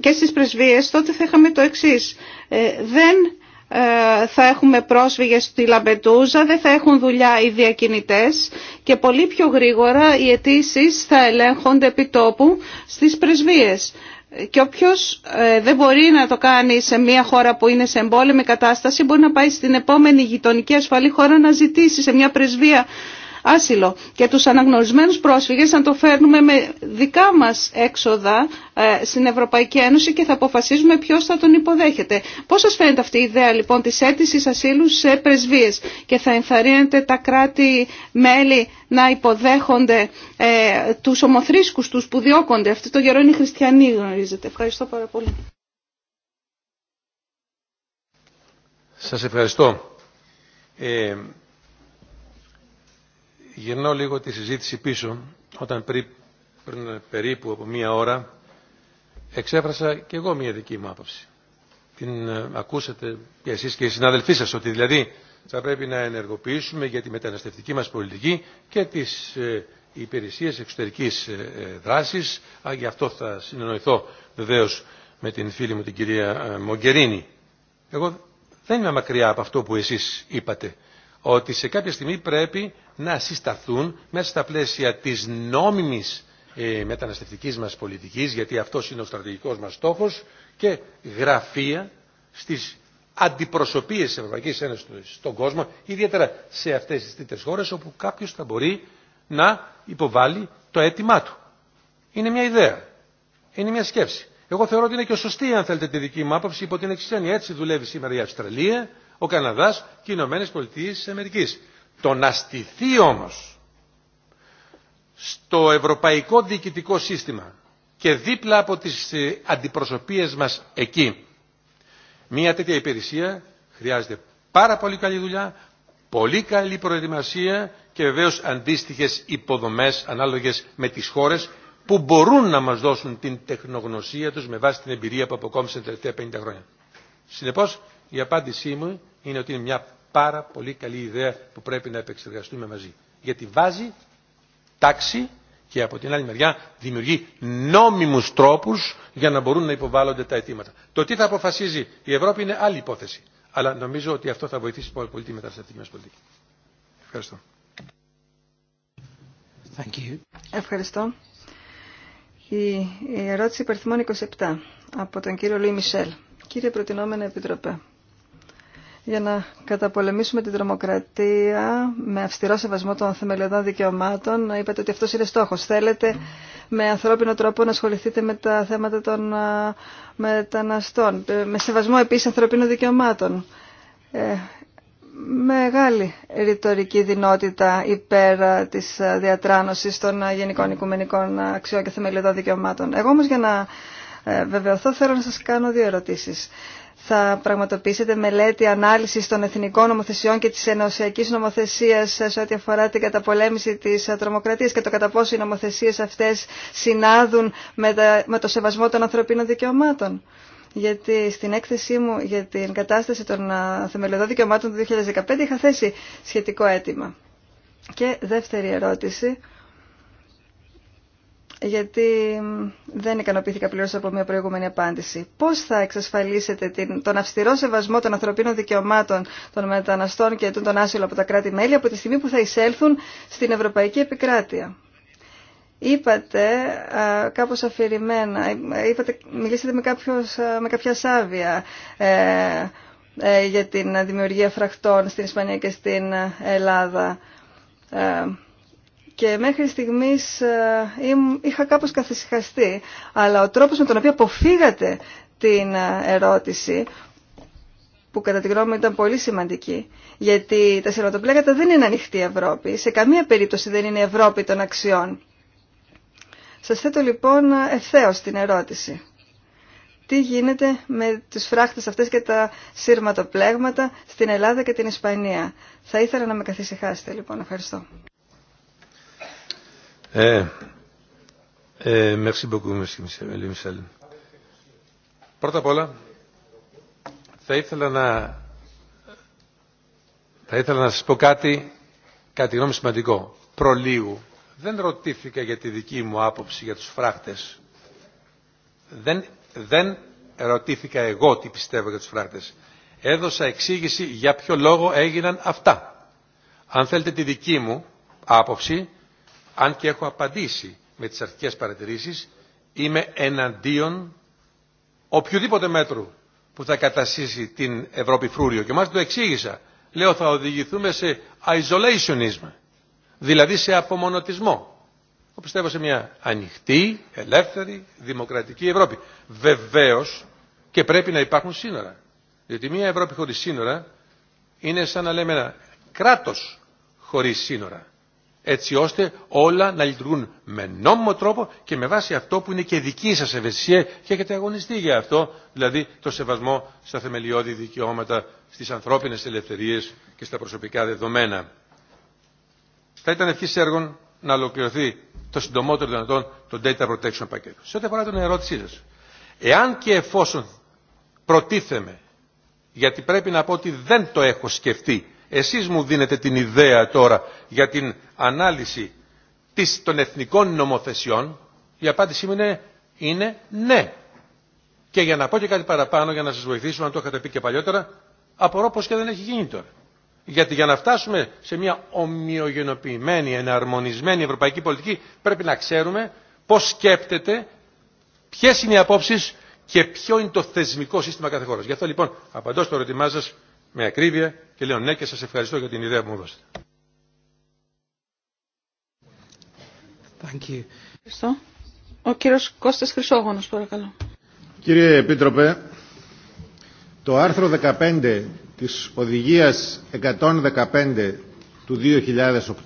και στις πρεσβείες, τότε θα είχαμε το εξής. Ε, δεν ε, θα έχουμε πρόσφυγες στη Λαμπετούζα, δεν θα έχουν δουλειά οι διακινητές και πολύ πιο γρήγορα οι αιτήσει θα ελέγχονται επί τόπου στις πρεσβείες. Και όποιος ε, δεν μπορεί να το κάνει σε μια χώρα που είναι σε εμπόλεμη κατάσταση μπορεί να πάει στην επόμενη γειτονική ασφαλή χώρα να ζητήσει σε μια πρεσβεία άσυλο. Και τους αναγνωρισμένους πρόσφυγες να το φέρνουμε με δικά μας έξοδα ε, στην Ευρωπαϊκή Ένωση και θα αποφασίζουμε ποιος θα τον υποδέχεται. Πώς σας φαίνεται αυτή η ιδέα λοιπόν της αίτησης ασύλου σε πρεσβείες και θα ενθαρρύνετε τα κράτη-μέλη να υποδέχονται ε, τους ομοθρήσκους τους που διώκονται. Αυτό το γερό είναι οι χριστιανοί γνωρίζετε. Ευχαριστώ πάρα πολύ. Σας ευχαριστώ. Ε, γυρνώ λίγο τη συζήτηση πίσω όταν πριν, περίπου από μία ώρα εξέφρασα και εγώ μία δική μου άποψη. Την ε, ακούσατε και εσείς και οι συναδελφοί σας ότι δηλαδή θα πρέπει να ενεργοποιήσουμε για τη μεταναστευτική μας πολιτική και τις ε, υπηρεσίες εξωτερικής ε, δράσης. Γι' αυτό θα συνεννοηθώ βεβαίω με την φίλη μου την κυρία Μογκερίνη. Εγώ δεν είμαι μακριά από αυτό που εσείς είπατε. Ότι σε κάποια στιγμή πρέπει να συσταθούν μέσα στα πλαίσια της νόμιμης ε, μεταναστευτικής μας πολιτικής, γιατί αυτό είναι ο στρατηγικός μας στόχος, και γραφεία στις αντιπροσωπείες της Ευρωπαϊκής Ένωσης στον κόσμο, ιδιαίτερα σε αυτές τις τρίτες χώρες, όπου κάποιος θα μπορεί να υποβάλει το αίτημά του. Είναι μια ιδέα. Είναι μια σκέψη. Εγώ θεωρώ ότι είναι και σωστή, αν θέλετε, τη δική μου άποψη υπό την εξή Έτσι δουλεύει σήμερα η Αυστραλία, ο Καναδάς και οι Ηνωμένε Πολιτείε τη το να στηθεί όμως στο ευρωπαϊκό διοικητικό σύστημα και δίπλα από τις ε, αντιπροσωπείες μας εκεί. Μία τέτοια υπηρεσία χρειάζεται πάρα πολύ καλή δουλειά, πολύ καλή προετοιμασία και βεβαίως αντίστοιχες υποδομές ανάλογες με τις χώρες που μπορούν να μας δώσουν την τεχνογνωσία τους με βάση την εμπειρία που αποκόμισε τα τελευταία 50 χρόνια. Συνεπώς, η απάντησή μου είναι ότι είναι μια πάρα πολύ καλή ιδέα που πρέπει να επεξεργαστούμε μαζί. Γιατί βάζει τάξη και από την άλλη μεριά δημιουργεί νόμιμους τρόπους για να μπορούν να υποβάλλονται τα αιτήματα. Το τι θα αποφασίζει η Ευρώπη είναι άλλη υπόθεση. Αλλά νομίζω ότι αυτό θα βοηθήσει πολύ τη μεταναστευτική μας πολιτική. Ευχαριστώ. Thank Ευχαριστώ. Η, ερώτηση υπερθυμών 27 από τον κύριο Λουί Μισελ. Κύριε Προτινόμενο Επιτροπέ, για να καταπολεμήσουμε την τρομοκρατία με αυστηρό σεβασμό των θεμελιωδών δικαιωμάτων. Είπατε ότι αυτό είναι στόχος. Θέλετε με ανθρώπινο τρόπο να ασχοληθείτε με τα θέματα των μεταναστών, ε, με σεβασμό επίσης ανθρωπίνων δικαιωμάτων. Ε, μεγάλη ρητορική δυνότητα υπέρ της διατράνωσης των γενικών οικουμενικών αξιών και θεμελιωδών δικαιωμάτων. Εγώ όμως για να ε, βεβαιωθώ θέλω να σας κάνω δύο ερωτήσεις θα πραγματοποιήσετε μελέτη ανάλυση των εθνικών νομοθεσιών και τη ενωσιακή νομοθεσία σε ό,τι αφορά την καταπολέμηση τη τρομοκρατία και το κατά πόσο οι νομοθεσίε αυτέ συνάδουν με το σεβασμό των ανθρωπίνων δικαιωμάτων. Γιατί στην έκθεσή μου για την κατάσταση των θεμελιωδών δικαιωμάτων του 2015 είχα θέσει σχετικό αίτημα. Και δεύτερη ερώτηση γιατί δεν ικανοποιήθηκα πλήρως από μια προηγούμενη απάντηση. Πώς θα εξασφαλίσετε τον αυστηρό σεβασμό των ανθρωπίνων δικαιωμάτων των μεταναστών και των άσυλων από τα κράτη-μέλη από τη στιγμή που θα εισέλθουν στην Ευρωπαϊκή Επικράτεια. Είπατε κάπως αφηρημένα, ε, είπατε, μιλήσατε με, με κάποια σάβια ε, ε, για την δημιουργία φραχτών στην Ισπανία και στην Ελλάδα. Ε, και μέχρι στιγμής ε, είχα κάπως καθησυχαστεί, αλλά ο τρόπος με τον οποίο αποφύγατε την ε, ερώτηση, που κατά τη γνώμη μου ήταν πολύ σημαντική, γιατί τα σειρματοπλέγατα δεν είναι ανοιχτή Ευρώπη, σε καμία περίπτωση δεν είναι Ευρώπη των αξιών. Σας θέτω λοιπόν ευθέως την ερώτηση. Τι γίνεται με τις φράχτες αυτές και τα σύρματοπλέγματα στην Ελλάδα και την Ισπανία. Θα ήθελα να με καθησυχάσετε λοιπόν. Ευχαριστώ με ε, Πρώτα απ' όλα, θα ήθελα να, θα ήθελα να σας πω κάτι, κάτι γνώμη σημαντικό. Προλίγου. Δεν ρωτήθηκα για τη δική μου άποψη για τους φράχτες. Δεν, δεν ρωτήθηκα εγώ τι πιστεύω για τους φράχτες. Έδωσα εξήγηση για ποιο λόγο έγιναν αυτά. Αν θέλετε τη δική μου άποψη, αν και έχω απαντήσει με τις αρχικές παρατηρήσεις, είμαι εναντίον οποιοδήποτε μέτρου που θα κατασύσει την Ευρώπη φρούριο. Και μάλιστα το εξήγησα. Λέω θα οδηγηθούμε σε isolationism, δηλαδή σε απομονωτισμό. Εγώ πιστεύω σε μια ανοιχτή, ελεύθερη, δημοκρατική Ευρώπη. Βεβαίως και πρέπει να υπάρχουν σύνορα. Διότι μια Ευρώπη χωρίς σύνορα είναι σαν να λέμε ένα κράτος χωρίς σύνορα έτσι ώστε όλα να λειτουργούν με νόμιμο τρόπο και με βάση αυτό που είναι και δική σας ευαισθησία και έχετε αγωνιστεί για αυτό, δηλαδή το σεβασμό στα θεμελιώδη δικαιώματα, στις ανθρώπινες ελευθερίες και στα προσωπικά δεδομένα. Θα ήταν ευχής έργων να ολοκληρωθεί το συντομότερο δυνατόν το Data Protection Package. Σε ό,τι αφορά την ερώτησή σας, εάν και εφόσον προτίθεμε, γιατί πρέπει να πω ότι δεν το έχω σκεφτεί, εσείς μου δίνετε την ιδέα τώρα για την ανάλυση της, των εθνικών νομοθεσιών, η απάντησή μου είναι, ναι. Και για να πω και κάτι παραπάνω, για να σας βοηθήσω, αν το είχατε πει και παλιότερα, απορώ πως και δεν έχει γίνει τώρα. Γιατί για να φτάσουμε σε μια ομοιογενοποιημένη, εναρμονισμένη ευρωπαϊκή πολιτική, πρέπει να ξέρουμε πώς σκέπτεται, ποιες είναι οι απόψεις και ποιο είναι το θεσμικό σύστημα κάθε χώρα. Γι' αυτό λοιπόν απαντώ στο ερώτημά σα με ακρίβεια και λέω ναι και σα ευχαριστώ για την ιδέα που μου δώσετε. Ευχαριστώ. Ο κύριος Κώστας Χρυσόγωνος, παρακαλώ. Κύριε Επίτροπε, το άρθρο 15 της Οδηγίας 115 του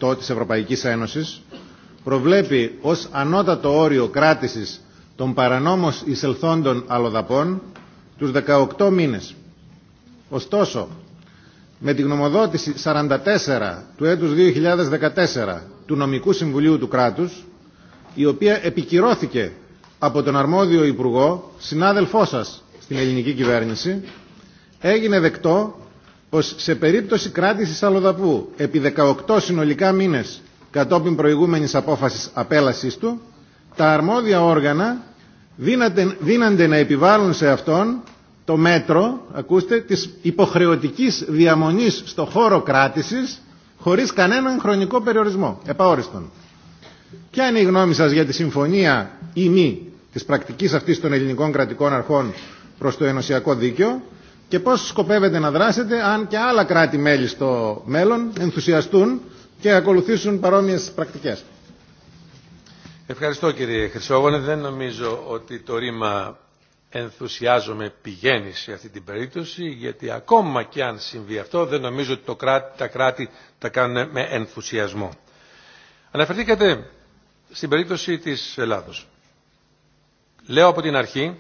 2008 της Ευρωπαϊκής Ένωσης προβλέπει ως ανώτατο όριο κράτησης των παρανόμως εισελθόντων αλλοδαπών τους 18 μήνες. Ωστόσο, με τη γνωμοδότηση 44 του έτους 2014 του Νομικού Συμβουλίου του Κράτους η οποία επικυρώθηκε από τον αρμόδιο Υπουργό, συνάδελφό σας στην ελληνική κυβέρνηση, έγινε δεκτό πως σε περίπτωση κράτησης αλλοδαπού επί 18 συνολικά μήνες κατόπιν προηγούμενης απόφασης απέλασής του, τα αρμόδια όργανα δύνανται, να επιβάλλουν σε αυτόν το μέτρο, ακούστε, της υποχρεωτικής διαμονής στο χώρο κράτησης χωρίς κανέναν χρονικό περιορισμό, επαόριστον. Ποια είναι η γνώμη σας για τη συμφωνία ή μη της πρακτικής αυτής των ελληνικών κρατικών αρχών προς το ενωσιακό δίκαιο και πώς σκοπεύετε να δράσετε αν και άλλα κράτη-μέλη στο μέλλον ενθουσιαστούν και ακολουθήσουν παρόμοιες πρακτικές. Ευχαριστώ κύριε Χρυσόγονε. Δεν νομίζω ότι το ρήμα ενθουσιάζομαι πηγαίνει σε αυτή την περίπτωση γιατί ακόμα και αν συμβεί αυτό δεν νομίζω ότι το κράτη, τα κράτη τα κάνουν με ενθουσιασμό. Αναφερθήκατε στην περίπτωση της Ελλάδος. Λέω από την αρχή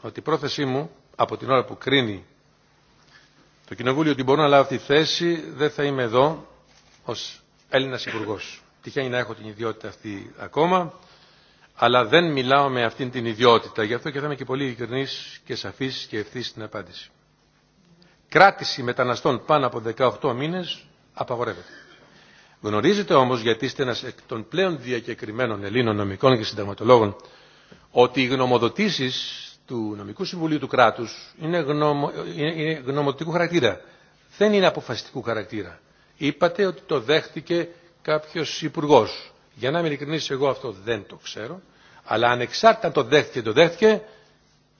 ότι η πρόθεσή μου από την ώρα που κρίνει το Κοινοβούλιο ότι μπορώ να λάβω αυτή τη θέση δεν θα είμαι εδώ ως Έλληνας υπουργό. Τυχαίνει να έχω την ιδιότητα αυτή ακόμα, αλλά δεν μιλάω με αυτήν την ιδιότητα. Γι' αυτό και θα είμαι και πολύ ειλικρινής και σαφής και ευθύ στην απάντηση. Κράτηση μεταναστών πάνω από 18 μήνες απαγορεύεται. Γνωρίζετε όμως, γιατί είστε ένας εκ των πλέον διακεκριμένων Ελλήνων νομικών και συνταγματολόγων, ότι οι γνωμοδοτήσεις του Νομικού Συμβουλίου του Κράτους είναι, γνωμο, είναι γνωμοτικού χαρακτήρα. Δεν είναι αποφασιστικού χαρακτήρα. Είπατε ότι το δέχτηκε κάποιος υπουργό. Για να είμαι ειλικρινής, εγώ αυτό δεν το ξέρω. Αλλά ανεξάρτητα αν το δέχτηκε το δέχτηκε,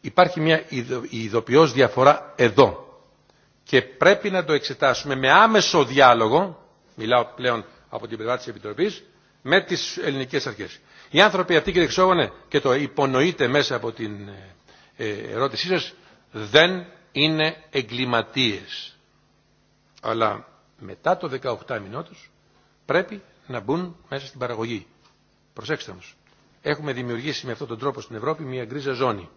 υπάρχει μια ειδοποιώς διαφορά εδώ. Και πρέπει να το εξετάσουμε με άμεσο διάλογο μιλάω πλέον από την πλευρά τη Επιτροπή, με τι ελληνικέ αρχέ. Οι άνθρωποι αυτοί, κύριε Ξόγωνε, και το υπονοείτε μέσα από την ε, ε, ερώτησή σας, δεν είναι εγκληματίες. Αλλά μετά το 18 μηνό του πρέπει να μπουν μέσα στην παραγωγή. Προσέξτε όμω. Έχουμε δημιουργήσει με αυτόν τον τρόπο στην Ευρώπη μια γκρίζα ζώνη.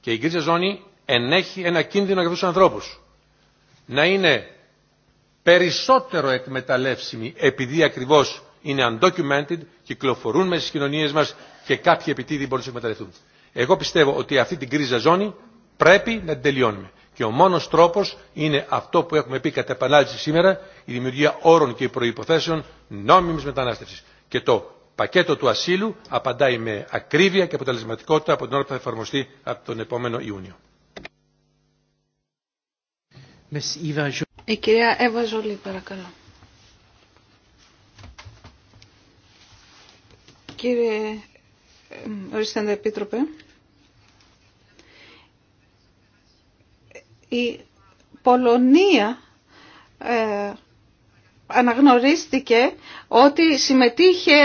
Και η γκρίζα ζώνη ενέχει ένα κίνδυνο για του τους Να είναι περισσότερο εκμεταλλεύσιμοι επειδή ακριβώς είναι undocumented, κυκλοφορούν μέσα στις κοινωνίες μας και κάποιοι επιτίδιοι μπορούν να τους εκμεταλλευτούν. Εγώ πιστεύω ότι αυτή την κρίζα ζώνη πρέπει να την τελειώνουμε. Και ο μόνος τρόπος είναι αυτό που έχουμε πει κατά επανάληψη σήμερα, η δημιουργία όρων και προϋποθέσεων νόμιμης μετανάστευσης. Και το πακέτο του ασύλου απαντάει με ακρίβεια και αποτελεσματικότητα από την ώρα που θα εφαρμοστεί από τον επόμενο Ιούνιο. Η κυρία Εύα Ζωλή, παρακαλώ. Κύριε οριστέντε Επίτροπε, η Πολωνία ε, αναγνωρίστηκε ότι συμμετείχε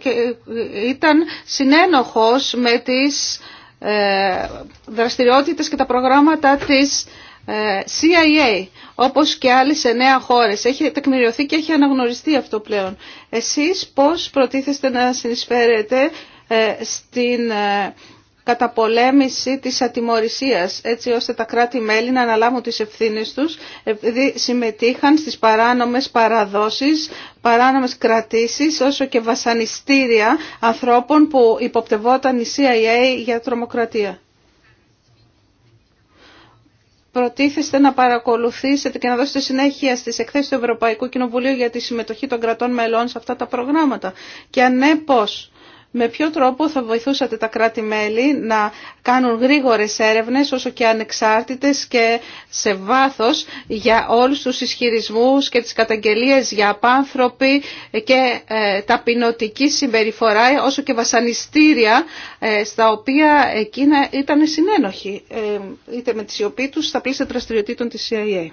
και ε, ήταν συνένοχος με τις ε, δραστηριότητες και τα προγράμματα της ε, CIA, όπως και άλλες εννέα χώρες. Έχει τεκμηριωθεί και έχει αναγνωριστεί αυτό πλέον. Εσείς πώς προτίθεστε να συνεισφέρετε ε, στην ε, καταπολέμηση της ατιμορρησίας, έτσι ώστε τα κράτη-μέλη να αναλάβουν τις ευθύνες τους, επειδή συμμετείχαν στις παράνομες παραδόσεις, παράνομες κρατήσεις, όσο και βασανιστήρια ανθρώπων που υποπτευόταν η CIA για τρομοκρατία προτίθεστε να παρακολουθήσετε και να δώσετε συνέχεια στις εκθέσεις του Ευρωπαϊκού Κοινοβουλίου για τη συμμετοχή των κρατών μελών σε αυτά τα προγράμματα. Και αν ναι, με ποιο τρόπο θα βοηθούσατε τα κράτη-μέλη να κάνουν γρήγορες έρευνες όσο και ανεξάρτητες και σε βάθος για όλους τους ισχυρισμούς και τις καταγγελίες για απάνθρωπη και ε, ταπεινωτική συμπεριφορά όσο και βασανιστήρια ε, στα οποία εκείνα ήταν συνένοχοι ε, είτε με τη σιωπή τους στα πλήσια δραστηριοτήτων της CIA.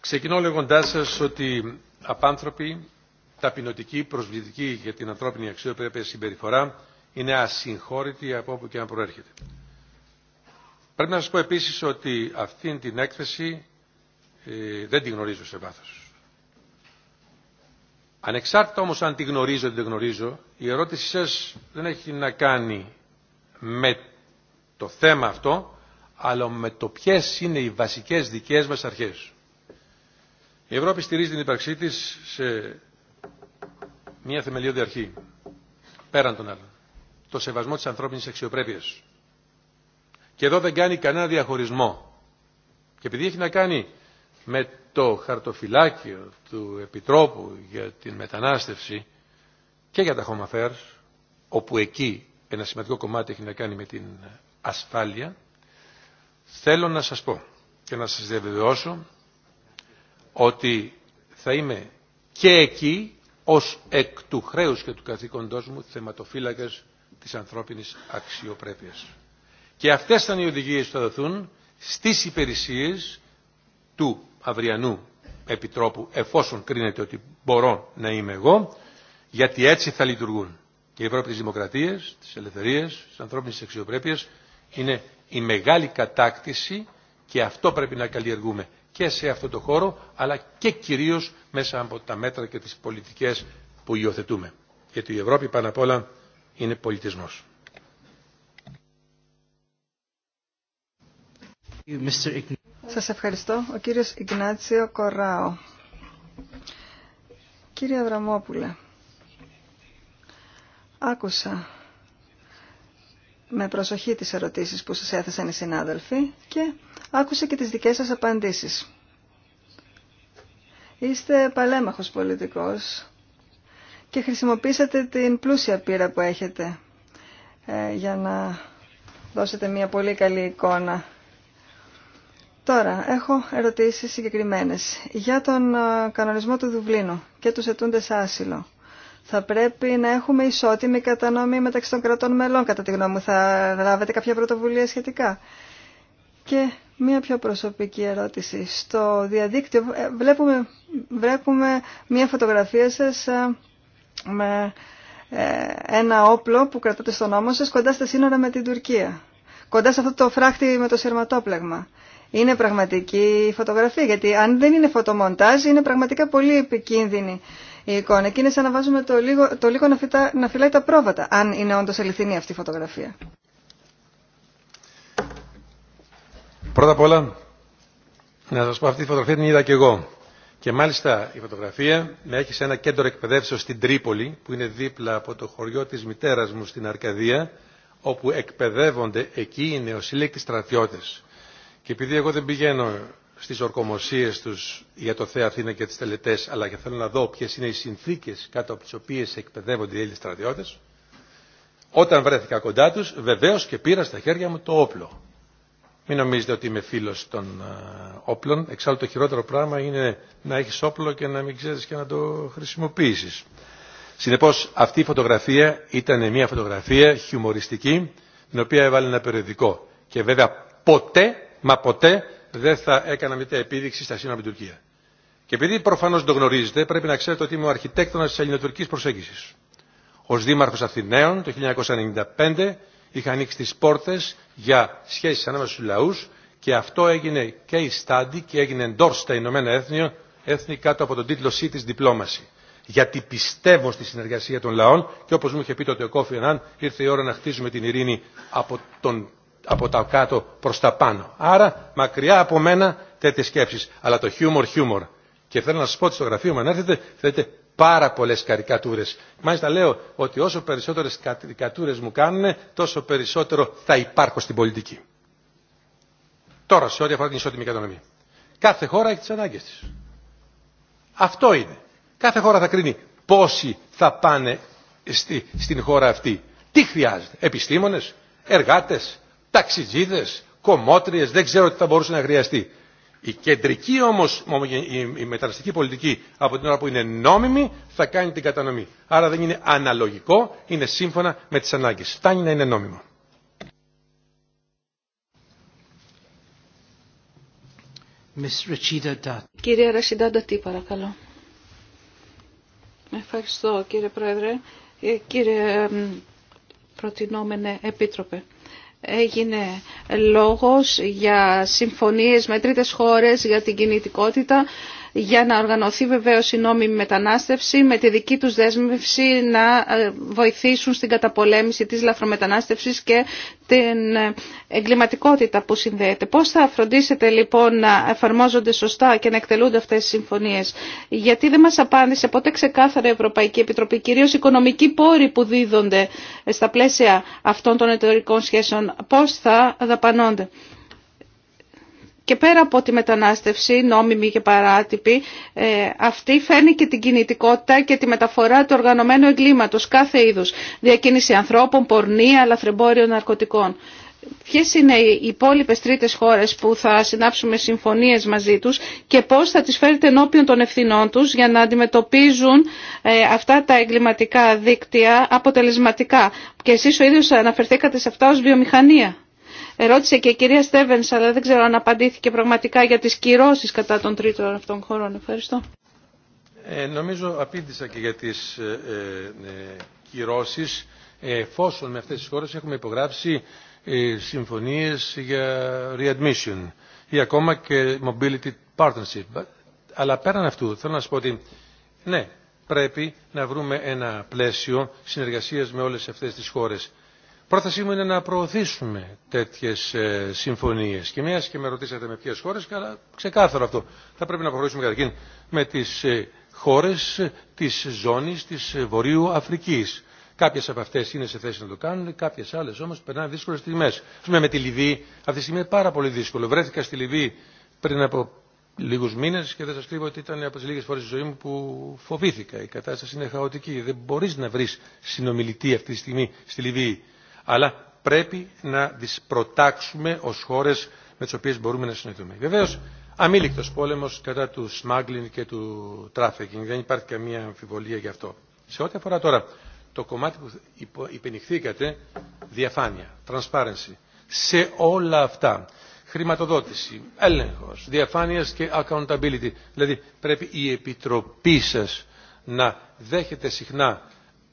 Ξεκινώ λέγοντάς σας ότι απάνθρωποι ταπεινωτική, προσβλητική για την ανθρώπινη αξιοπρέπεια συμπεριφορά είναι ασυγχώρητη από όπου και αν προέρχεται. Πρέπει να σας πω επίσης ότι αυτήν την έκθεση ε, δεν τη γνωρίζω σε βάθος. Ανεξάρτητα όμως αν τη γνωρίζω ή δεν τη γνωρίζω, η ερώτησή σας δεν έχει να κάνει με το θέμα αυτό, αλλά με το ποιε είναι οι βασικές δικές μας αρχές. Η Ευρώπη στηρίζει την ύπαρξή της σε μια θεμελιώδη αρχή, πέραν των άλλων, το σεβασμό της ανθρώπινης αξιοπρέπειας. Και εδώ δεν κάνει κανένα διαχωρισμό. Και επειδή έχει να κάνει με το χαρτοφυλάκιο του Επιτρόπου για την μετανάστευση και για τα Home όπου εκεί ένα σημαντικό κομμάτι έχει να κάνει με την ασφάλεια, θέλω να σας πω και να σας διαβεβαιώσω ότι θα είμαι και εκεί ως εκ του χρέους και του καθήκοντός μου θεματοφύλακας της ανθρώπινης αξιοπρέπειας. Και αυτές ήταν οι οδηγίες που θα δοθούν στις υπηρεσίες του αυριανού Επιτρόπου, εφόσον κρίνεται ότι μπορώ να είμαι εγώ, γιατί έτσι θα λειτουργούν. Και η Ευρώπη της Δημοκρατίας, της Ελευθερίας, της ανθρώπινης αξιοπρέπειας είναι η μεγάλη κατάκτηση και αυτό πρέπει να καλλιεργούμε και σε αυτό το χώρο, αλλά και κυρίως μέσα από τα μέτρα και τις πολιτικές που υιοθετούμε. Γιατί η Ευρώπη πάνω απ' όλα είναι πολιτισμός. Σας ευχαριστώ. Ο κύριος Ιγνάτσιο Κοράο. Κύριε Αβραμόπουλε, άκουσα με προσοχή τις ερωτήσεις που σας έθεσαν οι συνάδελφοι και άκουσα και τις δικές σας απαντήσεις. Είστε παλέμαχος πολιτικός και χρησιμοποίησατε την πλούσια πείρα που έχετε ε, για να δώσετε μια πολύ καλή εικόνα. Τώρα, έχω ερωτήσεις συγκεκριμένες για τον ε, κανονισμό του Δουβλίνου και τους ετούντες άσυλο θα πρέπει να έχουμε ισότιμη κατανομή μεταξύ των κρατών μελών, κατά τη γνώμη μου. Θα λάβετε κάποια πρωτοβουλία σχετικά. Και μία πιο προσωπική ερώτηση. Στο διαδίκτυο ε, βλέπουμε, βλέπουμε μία φωτογραφία σας ε, με ε, ένα όπλο που κρατάτε στον ώμο σας κοντά στα σύνορα με την Τουρκία. Κοντά σε αυτό το φράχτη με το σειρματόπλεγμα. Είναι πραγματική η φωτογραφία, γιατί αν δεν είναι φωτομοντάζ είναι πραγματικά πολύ επικίνδυνη η εικόνα και είναι σαν να βάζουμε το λίγο, το λίγο να, φυτά, να φυλάει τα πρόβατα, αν είναι όντως αληθινή αυτή η φωτογραφία. Πρώτα απ' όλα, να σας πω αυτή τη φωτογραφία την είδα και εγώ. Και μάλιστα η φωτογραφία με έχει σε ένα κέντρο εκπαιδεύσεως στην Τρίπολη, που είναι δίπλα από το χωριό της μητέρας μου στην Αρκαδία, όπου εκπαιδεύονται εκεί οι νεοσύλλεκτοι στρατιώτες. Και επειδή εγώ δεν πηγαίνω στις ορκομοσίες τους για το Θεό Αθήνα και τις τελετές, αλλά και θέλω να δω ποιες είναι οι συνθήκες κάτω από τις οποίες εκπαιδεύονται οι Έλληνες στρατιώτες. Όταν βρέθηκα κοντά τους, βεβαίως και πήρα στα χέρια μου το όπλο. Μην νομίζετε ότι είμαι φίλος των ε, όπλων. Εξάλλου το χειρότερο πράγμα είναι να έχεις όπλο και να μην ξέρεις και να το χρησιμοποιήσεις. Συνεπώς αυτή η φωτογραφία ήταν μια φωτογραφία χιουμοριστική, την οποία έβαλε ένα περιοδικό. Και βέβαια ποτέ, μα ποτέ δεν θα έκανα μία επίδειξη στα σύνορα με την Τουρκία. Και επειδή προφανώ το γνωρίζετε, πρέπει να ξέρετε ότι είμαι ο αρχιτέκτονα τη ελληνοτουρκική προσέγγιση. Ω Δήμαρχο Αθηναίων το 1995 είχα ανοίξει τι πόρτε για σχέσει ανάμεσα στου λαού και αυτό έγινε case study και έγινε endorsed στα Ηνωμένα Έθνη, έθνη κάτω από τον τίτλο Cities Diplomacy. Γιατί πιστεύω στη συνεργασία των λαών και όπω μου είχε πει τότε ο Κόφι ήρθε η ώρα να χτίζουμε την ειρήνη από τον από τα κάτω προς τα πάνω. Άρα μακριά από μένα τέτοιες σκέψεις. Αλλά το χιούμορ χιούμορ. Και θέλω να σας πω ότι στο γραφείο μου αν έρθετε θέλετε πάρα πολλές καρικατούρες. Μάλιστα λέω ότι όσο περισσότερες καρικατούρες μου κάνουν τόσο περισσότερο θα υπάρχω στην πολιτική. Τώρα σε ό,τι αφορά την ισότιμη κατανομή. Κάθε χώρα έχει τις ανάγκες της. Αυτό είναι. Κάθε χώρα θα κρίνει πόσοι θα πάνε στη, στην χώρα αυτή. Τι χρειάζεται. Επιστήμονες, εργάτες, ταξιτζίδες, κομμότριες, δεν ξέρω τι θα μπορούσε να χρειαστεί. Η κεντρική όμως η μεταναστική πολιτική από την ώρα που είναι νόμιμη θα κάνει την κατανομή. Άρα δεν είναι αναλογικό, είναι σύμφωνα με τις ανάγκες. Φτάνει να είναι νόμιμο. Κύριε Ρασιντάντα, τι παρακαλώ. Ευχαριστώ κύριε Πρόεδρε, ε, κύριε Προτινόμενε Επίτροπε έγινε λόγος για συμφωνίες με τρίτες χώρες για την κινητικότητα για να οργανωθεί βεβαίως η νόμιμη μετανάστευση με τη δική τους δέσμευση να ε, βοηθήσουν στην καταπολέμηση της λαφρομετανάστευσης και την ε, εγκληματικότητα που συνδέεται. Πώς θα φροντίσετε λοιπόν να εφαρμόζονται σωστά και να εκτελούνται αυτές οι συμφωνίες. Γιατί δεν μας απάντησε ποτέ ξεκάθαρα η Ευρωπαϊκή Επιτροπή, κυρίως οικονομικοί πόροι που δίδονται στα πλαίσια αυτών των εταιρικών σχέσεων, πώς θα δαπανώνται και πέρα από τη μετανάστευση, νόμιμη και παράτυπη, ε, αυτή φέρνει και την κινητικότητα και τη μεταφορά του οργανωμένου εγκλήματος κάθε είδους. Διακίνηση ανθρώπων, πορνεία, λαθρεμπόριο ναρκωτικών. Ποιες είναι οι υπόλοιπες τρίτες χώρες που θα συνάψουμε συμφωνίες μαζί τους και πώς θα τις φέρετε ενώπιον των ευθυνών τους για να αντιμετωπίζουν ε, αυτά τα εγκληματικά δίκτυα αποτελεσματικά. Και εσείς ο ίδιος αναφερθήκατε σε αυτά ως βιομηχανία. Ερώτησε και η κυρία Στέβενς, αλλά δεν ξέρω αν απαντήθηκε πραγματικά για τις κυρώσεις κατά των τρίτων αυτών χωρών. Ευχαριστώ. Ε, νομίζω απήντησα και για τις ε, ε, ε κυρώσεις. Εφόσον με αυτές τις χώρες έχουμε υπογράψει ε, συμφωνίες για readmission ή ακόμα και mobility partnership. Αλλά πέραν αυτού θέλω να σας πω ότι ναι, πρέπει να βρούμε ένα πλαίσιο συνεργασίας με όλες αυτές τις χώρες πρόθεσή μου είναι να προωθήσουμε τέτοιες ε, συμφωνίες. Και μια και με ρωτήσατε με ποιες χώρες, αλλά ξεκάθαρο αυτό. Θα πρέπει να προχωρήσουμε καταρχήν με τις ε, χώρες ε, της ζώνης της Βορείου Αφρικής. Κάποιες από αυτές είναι σε θέση να το κάνουν, κάποιες άλλες όμως περνάνε δύσκολες στιγμές. πούμε με τη Λιβύη, αυτή τη στιγμή είναι πάρα πολύ δύσκολο. Βρέθηκα στη Λιβύη πριν από λιγου μήνε και δεν σα κρύβω ότι ήταν από τι λίγε φορέ τη ζωή μου που φοβήθηκα. Η κατάσταση είναι χαοτική. Δεν μπορεί να βρει συνομιλητή αυτή τη στιγμή στη Λιβύη αλλά πρέπει να τι προτάξουμε ως χώρες με τις οποίες μπορούμε να συνοηθούμε. Βεβαίως, αμήλικτο πόλεμος κατά του smuggling και του trafficking. Δεν υπάρχει καμία αμφιβολία γι' αυτό. Σε ό,τι αφορά τώρα το κομμάτι που υπενηχθήκατε, διαφάνεια, transparency, σε όλα αυτά. Χρηματοδότηση, έλεγχο, διαφάνειας και accountability. Δηλαδή πρέπει η Επιτροπή σα να δέχεται συχνά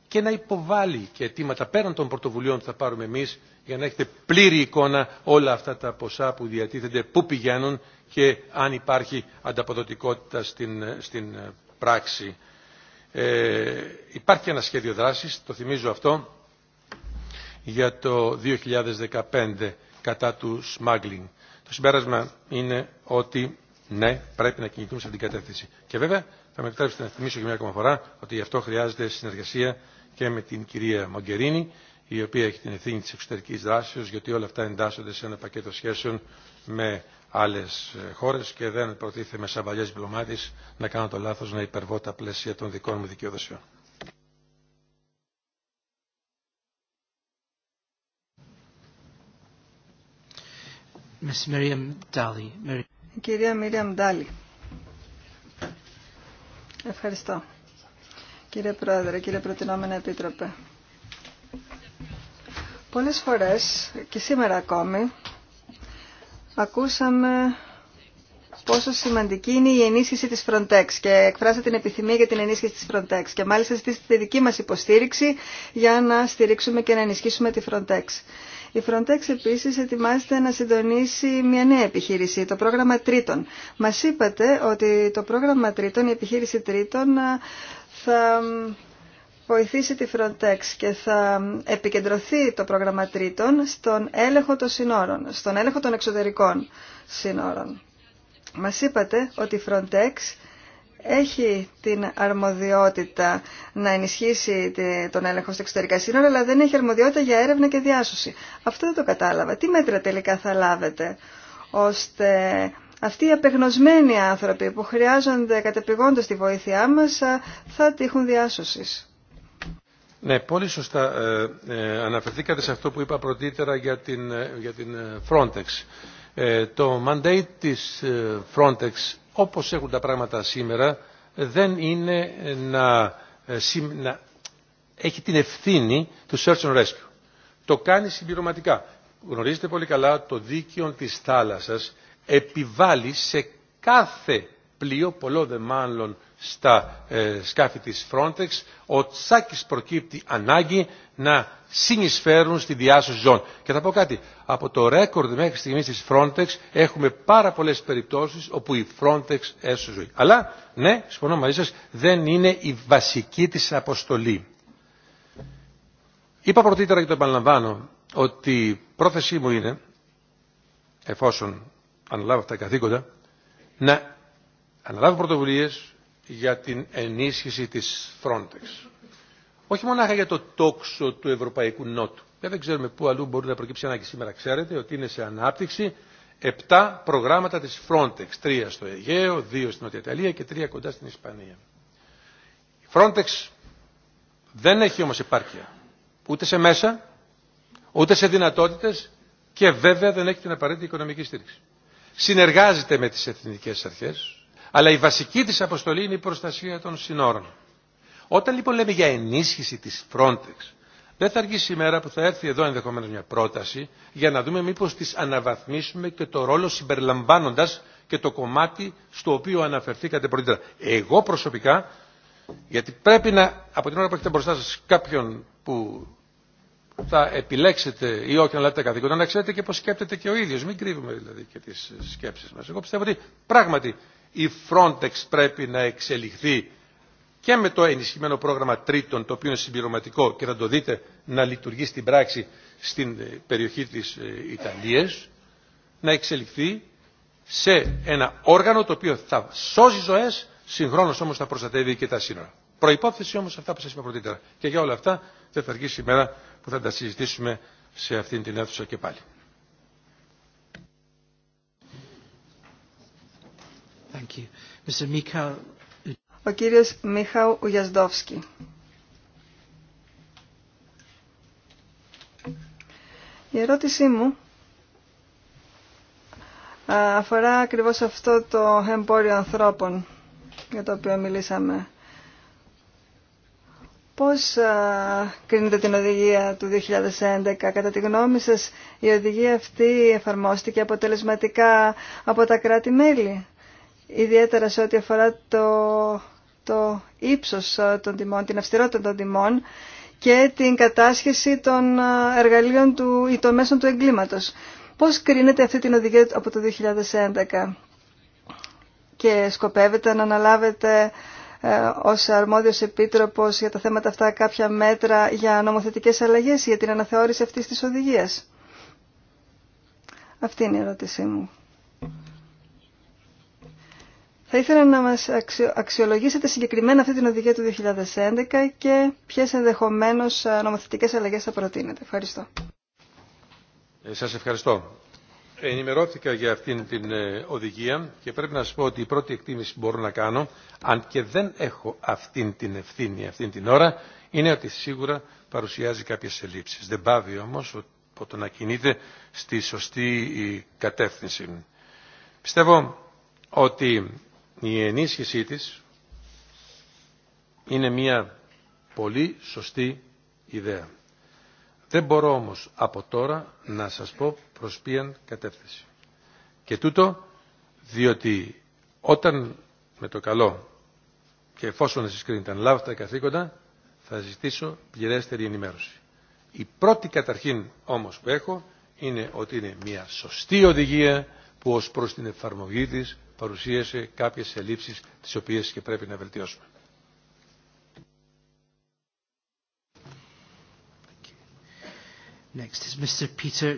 και να υποβάλει και αιτήματα πέραν των πρωτοβουλίων που θα πάρουμε εμείς για να έχετε πλήρη εικόνα όλα αυτά τα ποσά που διατίθενται, πού πηγαίνουν και αν υπάρχει ανταποδοτικότητα στην, στην ε, πράξη. Ε, υπάρχει ένα σχέδιο δράσης, το θυμίζω αυτό, για το 2015 κατά του smuggling. Το συμπέρασμα είναι ότι ναι, πρέπει να κινηθούμε σε αυτήν την κατεύθυνση. Και βέβαια, θα με επιτρέψετε να θυμίσω και μια ακόμα φορά ότι γι' αυτό χρειάζεται συνεργασία και με την κυρία Μογκερίνη, η οποία έχει την ευθύνη της εξωτερικής δράσεως, γιατί όλα αυτά εντάσσονται σε ένα πακέτο σχέσεων με άλλες ε, χώρες και δεν προτίθεμαι σαν παλιές διπλωμάτης να κάνω το λάθος να υπερβώ τα πλαίσια των δικών μου δικαιοδοσιών. Κυρία Μίριαμ Ντάλι. Ευχαριστώ. Κύριε Πρόεδρε, κύριε Προτινόμενα Επίτροπε. Πολλές φορές και σήμερα ακόμη ακούσαμε πόσο σημαντική είναι η ενίσχυση της Frontex και εκφράσα την επιθυμία για την ενίσχυση της Frontex και μάλιστα στη δική μας υποστήριξη για να στηρίξουμε και να ενισχύσουμε τη Frontex. Η Frontex επίσης ετοιμάζεται να συντονίσει μια νέα επιχείρηση, το πρόγραμμα Τρίτων. Μας είπατε ότι το πρόγραμμα Τρίτων, η επιχείρηση Τρίτων θα βοηθήσει τη Frontex και θα επικεντρωθεί το πρόγραμμα τρίτων στον έλεγχο των συνόρων, στον έλεγχο των εξωτερικών συνόρων. Μας είπατε ότι η Frontex έχει την αρμοδιότητα να ενισχύσει τον έλεγχο στα εξωτερικά σύνορα, αλλά δεν έχει αρμοδιότητα για έρευνα και διάσωση. Αυτό δεν το κατάλαβα. Τι μέτρα τελικά θα λάβετε ώστε αυτοί οι απεγνωσμένοι άνθρωποι που χρειάζονται κατεπηγόντως τη βοήθειά μας θα τύχουν διάσωσης. Ναι, πολύ σωστά ε, ε, αναφερθήκατε σε αυτό που είπα πρωτήτερα για την, ε, για την Frontex. το mandate της Frontex, όπως έχουν τα πράγματα σήμερα, δεν είναι να, να έχει την ευθύνη του search and rescue. Το κάνει συμπληρωματικά. Γνωρίζετε πολύ καλά το δίκαιο της θάλασσας επιβάλλει σε κάθε πλοίο, πολλό δε μάλλον στα ε, σκάφη της Frontex, ο Τσάκης προκύπτει ανάγκη να συνεισφέρουν στη διάσωση ζών. Και θα πω κάτι, από το ρέκορντ μέχρι στιγμής της Frontex έχουμε πάρα πολλές περιπτώσεις όπου η Frontex έσωσε ζωή. Αλλά, ναι, συμφωνώ μαζί σας, δεν είναι η βασική της αποστολή. Είπα πρωτήτερα και το επαναλαμβάνω ότι πρόθεσή μου είναι, εφόσον αναλάβω αυτά τα καθήκοντα, να αναλάβω πρωτοβουλίε για την ενίσχυση τη Frontex. Όχι μονάχα για το τόξο του Ευρωπαϊκού Νότου. Ε, δεν ξέρουμε πού αλλού μπορεί να προκύψει ανάγκη. Σήμερα ξέρετε ότι είναι σε ανάπτυξη επτά προγράμματα της Frontex. Τρία στο Αιγαίο, δύο στην Νότια Ιταλία και τρία κοντά στην Ισπανία. Η Frontex δεν έχει όμως επάρκεια. Ούτε σε μέσα, ούτε σε δυνατότητες και βέβαια δεν έχει την απαραίτητη οικονομική στήριξη συνεργάζεται με τις εθνικές αρχές, αλλά η βασική της αποστολή είναι η προστασία των συνόρων. Όταν λοιπόν λέμε για ενίσχυση της Frontex, δεν θα αργήσει η μέρα που θα έρθει εδώ ενδεχομένω μια πρόταση για να δούμε μήπως τις αναβαθμίσουμε και το ρόλο συμπεριλαμβάνοντας και το κομμάτι στο οποίο αναφερθήκατε πρώτα. Εγώ προσωπικά, γιατί πρέπει να, από την ώρα που έχετε μπροστά σας κάποιον που θα επιλέξετε ή όχι να λάβετε τα καθήκοντα, να ξέρετε και πώ σκέπτεται και ο ίδιο. Μην κρύβουμε δηλαδή και τι σκέψει μα. Εγώ πιστεύω ότι πράγματι η Frontex πρέπει να εξελιχθεί και με το ενισχυμένο πρόγραμμα τρίτων, το οποίο είναι συμπληρωματικό και θα το δείτε να λειτουργεί στην πράξη στην ε, περιοχή της ε, Ιταλία, να εξελιχθεί σε ένα όργανο το οποίο θα σώζει ζωέ συγχρόνω όμω θα προστατεύει και τα σύνορα. Προϋπόθεση όμως αυτά που σας είπα πρωτήτερα. Και για όλα αυτά δεν θα αργήσει η μέρα που θα τα συζητήσουμε σε αυτήν την αίθουσα και πάλι. Ο κύριος Μίχαου Ουγιασδόφσκι. Η ερώτησή μου αφορά ακριβώς αυτό το εμπόριο ανθρώπων για το οποίο μιλήσαμε Πώς κρίνετε την οδηγία του 2011. Κατά τη γνώμη σας η οδηγία αυτή εφαρμόστηκε αποτελεσματικά από τα κράτη-μέλη. Ιδιαίτερα σε ό,τι αφορά το, το ύψος των τιμών, την αυστηρότητα των τιμών και την κατάσχεση των εργαλείων του, ή των μέσων του εγκλήματος. Πώς κρίνετε αυτή την οδηγία από το 2011 και σκοπεύετε να αναλάβετε ε, ως αρμόδιος επίτροπος για τα θέματα αυτά κάποια μέτρα για νομοθετικές αλλαγές για την αναθεώρηση αυτής της οδηγίας. Αυτή είναι η ερώτησή μου. Θα ήθελα να μας αξιολογήσετε συγκεκριμένα αυτή την οδηγία του 2011 και ποιες ενδεχομένως νομοθετικές αλλαγές θα προτείνετε. Ευχαριστώ. Ε, σας ευχαριστώ ενημερώθηκα για αυτήν την ε, οδηγία και πρέπει να σας πω ότι η πρώτη εκτίμηση που μπορώ να κάνω, αν και δεν έχω αυτήν την ευθύνη αυτήν την ώρα, είναι ότι σίγουρα παρουσιάζει κάποιες ελλείψεις. Δεν πάβει όμως από το να κινείται στη σωστή ε, κατεύθυνση. Πιστεύω ότι η ενίσχυσή της είναι μια πολύ σωστή ιδέα. Δεν μπορώ όμως από τώρα να σας πω προς ποιαν κατεύθυνση. Και τούτο διότι όταν με το καλό και εφόσον εσείς κρίνετε αν λάβετε τα καθήκοντα θα ζητήσω πληρέστερη ενημέρωση. Η πρώτη καταρχήν όμως που έχω είναι ότι είναι μια σωστή οδηγία που ως προς την εφαρμογή της παρουσίασε κάποιες ελλείψεις τις οποίες και πρέπει να βελτιώσουμε. Πίτερ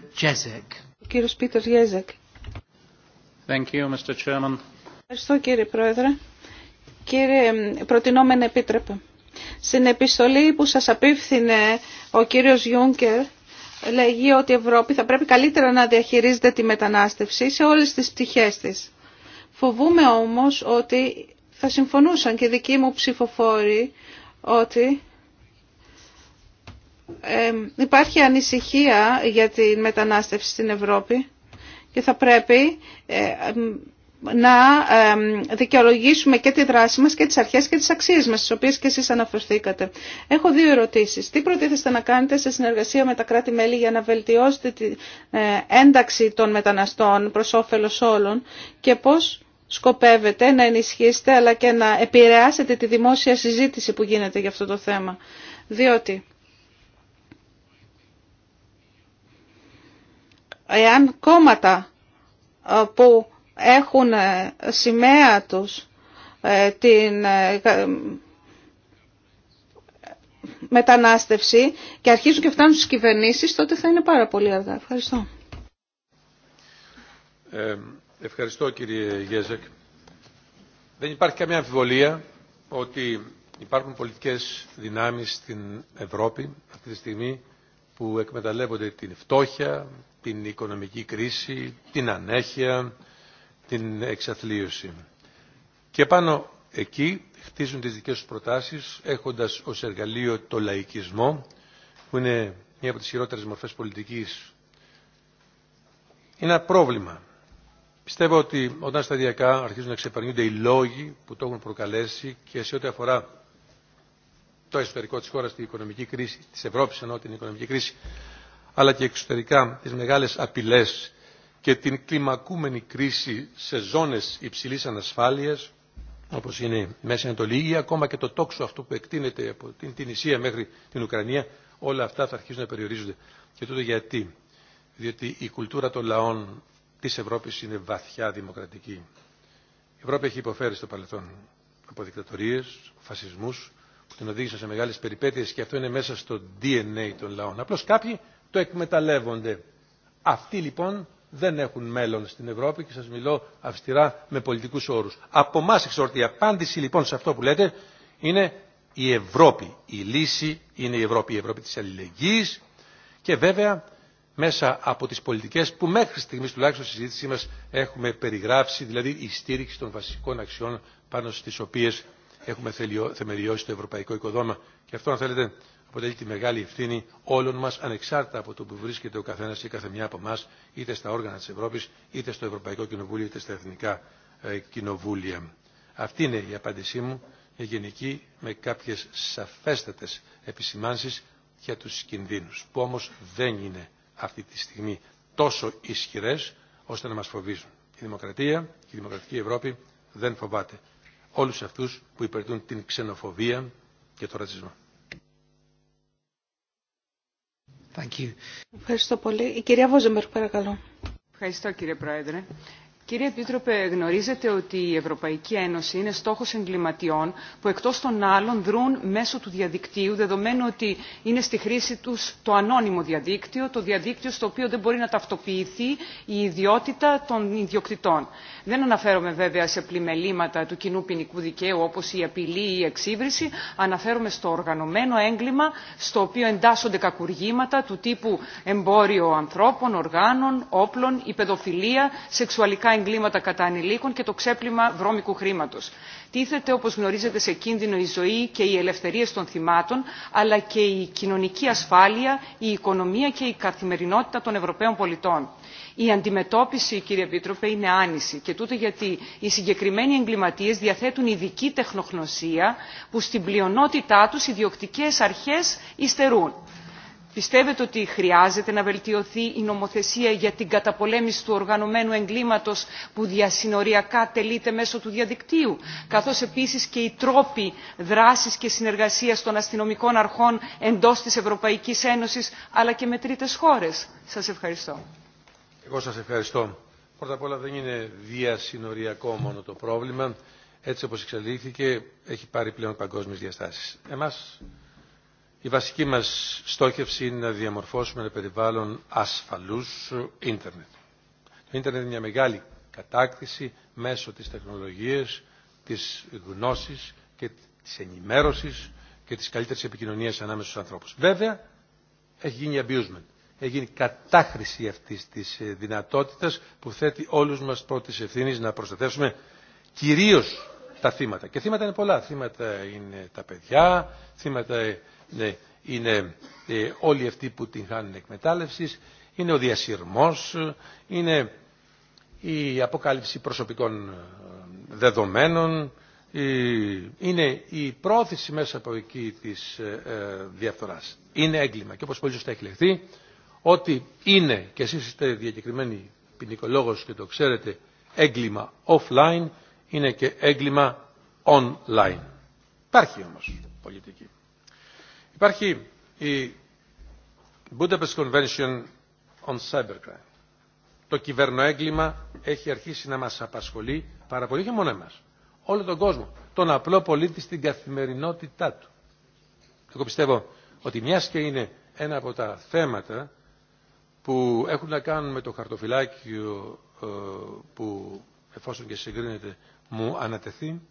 Ευχαριστώ κύριε Πρόεδρε. Κύριε Προτινόμενε Επίτρεπε, στην επιστολή που σας απίφθινε ο κύριος Γιούνκερ λέγει ότι η Ευρώπη θα πρέπει καλύτερα να διαχειρίζεται τη μετανάστευση σε όλες τις πτυχές της. Φοβούμαι όμως ότι θα συμφωνούσαν και δικοί μου ψηφοφόροι ότι υπάρχει ανησυχία για τη μετανάστευση στην Ευρώπη και θα πρέπει ε, να δικαιολογήσουμε και τη δράση μας και τις αρχές και τις αξίες μας, στις οποίες και εσείς αναφερθήκατε. Έχω δύο ερωτήσεις. Τι προτίθεστε να κάνετε σε συνεργασία με τα κράτη-μέλη για να βελτιώσετε την ε, ένταξη των μεταναστών προς όφελος όλων και πώς σκοπεύετε να ενισχύσετε αλλά και να επηρεάσετε τη δημόσια συζήτηση που γίνεται για αυτό το θέμα. Διότι εάν κόμματα ε, που έχουν ε, σημαία τους ε, την μετανάστευση και αρχίζουν και φτάνουν στις κυβερνήσεις, τότε θα είναι πάρα πολύ αργά. Ευχαριστώ. ευχαριστώ κύριε Γέζεκ. Δεν υπάρχει καμία αμφιβολία ότι υπάρχουν πολιτικές δυνάμεις στην Ευρώπη αυτή τη στιγμή που εκμεταλλεύονται την φτώχεια, την οικονομική κρίση, την ανέχεια, την εξαθλίωση. Και πάνω εκεί χτίζουν τις δικές τους προτάσεις έχοντας ως εργαλείο το λαϊκισμό που είναι μία από τις χειρότερες μορφές πολιτικής. Είναι ένα πρόβλημα. Πιστεύω ότι όταν σταδιακά αρχίζουν να ξεπερνούνται οι λόγοι που το έχουν προκαλέσει και σε ό,τι αφορά το εσωτερικό της χώρας, την οικονομική κρίση, της Ευρώπης ενώ την οικονομική κρίση, αλλά και εξωτερικά τις μεγάλες απειλές και την κλιμακούμενη κρίση σε ζώνες υψηλής ανασφάλειας, όπως είναι η Μέση Ανατολή ή ακόμα και το τόξο αυτό που εκτείνεται από την Τινησία μέχρι την Ουκρανία, όλα αυτά θα αρχίσουν να περιορίζονται. Και τούτο γιατί. Διότι η κουλτούρα των λαών της Ευρώπης είναι βαθιά δημοκρατική. Η Ευρώπη έχει υποφέρει στο παρελθόν από δικτατορίες, φασισμούς, που την οδήγησαν σε μεγάλες περιπέτειες και αυτό είναι μέσα στο DNA των λαών. Απλώς κάποιοι το εκμεταλλεύονται. Αυτοί λοιπόν δεν έχουν μέλλον στην Ευρώπη και σας μιλώ αυστηρά με πολιτικούς όρους. Από εμά εξορτή. Η απάντηση λοιπόν σε αυτό που λέτε είναι η Ευρώπη. Η λύση είναι η Ευρώπη. Η Ευρώπη της αλληλεγγύης και βέβαια μέσα από τις πολιτικές που μέχρι στιγμής τουλάχιστον στη συζήτησή μας έχουμε περιγράψει, δηλαδή η στήριξη των βασικών αξιών πάνω στις οποίες έχουμε θεμελιώσει το ευρωπαϊκό οικοδόμα. Και αυτό, αν θέλετε, αποτελεί τη μεγάλη ευθύνη όλων μας ανεξάρτητα από το που βρίσκεται ο καθένας ή καθεμιά από εμά είτε στα όργανα της Ευρώπης είτε στο Ευρωπαϊκό Κοινοβούλιο είτε στα Εθνικά ε, Κοινοβούλια. Αυτή είναι η απάντησή μου, η γενική, με κάποιες σαφέστατες επισημάνσεις για τους κινδύνους, που όμως δεν είναι αυτή τη στιγμή τόσο ισχυρές ώστε να μας φοβίζουν. Η δημοκρατία και η δημοκρατική Ευρώπη δεν φοβάται όλους αυτούς που υπηρετούν την ξενοφοβία και το ρατσισμό. Thank you. Ευχαριστώ πολύ. Η κυρία Βόζεμπερ, παρακαλώ. Ευχαριστώ κύριε Πρόεδρε. Κύριε Επίτροπε, γνωρίζετε ότι η Ευρωπαϊκή Ένωση είναι στόχος εγκληματιών που εκτός των άλλων δρούν μέσω του διαδικτύου, δεδομένου ότι είναι στη χρήση τους το ανώνυμο διαδίκτυο, το διαδίκτυο στο οποίο δεν μπορεί να ταυτοποιηθεί η ιδιότητα των ιδιοκτητών. Δεν αναφέρομαι βέβαια σε πλημελήματα του κοινού ποινικού δικαίου όπως η απειλή ή η εξύβριση, αναφέρομαι στο οργανωμένο έγκλημα στο οποίο εντάσσονται κακουργήματα του τύπου εμπόριο ανθρώπων, οργάνων, όπλων, η παιδοφιλία, σεξουαλικά εγκλήματα κατά ανηλίκων και το ξέπλυμα βρώμικου χρήματο. Τίθεται, όπω γνωρίζετε, σε κίνδυνο η ζωή και οι ελευθερίε των θυμάτων, αλλά και η κοινωνική ασφάλεια, η οικονομία και η καθημερινότητα των Ευρωπαίων πολιτών. Η αντιμετώπιση, κύριε Επίτροπε, είναι άνηση και τούτο γιατί οι συγκεκριμένοι εγκληματίες διαθέτουν ειδική τεχνογνωσία που στην πλειονότητά τους οι διοκτικέ αρχές υστερούν πιστεύετε ότι χρειάζεται να βελτιωθεί η νομοθεσία για την καταπολέμηση του οργανωμένου εγκλήματος που διασυνοριακά τελείται μέσω του διαδικτύου καθώς επίσης και οι τρόποι δράσης και συνεργασίας των αστυνομικών αρχών εντός της Ευρωπαϊκής Ένωσης αλλά και με τρίτες χώρες. Σας ευχαριστώ. Εγώ σας ευχαριστώ. Πρώτα απ' όλα δεν είναι διασυνοριακό μόνο το πρόβλημα. Έτσι όπως εξελίχθηκε έχει πάρει πλέον παγκόσμιες διαστάσεις. Εμάς η βασική μας στόχευση είναι να διαμορφώσουμε ένα περιβάλλον ασφαλούς ίντερνετ. Το ίντερνετ είναι μια μεγάλη κατάκτηση μέσω της τεχνολογίας, της γνώσης και της ενημέρωσης και της καλύτερης επικοινωνίας ανάμεσα στους ανθρώπους. Βέβαια, έχει γίνει abusement. Έχει γίνει κατάχρηση αυτής της ε, δυνατότητας που θέτει όλους μας πρώτης ευθύνης να προστατεύσουμε κυρίως τα θύματα. Και θύματα είναι πολλά. Θύματα είναι τα παιδιά, θύματα ε, ναι, είναι ε, όλοι αυτοί που την χάνουν εκμετάλλευση, είναι ο διασυρμός, είναι η αποκάλυψη προσωπικών ε, δεδομένων, είναι η πρόθεση μέσα από εκεί της ε, διαφθοράς. Είναι έγκλημα και όπως πολύ σωστά έχει λεχθεί, ότι είναι και εσείς είστε διακεκριμένοι ποινικολόγος και το ξέρετε έγκλημα offline είναι και έγκλημα online. Υπάρχει όμως πολιτική. Υπάρχει η Budapest Convention on Cybercrime. Το κυβερνοέγκλημα έχει αρχίσει να μας απασχολεί πάρα πολύ και μόνο εμάς. Όλο τον κόσμο. Τον απλό πολίτη στην καθημερινότητά του. Εγώ πιστεύω ότι μιας και είναι ένα από τα θέματα που έχουν να κάνουν με το χαρτοφυλάκιο ε, που εφόσον και συγκρίνεται μου ανατεθεί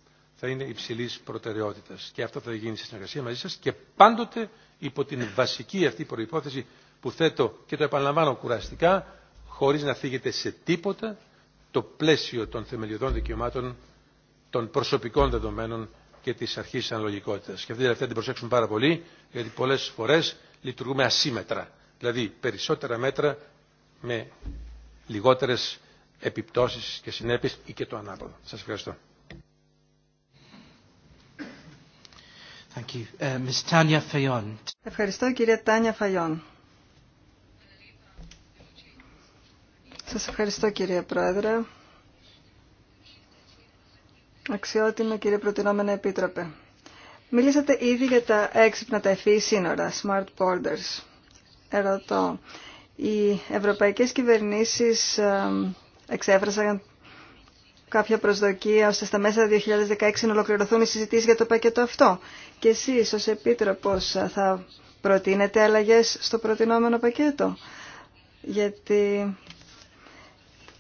θα είναι υψηλή προτεραιότητα. Και αυτό θα γίνει στη συνεργασία μαζί σα και πάντοτε υπό την βασική αυτή προπόθεση που θέτω και το επαναλαμβάνω κουραστικά, χωρί να φύγετε σε τίποτα το πλαίσιο των θεμελιωδών δικαιωμάτων, των προσωπικών δεδομένων και τη αρχή αναλογικότητα. Και αυτή την την προσέξουμε πάρα πολύ, γιατί πολλέ φορέ λειτουργούμε ασύμετρα. Δηλαδή περισσότερα μέτρα με λιγότερε επιπτώσει και συνέπειε ή και το ανάποδο. Σα ευχαριστώ. Uh, ευχαριστώ κυρία Τάνια Φαϊόν. Σας ευχαριστώ κύριε Πρόεδρε. Αξιότιμο κύριε Προτινόμενα Επίτροπε. Μιλήσατε ήδη για τα έξυπνα τα ευφύη σύνορα, smart borders. Ερωτώ, οι ευρωπαϊκές κυβερνήσεις εξέφρασαν κάποια προσδοκία ώστε στα μέσα 2016 να ολοκληρωθούν οι συζητήσεις για το πακέτο αυτό. Και εσείς ως Επίτροπος θα προτείνετε αλλαγές στο προτινόμενο πακέτο. Γιατί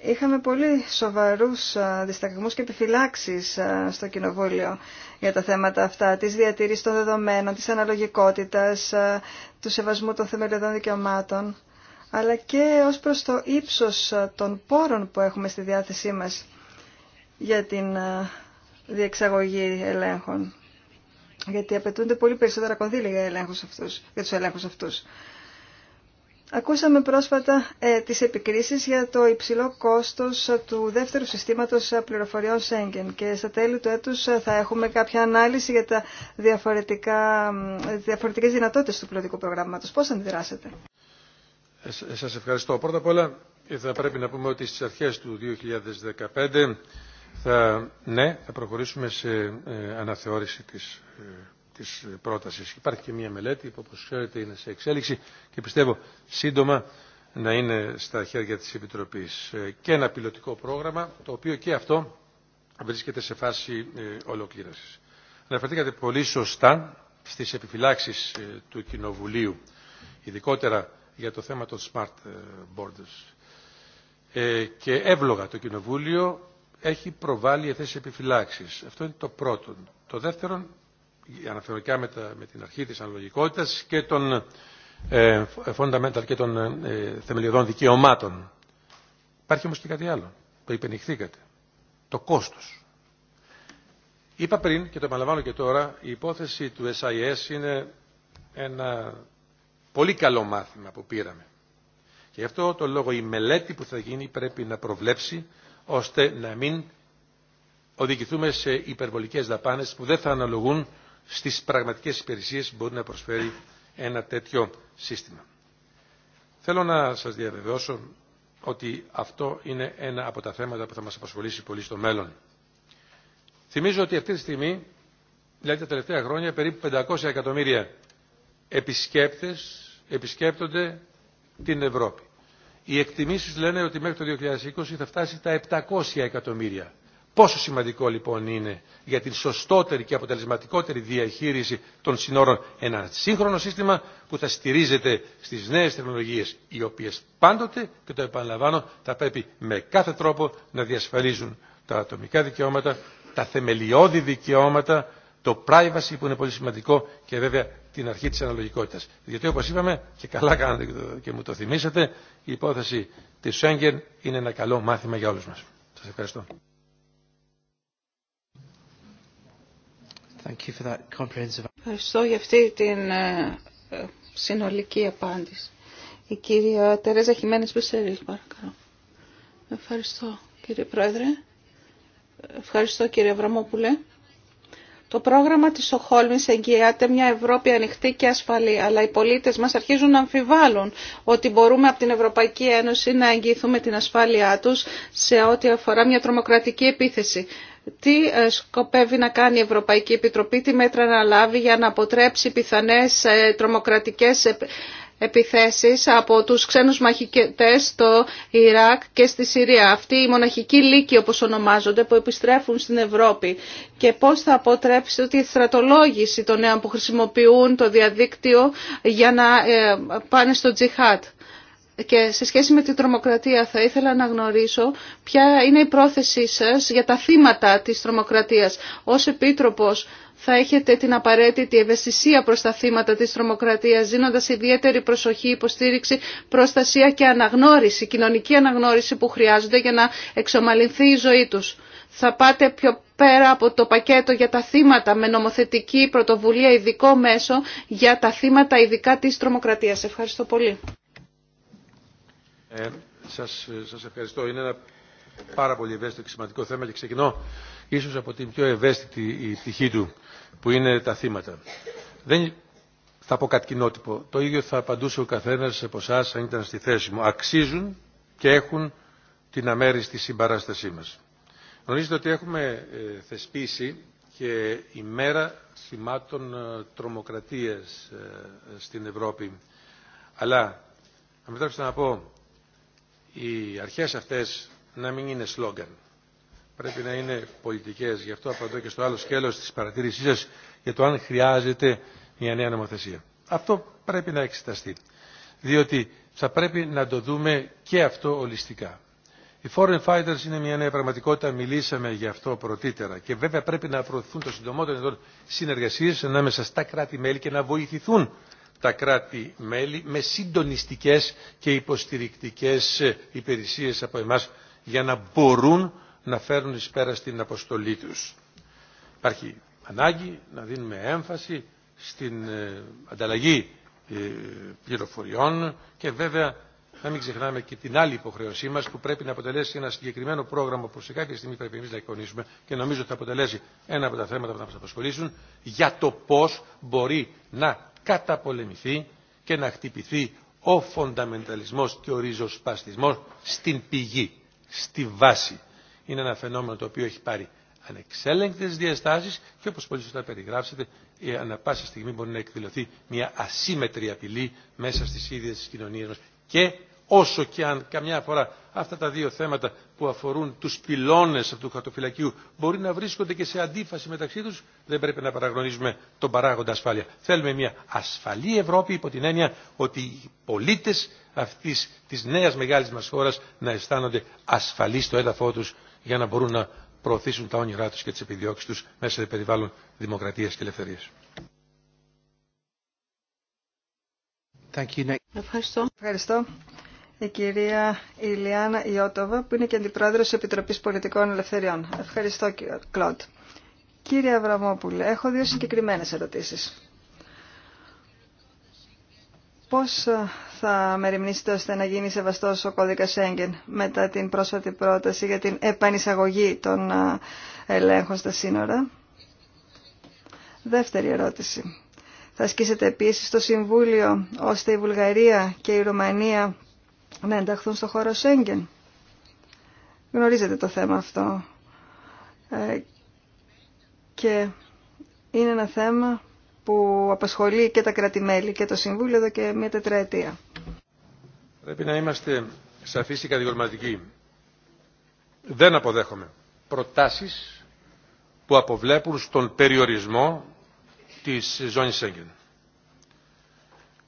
είχαμε πολύ σοβαρούς δισταγμούς και επιφυλάξεις στο Κοινοβούλιο για τα θέματα αυτά, της διατήρησης των δεδομένων, της αναλογικότητας, του σεβασμού των θεμελιωδών δικαιωμάτων αλλά και ως προς το ύψος των πόρων που έχουμε στη διάθεσή μας για την ε, διεξαγωγή ελέγχων. Γιατί απαιτούνται πολύ περισσότερα κονδύλια για, ελέγχους αυτούς, για τους ελέγχους αυτούς. Ακούσαμε πρόσφατα ε, τις επικρίσεις για το υψηλό κόστος του δεύτερου συστήματος πληροφοριών Σέγγεν και στα τέλη του έτους ε, θα έχουμε κάποια ανάλυση για τα διαφορετικά, ε, διαφορετικές δυνατότητες του πλωτικού προγράμματος. Πώς αντιδράσετε. Ε, σας ευχαριστώ. Πρώτα απ' όλα θα πρέπει να πούμε ότι στις αρχές του 2015 θα, ναι, θα προχωρήσουμε σε ε, αναθεώρηση της, ε, της πρότασης. Υπάρχει και μία μελέτη που όπως ξέρετε είναι σε εξέλιξη και πιστεύω σύντομα να είναι στα χέρια της Επιτροπής. Ε, και ένα πιλωτικό πρόγραμμα, το οποίο και αυτό βρίσκεται σε φάση ολοκλήρωσης. Αναφερθήκατε πολύ σωστά στις επιφυλάξεις του Κοινοβουλίου, ειδικότερα για το θέμα των smart borders. Και εύλογα το Κοινοβούλιο έχει προβάλει θέσει επιφυλάξει. Αυτό είναι το πρώτο. Το δεύτερο, αναφερικά με, με την αρχή τη αναλογικότητα και των ε, ε, fundamental και των ε, ε θεμελιωδών δικαιωμάτων. Υπάρχει όμω και κάτι άλλο. Το υπενηχθήκατε. Το κόστο. Είπα πριν και το επαναλαμβάνω και τώρα, η υπόθεση του SIS είναι ένα πολύ καλό μάθημα που πήραμε. Και γι' αυτό το λόγο η μελέτη που θα γίνει πρέπει να προβλέψει ώστε να μην οδηγηθούμε σε υπερβολικές δαπάνες που δεν θα αναλογούν στις πραγματικές υπηρεσίες που μπορεί να προσφέρει ένα τέτοιο σύστημα. Θέλω να σας διαβεβαιώσω ότι αυτό είναι ένα από τα θέματα που θα μας απασχολήσει πολύ στο μέλλον. Θυμίζω ότι αυτή τη στιγμή, δηλαδή τα τελευταία χρόνια, περίπου 500 εκατομμύρια επισκέπτες επισκέπτονται την Ευρώπη. Οι εκτιμήσεις λένε ότι μέχρι το 2020 θα φτάσει τα 700 εκατομμύρια. Πόσο σημαντικό λοιπόν είναι για την σωστότερη και αποτελεσματικότερη διαχείριση των συνόρων ένα σύγχρονο σύστημα που θα στηρίζεται στις νέες τεχνολογίες οι οποίες πάντοτε και το επαναλαμβάνω θα πρέπει με κάθε τρόπο να διασφαλίζουν τα ατομικά δικαιώματα, τα θεμελιώδη δικαιώματα, το privacy που είναι πολύ σημαντικό και βέβαια την αρχή της αναλογικότητας. Διότι όπως είπαμε, και καλά κάνατε και μου το θυμήσατε, η υπόθεση της Σέγγεν είναι ένα καλό μάθημα για όλους μας. Σας ευχαριστώ. Thank you for that comprehensive... Ευχαριστώ για αυτή την ε, ε, συνολική απάντηση. Η κυρία Τερέζα Χιμένης Μπουσερίλ, παρακαλώ. Ευχαριστώ κύριε Πρόεδρε. Ευχαριστώ κύριε Βραμόπουλε. Το πρόγραμμα της Σοχόλμης εγγυάται μια Ευρώπη ανοιχτή και ασφαλή, αλλά οι πολίτες μας αρχίζουν να αμφιβάλλουν ότι μπορούμε από την Ευρωπαϊκή Ένωση να εγγυηθούμε την ασφάλειά τους σε ό,τι αφορά μια τρομοκρατική επίθεση. Τι ε, σκοπεύει να κάνει η Ευρωπαϊκή Επιτροπή, τι μέτρα να λάβει για να αποτρέψει πιθανές ε, τρομοκρατικές επιθέσεις από τους ξένους μαχητές στο Ιράκ και στη Συρία. Αυτοί οι μοναχικοί λύκοι όπως ονομάζονται που επιστρέφουν στην Ευρώπη και πώς θα αποτρέψετε τη στρατολόγηση των νέων που χρησιμοποιούν το διαδίκτυο για να ε, πάνε στο τζιχάτ. Και σε σχέση με την τρομοκρατία θα ήθελα να γνωρίσω ποια είναι η πρόθεσή σας για τα θύματα της τρομοκρατίας. Ως Επίτροπος θα έχετε την απαραίτητη ευαισθησία προς τα θύματα της τρομοκρατίας, δίνοντα ιδιαίτερη προσοχή, υποστήριξη, προστασία και αναγνώριση, κοινωνική αναγνώριση που χρειάζονται για να εξομαλυνθεί η ζωή τους. Θα πάτε πιο πέρα από το πακέτο για τα θύματα με νομοθετική πρωτοβουλία ειδικό μέσο για τα θύματα ειδικά της τρομοκρατίας. Ευχαριστώ πολύ. Ε, σας, σας ευχαριστώ. Είναι ένα πάρα πολύ ευαίσθητο και σημαντικό θέμα και ξεκινώ ίσως από την πιο ευαίσθητη πτυχή του που είναι τα θύματα. Δεν θα πω κάτι κοινότυπο. Το ίδιο θα απαντούσε ο καθένας από εσά αν ήταν στη θέση μου. Αξίζουν και έχουν την αμέριστη συμπαράστασή μας. Γνωρίζετε ότι έχουμε ε, θεσπίσει και η μέρα θυμάτων ε, τρομοκρατίας ε, στην Ευρώπη. Αλλά, αν να πω, οι αρχές αυτές να μην είναι σλόγγαν πρέπει να είναι πολιτικές. Γι' αυτό απαντώ και στο άλλο σκέλος της παρατήρησής σας για το αν χρειάζεται μια νέα νομοθεσία. Αυτό πρέπει να εξεταστεί. Διότι θα πρέπει να το δούμε και αυτό ολιστικά. Οι foreign fighters είναι μια νέα πραγματικότητα, μιλήσαμε γι' αυτό πρωτήτερα. Και βέβαια πρέπει να προωθούν το συντομότερο ειδών συνεργασίε ανάμεσα στα κράτη-μέλη και να βοηθηθούν τα κράτη-μέλη με συντονιστικέ και υποστηρικτικέ υπηρεσίε από εμά για να μπορούν να φέρουν εις πέρα στην αποστολή τους. Υπάρχει ανάγκη να δίνουμε έμφαση στην ε, ανταλλαγή ε, πληροφοριών και βέβαια να μην ξεχνάμε και την άλλη υποχρέωσή μας που πρέπει να αποτελέσει ένα συγκεκριμένο πρόγραμμα που σε κάποια στιγμή πρέπει εμείς να εικονίσουμε και νομίζω θα αποτελέσει ένα από τα θέματα που θα μα απασχολήσουν για το πώς μπορεί να καταπολεμηθεί και να χτυπηθεί ο φονταμενταλισμός και ο ριζοσπαστισμός στην πηγή, στη βάση είναι ένα φαινόμενο το οποίο έχει πάρει ανεξέλεγκτες διαστάσεις και όπως πολύ σωστά περιγράψετε, ανά πάσα στιγμή μπορεί να εκδηλωθεί μια ασύμετρη απειλή μέσα στις ίδιες τις κοινωνίες μας. Και όσο και αν καμιά φορά αυτά τα δύο θέματα που αφορούν τους πυλώνες του χαρτοφυλακίου μπορεί να βρίσκονται και σε αντίφαση μεταξύ τους, δεν πρέπει να παραγνωρίζουμε τον παράγοντα ασφάλεια. Θέλουμε μια ασφαλή Ευρώπη υπό την έννοια ότι οι πολίτες αυτής της νέας μεγάλης μας χώρας να αισθάνονται ασφαλείς στο έδαφό τους για να μπορούν να προωθήσουν τα όνειρά τους και τις επιδιώξεις τους μέσα σε περιβάλλον δημοκρατίας και ελευθερίας. Ευχαριστώ. Ευχαριστώ. Η κυρία Ηλιάνα Ιώτοβα, που είναι και αντιπρόεδρος της Επιτροπής Πολιτικών Ελευθεριών. Ευχαριστώ, κύριε Κλοντ. Κύριε Αβραμόπουλε, έχω δύο συγκεκριμένες ερωτήσεις. Πώς ε, θα μεριμνήσετε ώστε να γίνει σεβαστός ο κώδικας Σέγγεν μετά την πρόσφατη πρόταση για την επανεισαγωγή των ε, ελέγχων στα σύνορα. Δεύτερη ερώτηση. Θα ασκήσετε επίσης το Συμβούλιο ώστε η Βουλγαρία και η Ρουμανία να ενταχθούν στο χώρο Σέγγεν. Γνωρίζετε το θέμα αυτό. Ε, και είναι ένα θέμα που απασχολεί και τα κρατη και το Συμβούλιο εδώ και μια τετραετία. Πρέπει να είμαστε σαφείς και κατηγορηματικοί. Δεν αποδέχομαι προτάσεις που αποβλέπουν στον περιορισμό της ζώνης Σέγγεν.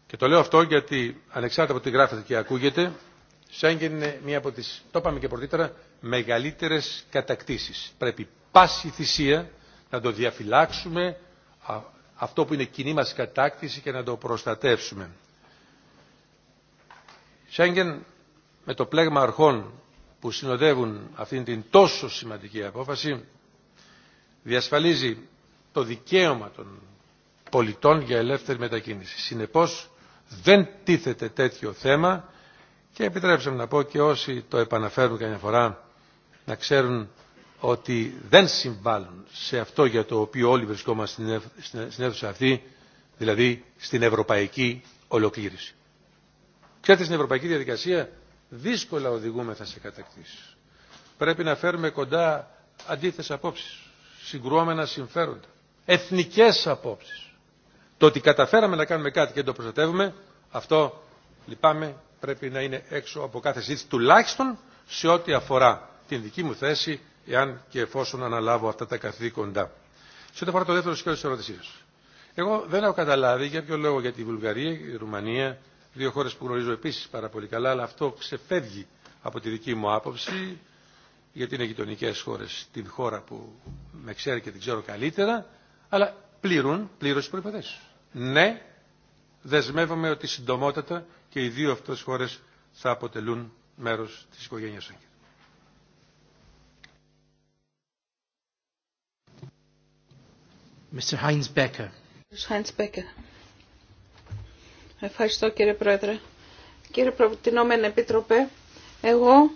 Και το λέω αυτό γιατί ανεξάρτητα από τι γράφεται και ακούγεται, Σέγγεν είναι μία από τις, το είπαμε και πρωτήτερα, μεγαλύτερες κατακτήσεις. Πρέπει πάση θυσία να το διαφυλάξουμε αυτό που είναι κοινή μας κατάκτηση και να το προστατεύσουμε. Σέγγεν με το πλέγμα αρχών που συνοδεύουν αυτήν την τόσο σημαντική απόφαση διασφαλίζει το δικαίωμα των πολιτών για ελεύθερη μετακίνηση. Συνεπώς δεν τίθεται τέτοιο θέμα και επιτρέψτε να πω και όσοι το επαναφέρουν καμιά φορά να ξέρουν ότι δεν συμβάλλουν σε αυτό για το οποίο όλοι βρισκόμαστε στην αίθουσα αυτή, δηλαδή στην ευρωπαϊκή ολοκλήρωση. Ξέρετε, στην ευρωπαϊκή διαδικασία δύσκολα οδηγούμεθα σε κατακτήσεις. Πρέπει να φέρουμε κοντά αντίθετες απόψεις, συγκρουόμενα συμφέροντα, εθνικές απόψεις. Το ότι καταφέραμε να κάνουμε κάτι και το προστατεύουμε, αυτό λυπάμαι πρέπει να είναι έξω από κάθε συζήτηση, τουλάχιστον σε ό,τι αφορά την δική μου θέση εάν και εφόσον αναλάβω αυτά τα καθήκοντα. Σε ό,τι αφορά το δεύτερο σκέλο τη ερώτησή εγώ δεν έχω καταλάβει για ποιο λόγο για τη Βουλγαρία η τη Ρουμανία, δύο χώρε που γνωρίζω επίση πάρα πολύ καλά, αλλά αυτό ξεφεύγει από τη δική μου άποψη, γιατί είναι γειτονικέ χώρε, την χώρα που με ξέρει και την ξέρω καλύτερα, αλλά πλήρουν πλήρω τι προποθέσει. Ναι, δεσμεύομαι ότι συντομότατα και οι δύο αυτέ χώρε θα αποτελούν μέρο τη οικογένεια Ευχαριστώ κύριε Πρόεδρε. Κύριε Προτινόμενε Επίτροπε, εγώ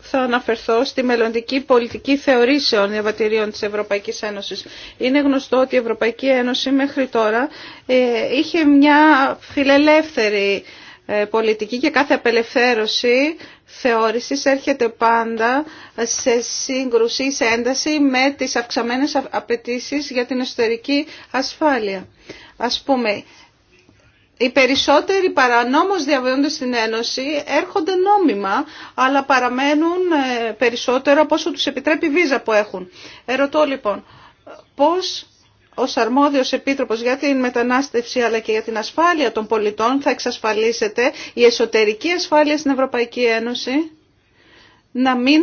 θα αναφερθώ στη μελλοντική πολιτική θεωρήσεων διαβατηρίων της Ευρωπαϊκής Ένωσης. Είναι γνωστό ότι η Ευρωπαϊκή Ένωση μέχρι τώρα ε, είχε μια φιλελεύθερη ε, πολιτική και κάθε απελευθέρωση θεώρησης έρχεται πάντα σε σύγκρουση, σε ένταση με τις αυξαμένες απαιτήσει για την εσωτερική ασφάλεια. Ας πούμε, οι περισσότεροι παρανόμως διαβιώνται στην Ένωση έρχονται νόμιμα, αλλά παραμένουν ε, περισσότερο από όσο τους επιτρέπει η βίζα που έχουν. Ερωτώ λοιπόν, πώς ως αρμόδιος επίτροπος για την μετανάστευση αλλά και για την ασφάλεια των πολιτών θα εξασφαλίσετε η εσωτερική ασφάλεια στην Ευρωπαϊκή Ένωση να μην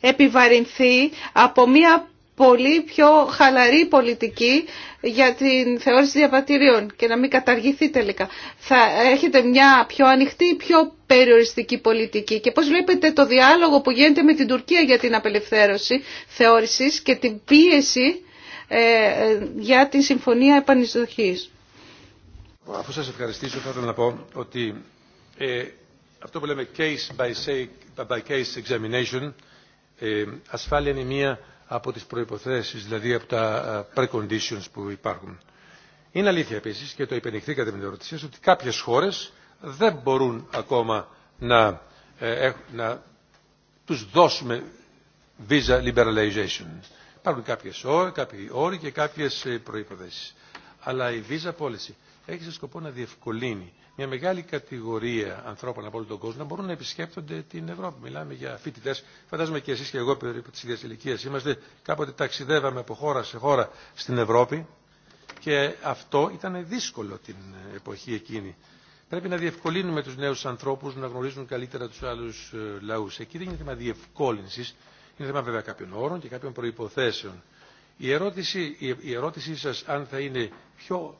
επιβαρυνθεί από μια πολύ πιο χαλαρή πολιτική για την θεώρηση διαβατηρίων και να μην καταργηθεί τελικά. Θα έχετε μια πιο ανοιχτή, πιο περιοριστική πολιτική. Και πώς βλέπετε το διάλογο που γίνεται με την Τουρκία για την απελευθέρωση θεώρησης και την πίεση ε, για τη Συμφωνία Επανεισδοχής. Αφού σας ευχαριστήσω θα ήθελα να πω ότι ε, αυτό που λέμε case by case examination ε, ασφάλεια είναι μία από τις προϋποθέσεις, δηλαδή από τα ε, preconditions που υπάρχουν. Είναι αλήθεια επίσης και το υπενηχθήκατε με την ερώτησή ότι κάποιες χώρες δεν μπορούν ακόμα να, ε, να τους δώσουμε visa liberalization. Υπάρχουν κάποιες όροι, και κάποιες ε, προϋποθέσεις. Αλλά η visa policy έχει σε σκοπό να διευκολύνει μια μεγάλη κατηγορία ανθρώπων από όλο τον κόσμο να μπορούν να επισκέπτονται την Ευρώπη. Μιλάμε για φοιτητέ. Φαντάζομαι και εσεί και εγώ περίπου τη ίδια ηλικία είμαστε. Κάποτε ταξιδεύαμε από χώρα σε χώρα στην Ευρώπη και αυτό ήταν δύσκολο την εποχή εκείνη. Πρέπει να διευκολύνουμε του νέου ανθρώπου να γνωρίζουν καλύτερα του άλλου ε, λαού. Εκεί δεν είναι θέμα διευκόλυνση, είναι θέμα βέβαια κάποιων όρων και κάποιων προϋποθέσεων. Η ερώτηση, η ερώτησή σας αν θα είναι πιο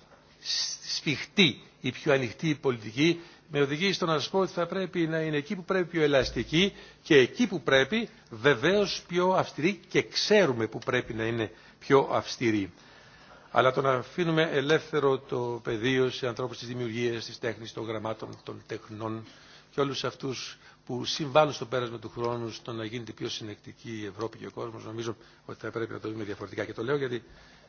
σφιχτή η πιο ανοιχτή πολιτική με οδηγεί στο να σας πω ότι θα πρέπει να είναι εκεί που πρέπει πιο ελαστική και εκεί που πρέπει βεβαίως πιο αυστηρή και ξέρουμε που πρέπει να είναι πιο αυστηρή. Αλλά το να αφήνουμε ελεύθερο το πεδίο σε ανθρώπους της δημιουργίας, της τέχνης, των γραμμάτων, των τεχνών και όλους αυτούς που συμβάλλουν στο πέρασμα του χρόνου στο να γίνεται πιο συνεκτική η Ευρώπη και ο κόσμο. Νομίζω ότι θα πρέπει να το δούμε διαφορετικά. Και το λέω γιατί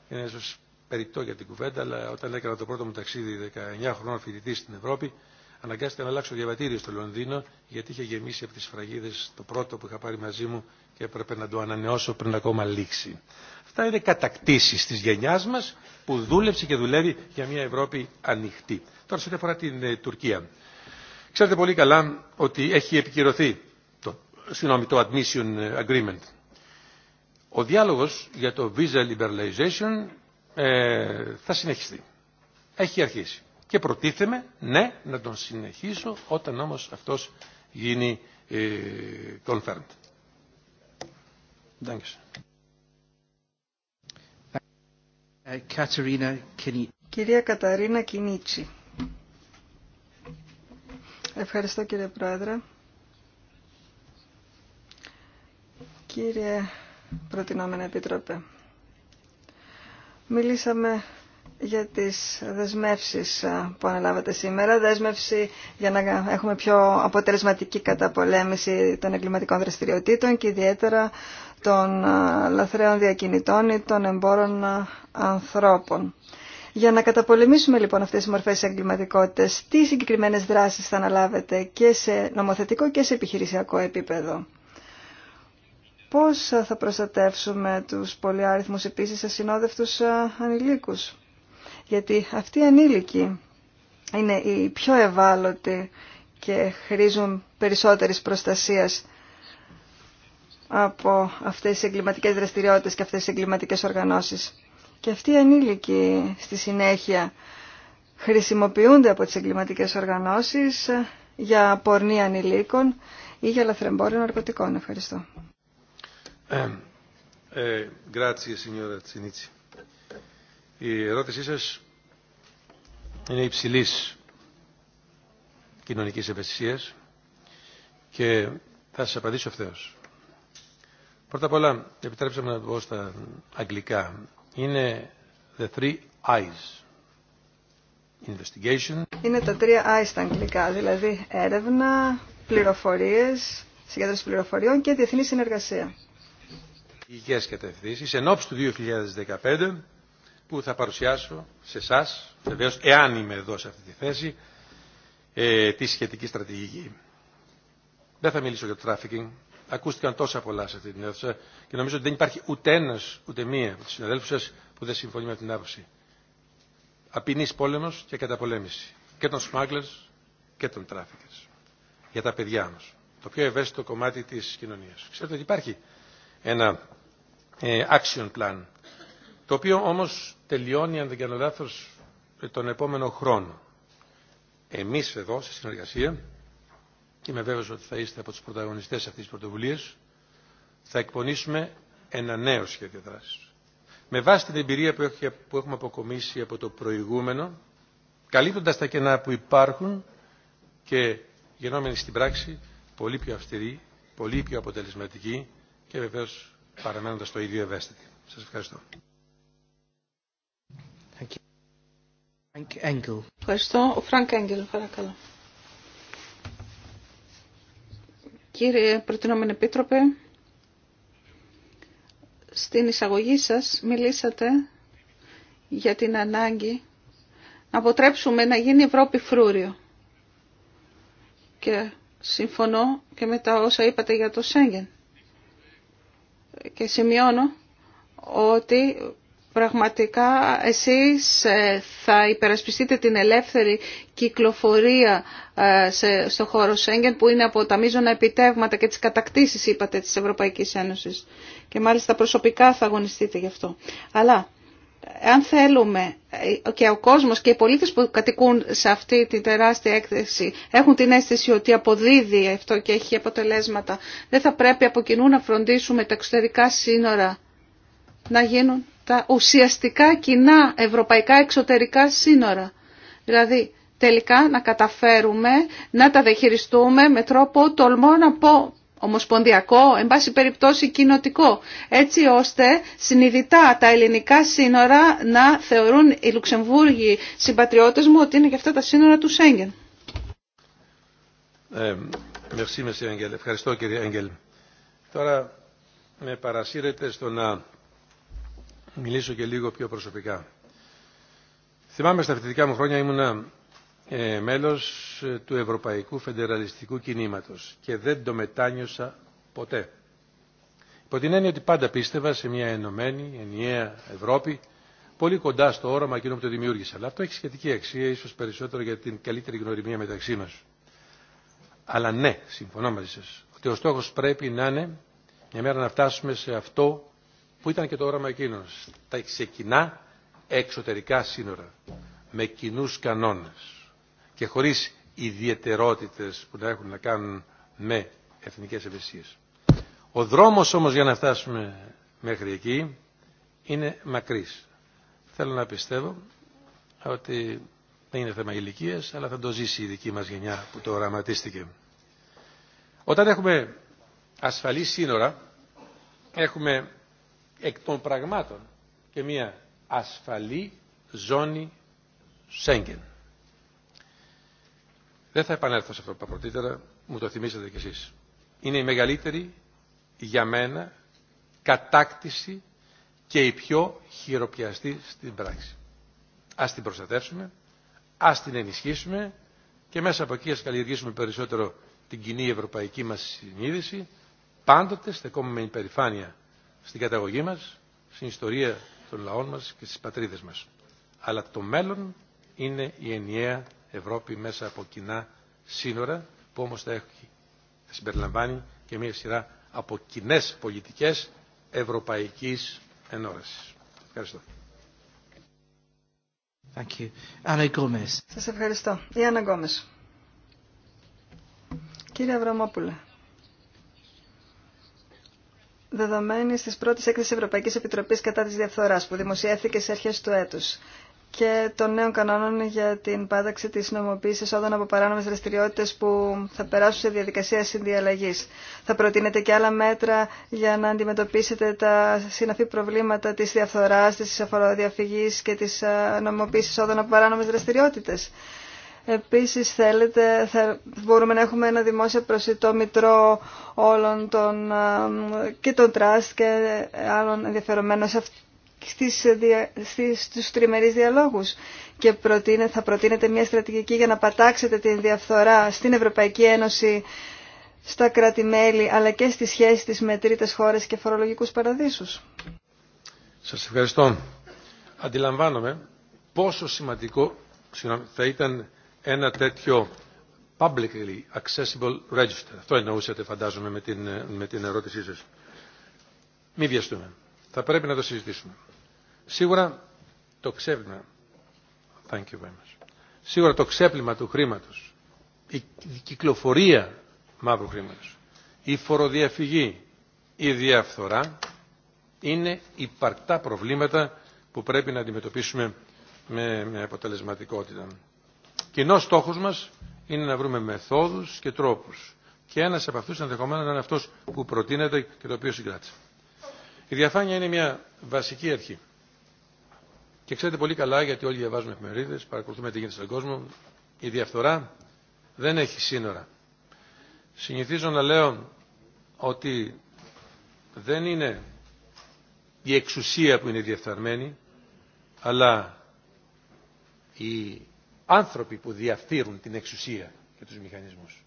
είναι ίσω περιπτώ για την κουβέντα, αλλά όταν έκανα το πρώτο μου ταξίδι 19 χρόνων φοιτητή στην Ευρώπη, αναγκάστηκα να αλλάξω διαβατήριο στο Λονδίνο, γιατί είχε γεμίσει από τι φραγίδες το πρώτο που είχα πάρει μαζί μου και έπρεπε να το ανανεώσω πριν ακόμα λήξει. Αυτά είναι κατακτήσει τη γενιά μα που δούλεψε και δουλεύει για μια Ευρώπη ανοιχτή. Τώρα σε ό,τι αφορά την ε, Τουρκία. Ξέρετε πολύ καλά ότι έχει επικυρωθεί το, συγνώμη, Admission Agreement. Ο διάλογος για το Visa Liberalization ε, θα συνεχιστεί. Έχει αρχίσει. Και προτίθεμαι, ναι, να τον συνεχίσω όταν όμως αυτός γίνει ε, confirmed. Κυρία Καταρίνα Κινίτσι. Ευχαριστώ κύριε Πρόεδρε. Κύριε Προτινόμενα Επίτροπε, μιλήσαμε για τις δεσμεύσεις που αναλάβατε σήμερα. Δέσμευση για να έχουμε πιο αποτελεσματική καταπολέμηση των εγκληματικών δραστηριοτήτων και ιδιαίτερα των λαθρέων διακινητών ή των εμπόρων ανθρώπων. Για να καταπολεμήσουμε λοιπόν αυτές τις μορφές εγκληματικότητας, τι συγκεκριμένες δράσεις θα αναλάβετε και σε νομοθετικό και σε επιχειρησιακό επίπεδο. Πώς θα προστατεύσουμε τους πολυάριθμους επίσης ασυνόδευτους ε, ανηλίκους. Γιατί αυτοί οι ανήλικοι είναι οι πιο ευάλωτοι και χρήζουν περισσότερης προστασίας από αυτές τις εγκληματικές δραστηριότητες και αυτές τις εγκληματικές οργανώσεις. Και αυτοί οι ανήλικοι στη συνέχεια χρησιμοποιούνται από τις εγκληματικές οργανώσεις για πορνή ανηλίκων ή για λαθρεμπόριο ναρκωτικών. Ευχαριστώ. Ε, Τσινίτσι. Η ερώτησή σας είναι υψηλής κοινωνικής ευαισθησίας και θα σας απαντήσω ευθέως. Πρώτα απ' όλα, επιτρέψτε να πω στα αγγλικά είναι τα τρία eyes στα αγγλικά, δηλαδή έρευνα, πληροφορίες, συγκέντρωση πληροφοριών και διεθνή συνεργασία. Υγείας κατευθύνσεις εν ώψη του 2015 που θα παρουσιάσω σε εσά, βεβαίω εάν είμαι εδώ σε αυτή τη θέση, ε, τη σχετική στρατηγική. Δεν θα μιλήσω για το τράφικινγκ, Ακούστηκαν τόσα πολλά σε αυτή την αίθουσα και νομίζω ότι δεν υπάρχει ούτε ένα, ούτε μία από του συναδέλφου σα που δεν συμφωνεί με την άποψη. Απεινή πόλεμο και καταπολέμηση και των σμάγκλερ και των τράφικερ. Για τα παιδιά μα. Το πιο ευαίσθητο κομμάτι τη κοινωνία. Ξέρετε ότι υπάρχει ένα ε, action plan το οποίο όμω τελειώνει αν δεν κάνω λάθο, τον επόμενο χρόνο. Εμεί εδώ, σε συνεργασία και είμαι βέβαιος ότι θα είστε από τους πρωταγωνιστές αυτής της πρωτοβουλίας, θα εκπονήσουμε ένα νέο σχέδιο δράσης. Με βάση την εμπειρία που έχουμε αποκομίσει από το προηγούμενο, καλύπτοντας τα κενά που υπάρχουν και γενόμενοι στην πράξη πολύ πιο αυστηροί, πολύ πιο αποτελεσματικοί και βεβαίως παραμένοντας το ίδιο ευαίσθητοι. Σας ευχαριστώ. Ευχαριστώ. Ο Φρανκ Έγγελ, παρακαλώ. Κύριε Προτινόμενη Επίτροπε, στην εισαγωγή σας μιλήσατε για την ανάγκη να αποτρέψουμε να γίνει Ευρώπη φρούριο. Και συμφωνώ και με τα όσα είπατε για το Σέγγεν. Και σημειώνω ότι Πραγματικά εσείς ε, θα υπερασπιστείτε την ελεύθερη κυκλοφορία ε, στο χώρο Σέγγεν που είναι από τα μείζωνα επιτεύγματα και τις κατακτήσεις είπατε της Ευρωπαϊκής Ένωσης και μάλιστα προσωπικά θα αγωνιστείτε γι' αυτό. Αλλά αν θέλουμε ε, και ο κόσμος και οι πολίτες που κατοικούν σε αυτή τη τεράστια έκθεση έχουν την αίσθηση ότι αποδίδει αυτό και έχει αποτελέσματα, δεν θα πρέπει από κοινού να φροντίσουμε τα εξωτερικά σύνορα να γίνουν τα ουσιαστικά κοινά ευρωπαϊκά εξωτερικά σύνορα. Δηλαδή τελικά να καταφέρουμε να τα δεχειριστούμε με τρόπο τολμώ να πω ομοσπονδιακό, εν πάση περιπτώσει κοινοτικό, έτσι ώστε συνειδητά τα ελληνικά σύνορα να θεωρούν οι Λουξεμβούργοι συμπατριώτες μου ότι είναι και αυτά τα σύνορα του Σέγγεν. Ε, Ευχαριστώ κύριε Έγγελ. Τώρα με στο να μιλήσω και λίγο πιο προσωπικά. Θυμάμαι στα φοιτητικά μου χρόνια ήμουνα ε, μέλος ε, του Ευρωπαϊκού Φεντεραλιστικού Κινήματος και δεν το μετάνιωσα ποτέ. Υπό την έννοια ότι πάντα πίστευα σε μια ενωμένη, ενιαία Ευρώπη, πολύ κοντά στο όραμα εκείνο που το δημιούργησα. Αλλά αυτό έχει σχετική αξία, ίσως περισσότερο για την καλύτερη γνωριμία μεταξύ μας. Αλλά ναι, συμφωνώ μαζί σας, ότι ο στόχος πρέπει να είναι μια μέρα να φτάσουμε σε αυτό που ήταν και το όραμα εκείνο. Τα ξεκινά εξωτερικά σύνορα, με κοινού κανόνε και χωρί ιδιαιτερότητε που να έχουν να κάνουν με εθνικέ ευαισθησίε. Ο δρόμος όμως για να φτάσουμε μέχρι εκεί είναι μακρύ. Θέλω να πιστεύω ότι δεν είναι θέμα ηλικία, αλλά θα το ζήσει η δική μα γενιά που το οραματίστηκε. Όταν έχουμε ασφαλή σύνορα, έχουμε εκ των πραγμάτων και μια ασφαλή ζώνη Σέγγεν. Δεν θα επανέλθω σε αυτό που πρωτήτερα, μου το θυμίσατε κι εσείς. Είναι η μεγαλύτερη για μένα κατάκτηση και η πιο χειροπιαστή στην πράξη. Ας την προστατεύσουμε, ας την ενισχύσουμε και μέσα από εκεί ας καλλιεργήσουμε περισσότερο την κοινή ευρωπαϊκή μας συνείδηση, πάντοτε στεκόμαστε με υπερηφάνεια στην καταγωγή μας, στην ιστορία των λαών μας και στις πατρίδες μας. Αλλά το μέλλον είναι η ενιαία Ευρώπη μέσα από κοινά σύνορα που όμως θα, έχει, θα συμπεριλαμβάνει και μια σειρά από κοινέ πολιτικές ευρωπαϊκής ενόρασης. Ευχαριστώ. Thank Σας ευχαριστώ. Η Άννα Κύριε Αβραμόπουλα δεδομένη τη πρώτη έκθεση Ευρωπαϊκή Επιτροπή κατά τη Διαφθορά που δημοσιεύθηκε σε αρχέ του έτου και των νέων κανόνων για την πάταξη τη νομοποίηση όδων από παράνομε δραστηριότητε που θα περάσουν σε διαδικασία συνδιαλλαγή. Θα προτείνετε και άλλα μέτρα για να αντιμετωπίσετε τα συναφή προβλήματα τη διαφθορά, τη εισαφοροδιαφυγής και τη ε, νομοποίηση όδων από παράνομε δραστηριότητε. Επίσης θέλετε, θα, μπορούμε να έχουμε ένα δημόσιο προσιτό μητρό όλων των και των τραστ και άλλων ενδιαφερομένων σε στις, στις, στους τριμερείς διαλόγους και προτείνε, θα προτείνετε μια στρατηγική για να πατάξετε την διαφθορά στην Ευρωπαϊκή Ένωση στα κράτη-μέλη αλλά και στη σχέση της με τρίτες χώρες και φορολογικούς παραδείσους. Σας ευχαριστώ. Αντιλαμβάνομαι πόσο σημαντικό θα ήταν ένα τέτοιο publicly accessible register. Αυτό εννοούσατε φαντάζομαι με την, με την ερώτησή σας. Μην βιαστούμε. Θα πρέπει να το συζητήσουμε. Σίγουρα το ξέπλυμα, thank you Σίγουρα το ξέπλυμα του χρήματος, η κυκλοφορία μαύρου χρήματος, η φοροδιαφυγή, η διαφθορά είναι υπαρκτά προβλήματα που πρέπει να αντιμετωπίσουμε με, με αποτελεσματικότητα. Κοινό στόχο μα είναι να βρούμε μεθόδου και τρόπου. Και ένα από αυτού ενδεχομένω να είναι αυτό που προτείνεται και το οποίο συγκράτησε. Η διαφάνεια είναι μια βασική αρχή. Και ξέρετε πολύ καλά, γιατί όλοι διαβάζουμε εφημερίδε, παρακολουθούμε τι γίνεται στον κόσμο, η διαφθορά δεν έχει σύνορα. Συνηθίζω να λέω ότι δεν είναι η εξουσία που είναι διεφθαρμένη, αλλά η άνθρωποι που διαφθείρουν την εξουσία και τους μηχανισμούς.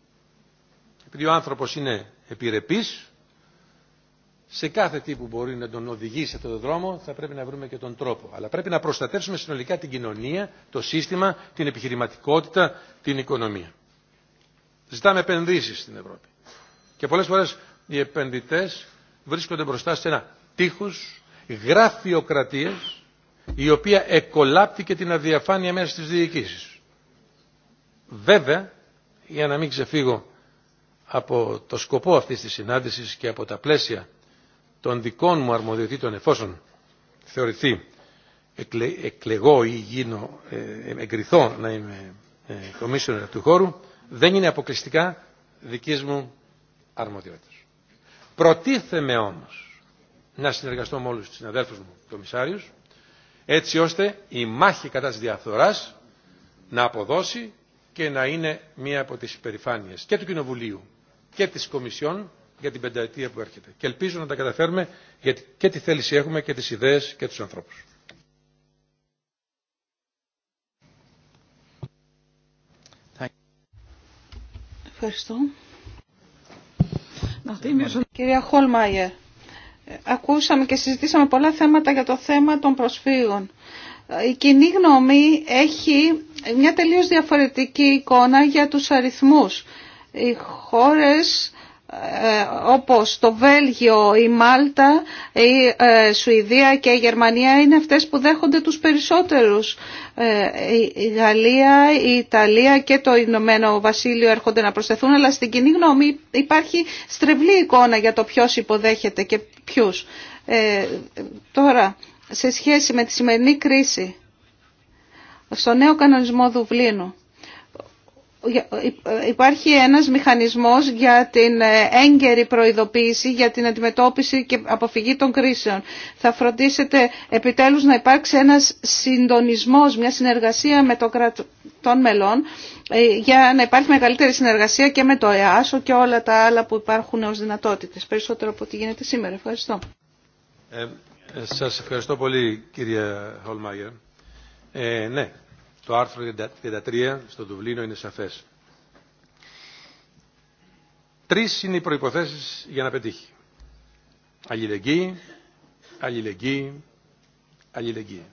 Επειδή ο άνθρωπος είναι επιρρεπής, σε κάθε τι που μπορεί να τον οδηγήσει σε τον δρόμο θα πρέπει να βρούμε και τον τρόπο. Αλλά πρέπει να προστατεύσουμε συνολικά την κοινωνία, το σύστημα, την επιχειρηματικότητα, την οικονομία. Ζητάμε επενδύσεις στην Ευρώπη. Και πολλές φορές οι επενδυτές βρίσκονται μπροστά σε ένα τείχος γραφειοκρατίας η οποία εκολάπτει και την αδιαφάνεια μέσα στις διοικήσεις. Βέβαια, για να μην ξεφύγω από το σκοπό αυτής της συνάντησης και από τα πλαίσια των δικών μου αρμοδιοτήτων εφόσον θεωρηθεί εκλεγώ ή γίνω, ε, εγκριθώ να είμαι ε, commissioner του χώρου, δεν είναι αποκλειστικά δική μου αρμοδιότητας. Προτίθεμαι όμως να συνεργαστώ με όλους τους συναδέλφους μου κομισάριους, έτσι ώστε η μάχη κατά της διαφθοράς να αποδώσει και να είναι μία από τις υπερηφάνειες και του Κοινοβουλίου και της Κομισιόν για την πενταετία που έρχεται. Και ελπίζω να τα καταφέρουμε γιατί και τη θέληση έχουμε και τις ιδέες και τους ανθρώπους. Ευχαριστώ. Κυρία Χολμάγερ, ακούσαμε και συζητήσαμε πολλά θέματα για το θέμα των προσφύγων. Η κοινή γνώμη έχει μια τελείως διαφορετική εικόνα για τους αριθμούς. Οι χώρες ε, όπως το Βέλγιο, η Μάλτα, η ε, Σουηδία και η Γερμανία είναι αυτές που δέχονται τους περισσότερους. Ε, η Γαλλία, η Ιταλία και το Ηνωμένο Βασίλειο έρχονται να προσθεθούν, αλλά στην κοινή γνώμη υπάρχει στρεβλή εικόνα για το ποιος υποδέχεται και ποιους. τώρα, σε σχέση με τη σημερινή κρίση, στο νέο κανονισμό Δουβλίνου ε, ε, υπάρχει ένας μηχανισμός για την ε, έγκαιρη προειδοποίηση, για την αντιμετώπιση και αποφυγή των κρίσεων. Θα φροντίσετε επιτέλους να υπάρξει ένας συντονισμός, μια συνεργασία με το των μελών, για να υπάρχει μεγαλύτερη συνεργασία και με το ΕΑΣΟ και όλα τα άλλα που υπάρχουν ως δυνατότητες, περισσότερο από ό,τι γίνεται σήμερα. Ευχαριστώ. Ε, σας ευχαριστώ πολύ κύριε Χολμάγερ. ναι, το άρθρο 33 στο Δουβλίνο είναι σαφές. Τρεις είναι οι προϋποθέσεις για να πετύχει. Αλληλεγγύη, αλληλεγγύη, αλληλεγγύη.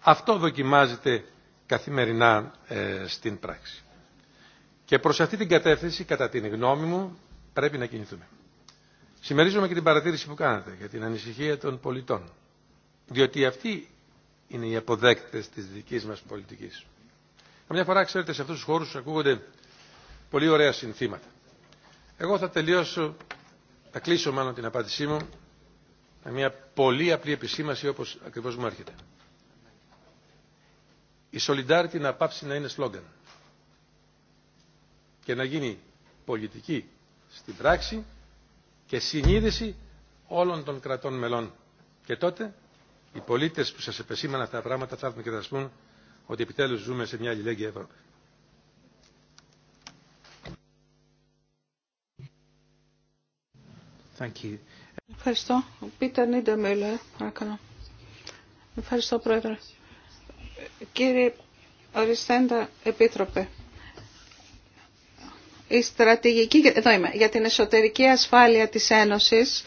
Αυτό δοκιμάζεται καθημερινά ε, στην πράξη. Και προς αυτή την κατεύθυνση, κατά την γνώμη μου, πρέπει να κινηθούμε. Συμμερίζομαι και την παρατήρηση που κάνατε για την ανησυχία των πολιτών. Διότι αυτή είναι οι αποδέκτες της δικής μας πολιτικής. Καμιά φορά, ξέρετε, σε αυτούς τους χώρους ακούγονται πολύ ωραία συνθήματα. Εγώ θα τελειώσω, θα κλείσω μάλλον την απάντησή μου με μια πολύ απλή επισήμαση όπως ακριβώς μου έρχεται. Η solidarity να πάψει να είναι σλόγγαν και να γίνει πολιτική στην πράξη και συνείδηση όλων των κρατών μελών. Και τότε οι πολίτε που σα επεσήμαναν αυτά τα πράγματα θα έρθουν και θα σα πούν ότι επιτέλου ζούμε σε μια αλληλέγγυα Ευρώπη. Ευχαριστώ. Πίτερ Νίντε Μίλλερ, Ευχαριστώ, Πρόεδρε. Κύριε Οριστέντα, Επίτροπε, η στρατηγική εδώ είμαι, για την εσωτερική ασφάλεια της Ένωσης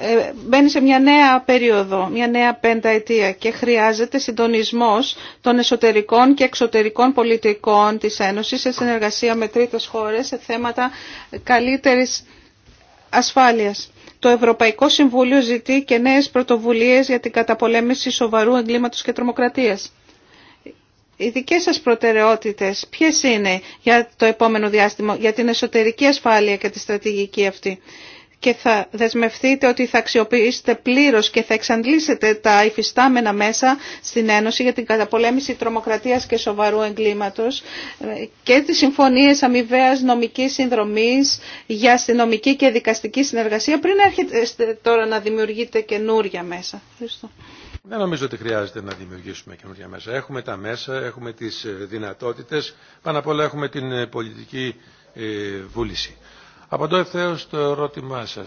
ε, μπαίνει σε μια νέα περίοδο, μια νέα πενταετία και χρειάζεται συντονισμός των εσωτερικών και εξωτερικών πολιτικών της Ένωσης σε συνεργασία με τρίτες χώρες σε θέματα καλύτερης ασφάλειας. Το Ευρωπαϊκό Συμβούλιο ζητεί και νέες πρωτοβουλίες για την καταπολέμηση σοβαρού εγκλήματος και τρομοκρατίας. Οι δικές σας προτεραιότητες ποιες είναι για το επόμενο διάστημα, για την εσωτερική ασφάλεια και τη στρατηγική αυτή και θα δεσμευτείτε ότι θα αξιοποιήσετε πλήρως και θα εξαντλήσετε τα υφιστάμενα μέσα στην Ένωση για την καταπολέμηση τρομοκρατίας και σοβαρού εγκλήματος και τις συμφωνίες αμοιβαία νομικής συνδρομής για αστυνομική και δικαστική συνεργασία πριν έρχεται τώρα να δημιουργείτε καινούρια μέσα. Ευχαριστώ. Δεν νομίζω ότι χρειάζεται να δημιουργήσουμε καινούργια μέσα. Έχουμε τα μέσα, έχουμε τις δυνατότητες, πάνω απ' όλα έχουμε την πολιτική ε, βούληση. Απαντώ ευθέω στο ερώτημά σα.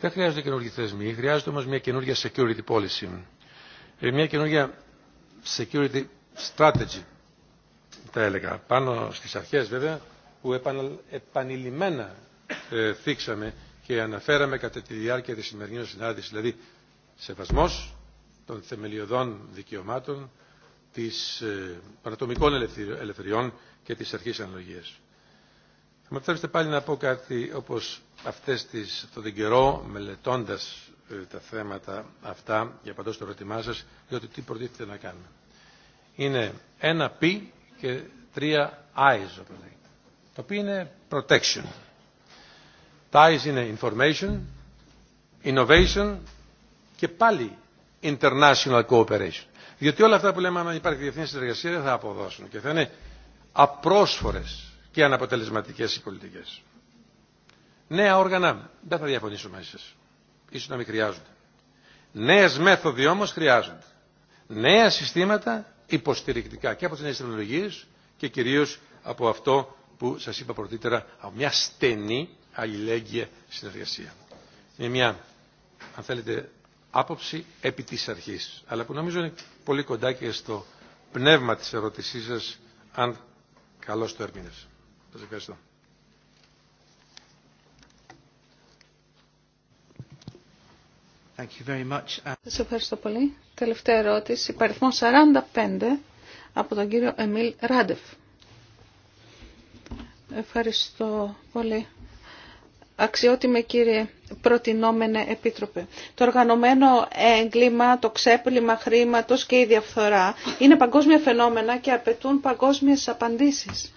Δεν χρειάζονται καινούργιοι θεσμοί, χρειάζεται όμω μια καινούργια security policy. Ε, μια καινούργια security strategy, θα έλεγα. Πάνω στι αρχέ βέβαια που επανειλημμένα ε, θίξαμε και αναφέραμε κατά τη διάρκεια τη σημερινή συνάντηση, δηλαδή σεβασμό των θεμελιωδών δικαιωμάτων, της παρατομικών ε, ελευθεριών και τη αρχή αναλογία. Ε, μου επιτρέψετε πάλι να πω κάτι όπως αυτές τις, το τον καιρό, μελετώντας ε, τα θέματα αυτά, για παντός στο ερώτημά σα, διότι τι προτίθεται να κάνουμε. Είναι ένα P και τρία I's, όπω λέει. Το P είναι protection. Τα I's είναι information, innovation και πάλι international cooperation. Διότι όλα αυτά που λέμε, αν υπάρχει διεθνή συνεργασία, δεν θα αποδώσουν και θα είναι απρόσφορες και αναποτελεσματικές οι πολιτικές. Νέα όργανα δεν θα διαφωνήσω μαζί σα. Ίσως να μην χρειάζονται. Νέες μέθοδοι όμως χρειάζονται. Νέα συστήματα υποστηρικτικά και από τις νέες τεχνολογίες και κυρίως από αυτό που σας είπα πρωτήτερα από μια στενή αλληλέγγυα συνεργασία. Είναι μια, αν θέλετε, άποψη επί της αρχής, αλλά που νομίζω είναι πολύ κοντά και στο πνεύμα της ερώτησής σας, αν καλώς το ερμήνευσα. Σας ευχαριστώ. Thank you very much. Σας ευχαριστώ πολύ. Τελευταία ερώτηση, παριθμό 45 από τον κύριο Εμίλ Ράντεφ. Ευχαριστώ πολύ. Αξιότιμε κύριε προτινόμενε επίτροπε. Το οργανωμένο έγκλημα, το ξέπλυμα χρήματος και η διαφθορά είναι παγκόσμια φαινόμενα και απαιτούν παγκόσμιες απαντήσεις.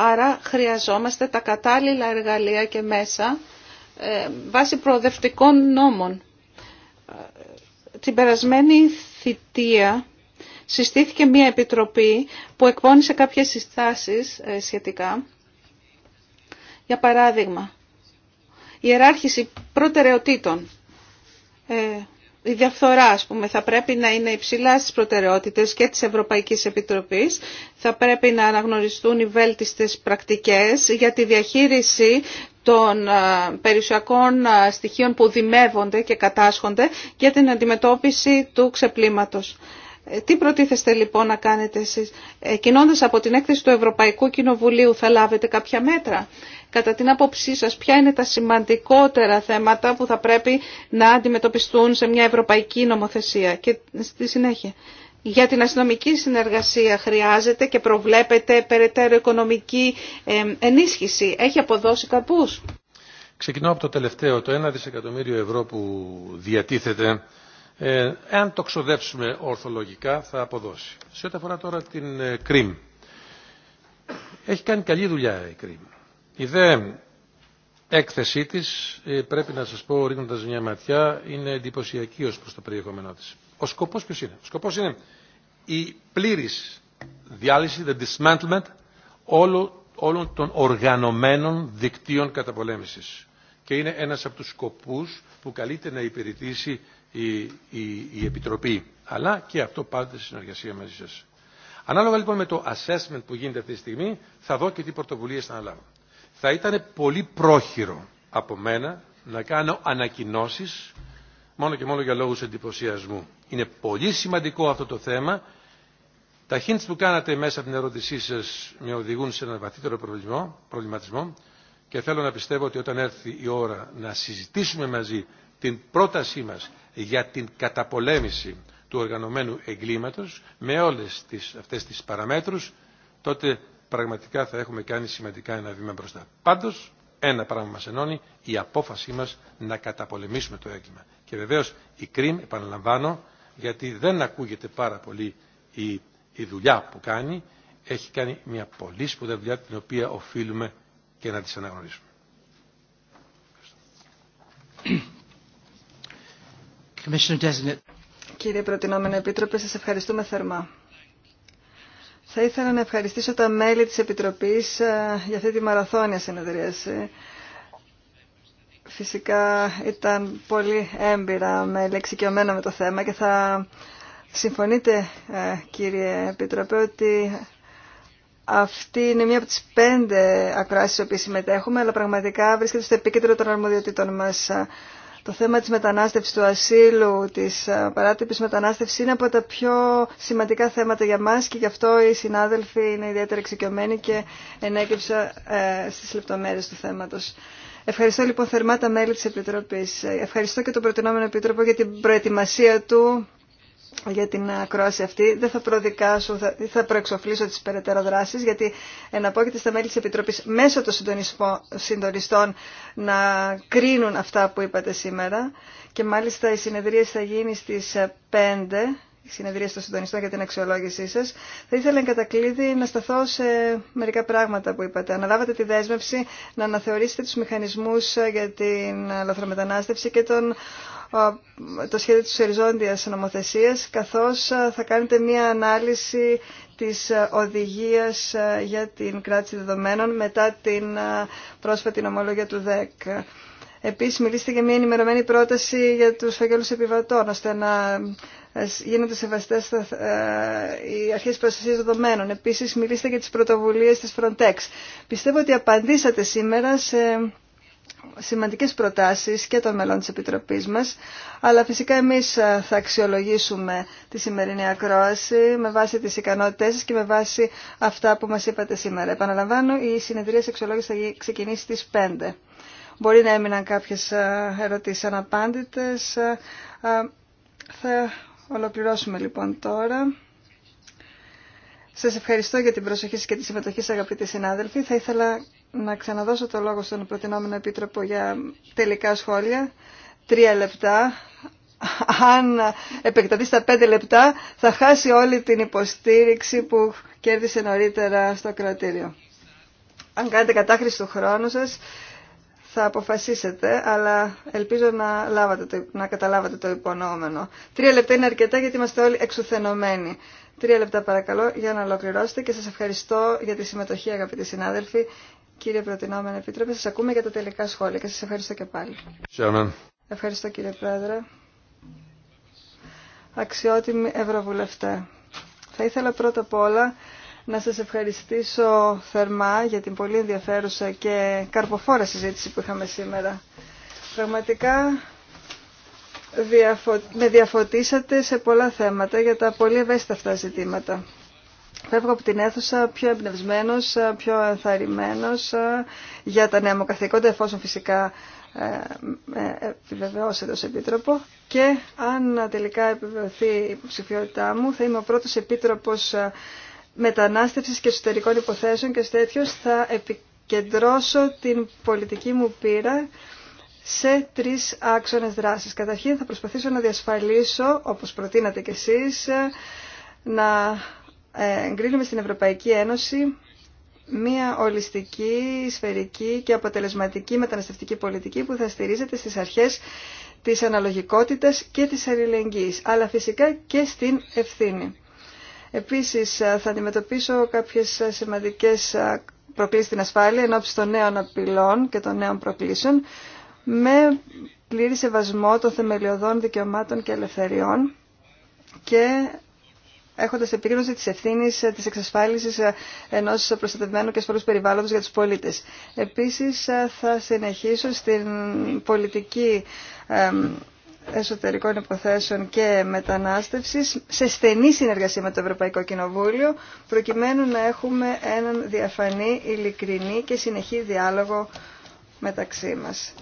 Άρα χρειαζόμαστε τα κατάλληλα εργαλεία και μέσα ε, βάσει προοδευτικών νόμων. Ε, την περασμένη θητεία συστήθηκε μια επιτροπή που εκπώνησε κάποιες συστάσεις ε, σχετικά. Για παράδειγμα, η ιεράρχηση προτεραιοτήτων η διαφθορά, ας πούμε, θα πρέπει να είναι υψηλά στις προτεραιότητες και της Ευρωπαϊκής Επιτροπής. Θα πρέπει να αναγνωριστούν οι βέλτιστες πρακτικές για τη διαχείριση των περιουσιακών στοιχείων που δημεύονται και κατάσχονται για την αντιμετώπιση του ξεπλήματος. Ε, τι προτίθεστε λοιπόν να κάνετε εσείς, ε, κινώντας από την έκθεση του Ευρωπαϊκού Κοινοβουλίου θα λάβετε κάποια μέτρα. Κατά την άποψή σας, ποια είναι τα σημαντικότερα θέματα που θα πρέπει να αντιμετωπιστούν σε μια ευρωπαϊκή νομοθεσία και στη συνέχεια. Για την αστυνομική συνεργασία χρειάζεται και προβλέπεται περαιτέρω οικονομική ε, ενίσχυση. Έχει αποδώσει καπούς. Ξεκινώ από το τελευταίο, το 1 δισεκατομμύριο ευρώ που διατίθεται ε, εάν το ξοδέψουμε ορθολογικά θα αποδώσει. Σε ό,τι αφορά τώρα την ε, ΚΡΙΜ. Έχει κάνει καλή δουλειά η ΚΡΙΜ. Η δε έκθεσή της, ε, πρέπει να σας πω ρίχνοντας μια ματιά, είναι εντυπωσιακή ως προς το περιεχόμενό της. Ο σκοπός ποιος είναι. Ο σκοπός είναι η πλήρης διάλυση, the dismantlement όλων, των οργανωμένων δικτύων καταπολέμησης. Και είναι ένας από τους σκοπούς που καλείται να υπηρετήσει η, Επιτροπή. Αλλά και αυτό πάντα σε συνεργασία μαζί σας. Ανάλογα λοιπόν με το assessment που γίνεται αυτή τη στιγμή, θα δω και τι πρωτοβουλίες θα αναλάβω. Θα ήταν πολύ πρόχειρο από μένα να κάνω ανακοινώσεις μόνο και μόνο για λόγους εντυπωσιασμού. Είναι πολύ σημαντικό αυτό το θέμα. Τα hints που κάνατε μέσα από την ερώτησή σας με οδηγούν σε ένα βαθύτερο προβληματισμό και θέλω να πιστεύω ότι όταν έρθει η ώρα να συζητήσουμε μαζί την πρότασή μας για την καταπολέμηση του οργανωμένου εγκλήματος με όλες τις, αυτές τις παραμέτρους, τότε πραγματικά θα έχουμε κάνει σημαντικά ένα βήμα μπροστά. Πάντως, ένα πράγμα μας ενώνει, η απόφασή μας να καταπολεμήσουμε το έγκλημα. Και βεβαίως η ΚΡΙΜ, επαναλαμβάνω, γιατί δεν ακούγεται πάρα πολύ η, η δουλειά που κάνει, έχει κάνει μια πολύ σπουδαία δουλειά την οποία οφείλουμε και να τις αναγνωρίσουμε. Κύριε Προτινόμενο Επίτροπε, σας ευχαριστούμε θερμά. Θα ήθελα να ευχαριστήσω τα μέλη της Επιτροπής ε, για αυτή τη μαραθώνια συνεδρίαση. Φυσικά ήταν πολύ έμπειρα με εξοικειωμένα με το θέμα και θα συμφωνείτε ε, κύριε Επιτροπέ ότι αυτή είναι μία από τις πέντε ακροάσεις που συμμετέχουμε αλλά πραγματικά βρίσκεται στο επίκεντρο των αρμοδιοτήτων μας το θέμα της μετανάστευσης του ασύλου, της ε, παράτυπης μετανάστευσης είναι από τα πιο σημαντικά θέματα για μας και γι' αυτό οι συνάδελφοι είναι ιδιαίτερα εξοικειωμένοι και ενέκυψα ε, στις λεπτομέρειες του θέματος. Ευχαριστώ λοιπόν θερμά τα μέλη της Επιτροπής. Ευχαριστώ και τον προτινόμενο Επίτροπο για την προετοιμασία του για την ακρόαση αυτή. Δεν θα προδικάσω, θα, θα προεξοφλήσω τις περαιτέρω δράσεις, γιατί εναπόκειται στα μέλη της Επιτροπής μέσω των συντονιστών να κρίνουν αυτά που είπατε σήμερα. Και μάλιστα η συνεδρία θα γίνει στις 5 η συνεδρία των συντονιστών για την αξιολόγησή σα. Θα ήθελα εγκατακλείδη να σταθώ σε μερικά πράγματα που είπατε. Αναλάβατε τη δέσμευση να αναθεωρήσετε του μηχανισμού για την λαθρομετανάστευση και τον το σχέδιο της οριζόντιας νομοθεσίας, καθώς θα κάνετε μία ανάλυση της οδηγίας για την κράτηση δεδομένων μετά την πρόσφατη νομολόγια του ΔΕΚ. Επίσης, μιλήσετε για μία ενημερωμένη πρόταση για τους φαγγέλους επιβατών, ώστε να ε, γίνονται σεβαστές ε, οι αρχές προστασίας δεδομένων. Επίσης, μιλήσετε για τις πρωτοβουλίες της Frontex. Πιστεύω ότι απαντήσατε σήμερα σε σημαντικές προτάσεις και των μελών της Επιτροπής μας, αλλά φυσικά εμείς ε, θα αξιολογήσουμε τη σημερινή ακρόαση με βάση τις ικανότητές σας και με βάση αυτά που μας είπατε σήμερα. Επαναλαμβάνω, η συνεδρία αξιολόγηση θα ξεκινήσει στις 5. Μπορεί να έμειναν κάποιες ε, ερωτήσεις αναπάντητες. Ε, θα ολοκληρώσουμε λοιπόν τώρα. Σας ευχαριστώ για την προσοχή σας και τη συμμετοχή σας αγαπητοί συνάδελφοι. Θα ήθελα να ξαναδώσω το λόγο στον προτινόμενο επίτροπο για τελικά σχόλια. Τρία λεπτά. Αν επεκταθεί στα πέντε λεπτά θα χάσει όλη την υποστήριξη που κέρδισε νωρίτερα στο κρατήριο. Αν κάνετε κατάχρηση του χρόνου σας θα αποφασίσετε, αλλά ελπίζω να, λάβατε το, να καταλάβατε το υπονοούμενο. Τρία λεπτά είναι αρκετά γιατί είμαστε όλοι εξουθενωμένοι. Τρία λεπτά παρακαλώ για να ολοκληρώσετε και σας ευχαριστώ για τη συμμετοχή αγαπητοί συνάδελφοι. Κύριε Προτινόμενο Επίτροπε, σας ακούμε για τα τελικά σχόλια και σας ευχαριστώ και πάλι. Chairman. Ευχαριστώ κύριε Πρόεδρε. Αξιότιμοι Ευρωβουλευτέ. Θα ήθελα πρώτα απ' όλα να σας ευχαριστήσω θερμά για την πολύ ενδιαφέρουσα και καρποφόρα συζήτηση που είχαμε σήμερα. Πραγματικά με διαφωτίσατε σε πολλά θέματα για τα πολύ ευαίσθητα αυτά ζητήματα φεύγω από την αίθουσα πιο εμπνευσμένο, πιο ενθαρρυμένο για τα νέα μου καθήκοντα, εφόσον φυσικά ε, επιβεβαιώσετε ως Επίτροπο και αν τελικά επιβεβαιωθεί η υποψηφιότητά μου θα είμαι ο πρώτος Επίτροπος ε, Μετανάστευσης και Εσωτερικών Υποθέσεων και τέτοιο θα επικεντρώσω την πολιτική μου πείρα σε τρεις άξονες δράσης. Καταρχήν θα προσπαθήσω να διασφαλίσω, όπως προτείνατε κι εσείς, ε, να εγκρίνουμε στην Ευρωπαϊκή Ένωση μια ολιστική, σφαιρική και αποτελεσματική μεταναστευτική πολιτική που θα στηρίζεται στις αρχές της αναλογικότητας και της αλληλεγγύης, αλλά φυσικά και στην ευθύνη. Επίσης θα αντιμετωπίσω κάποιες σημαντικές προκλήσεις στην ασφάλεια εν των νέων απειλών και των νέων προκλήσεων με πλήρη σεβασμό των θεμελιωδών δικαιωμάτων και ελευθεριών και έχοντα επίγνωση τη ευθύνη ε, τη εξασφάλιση ε, ενό προστατευμένου και ασφαλού περιβάλλοντος για του πολίτες. Επίσης ε, θα συνεχίσω στην πολιτική εσωτερικών υποθέσεων και μετανάστευση σε στενή συνεργασία με το Ευρωπαϊκό Κοινοβούλιο προκειμένου να έχουμε έναν διαφανή, ειλικρινή και συνεχή διάλογο μεταξύ μας.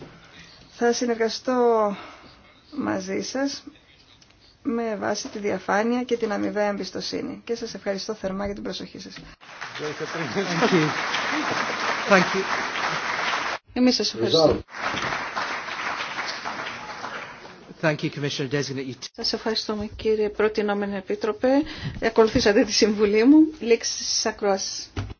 Θα συνεργαστώ μαζί σας με βάση τη διαφάνεια και την αμοιβαία εμπιστοσύνη. Και σας ευχαριστώ θερμά για την προσοχή σας. Thank you. Thank you. Εμείς σας ευχαριστούμε. Thank you, Commissioner. Σας ευχαριστούμε κύριε Προτινόμενη Επίτροπε. Ακολουθήσατε τη συμβουλή μου. Λήξη στις ακροάσεις.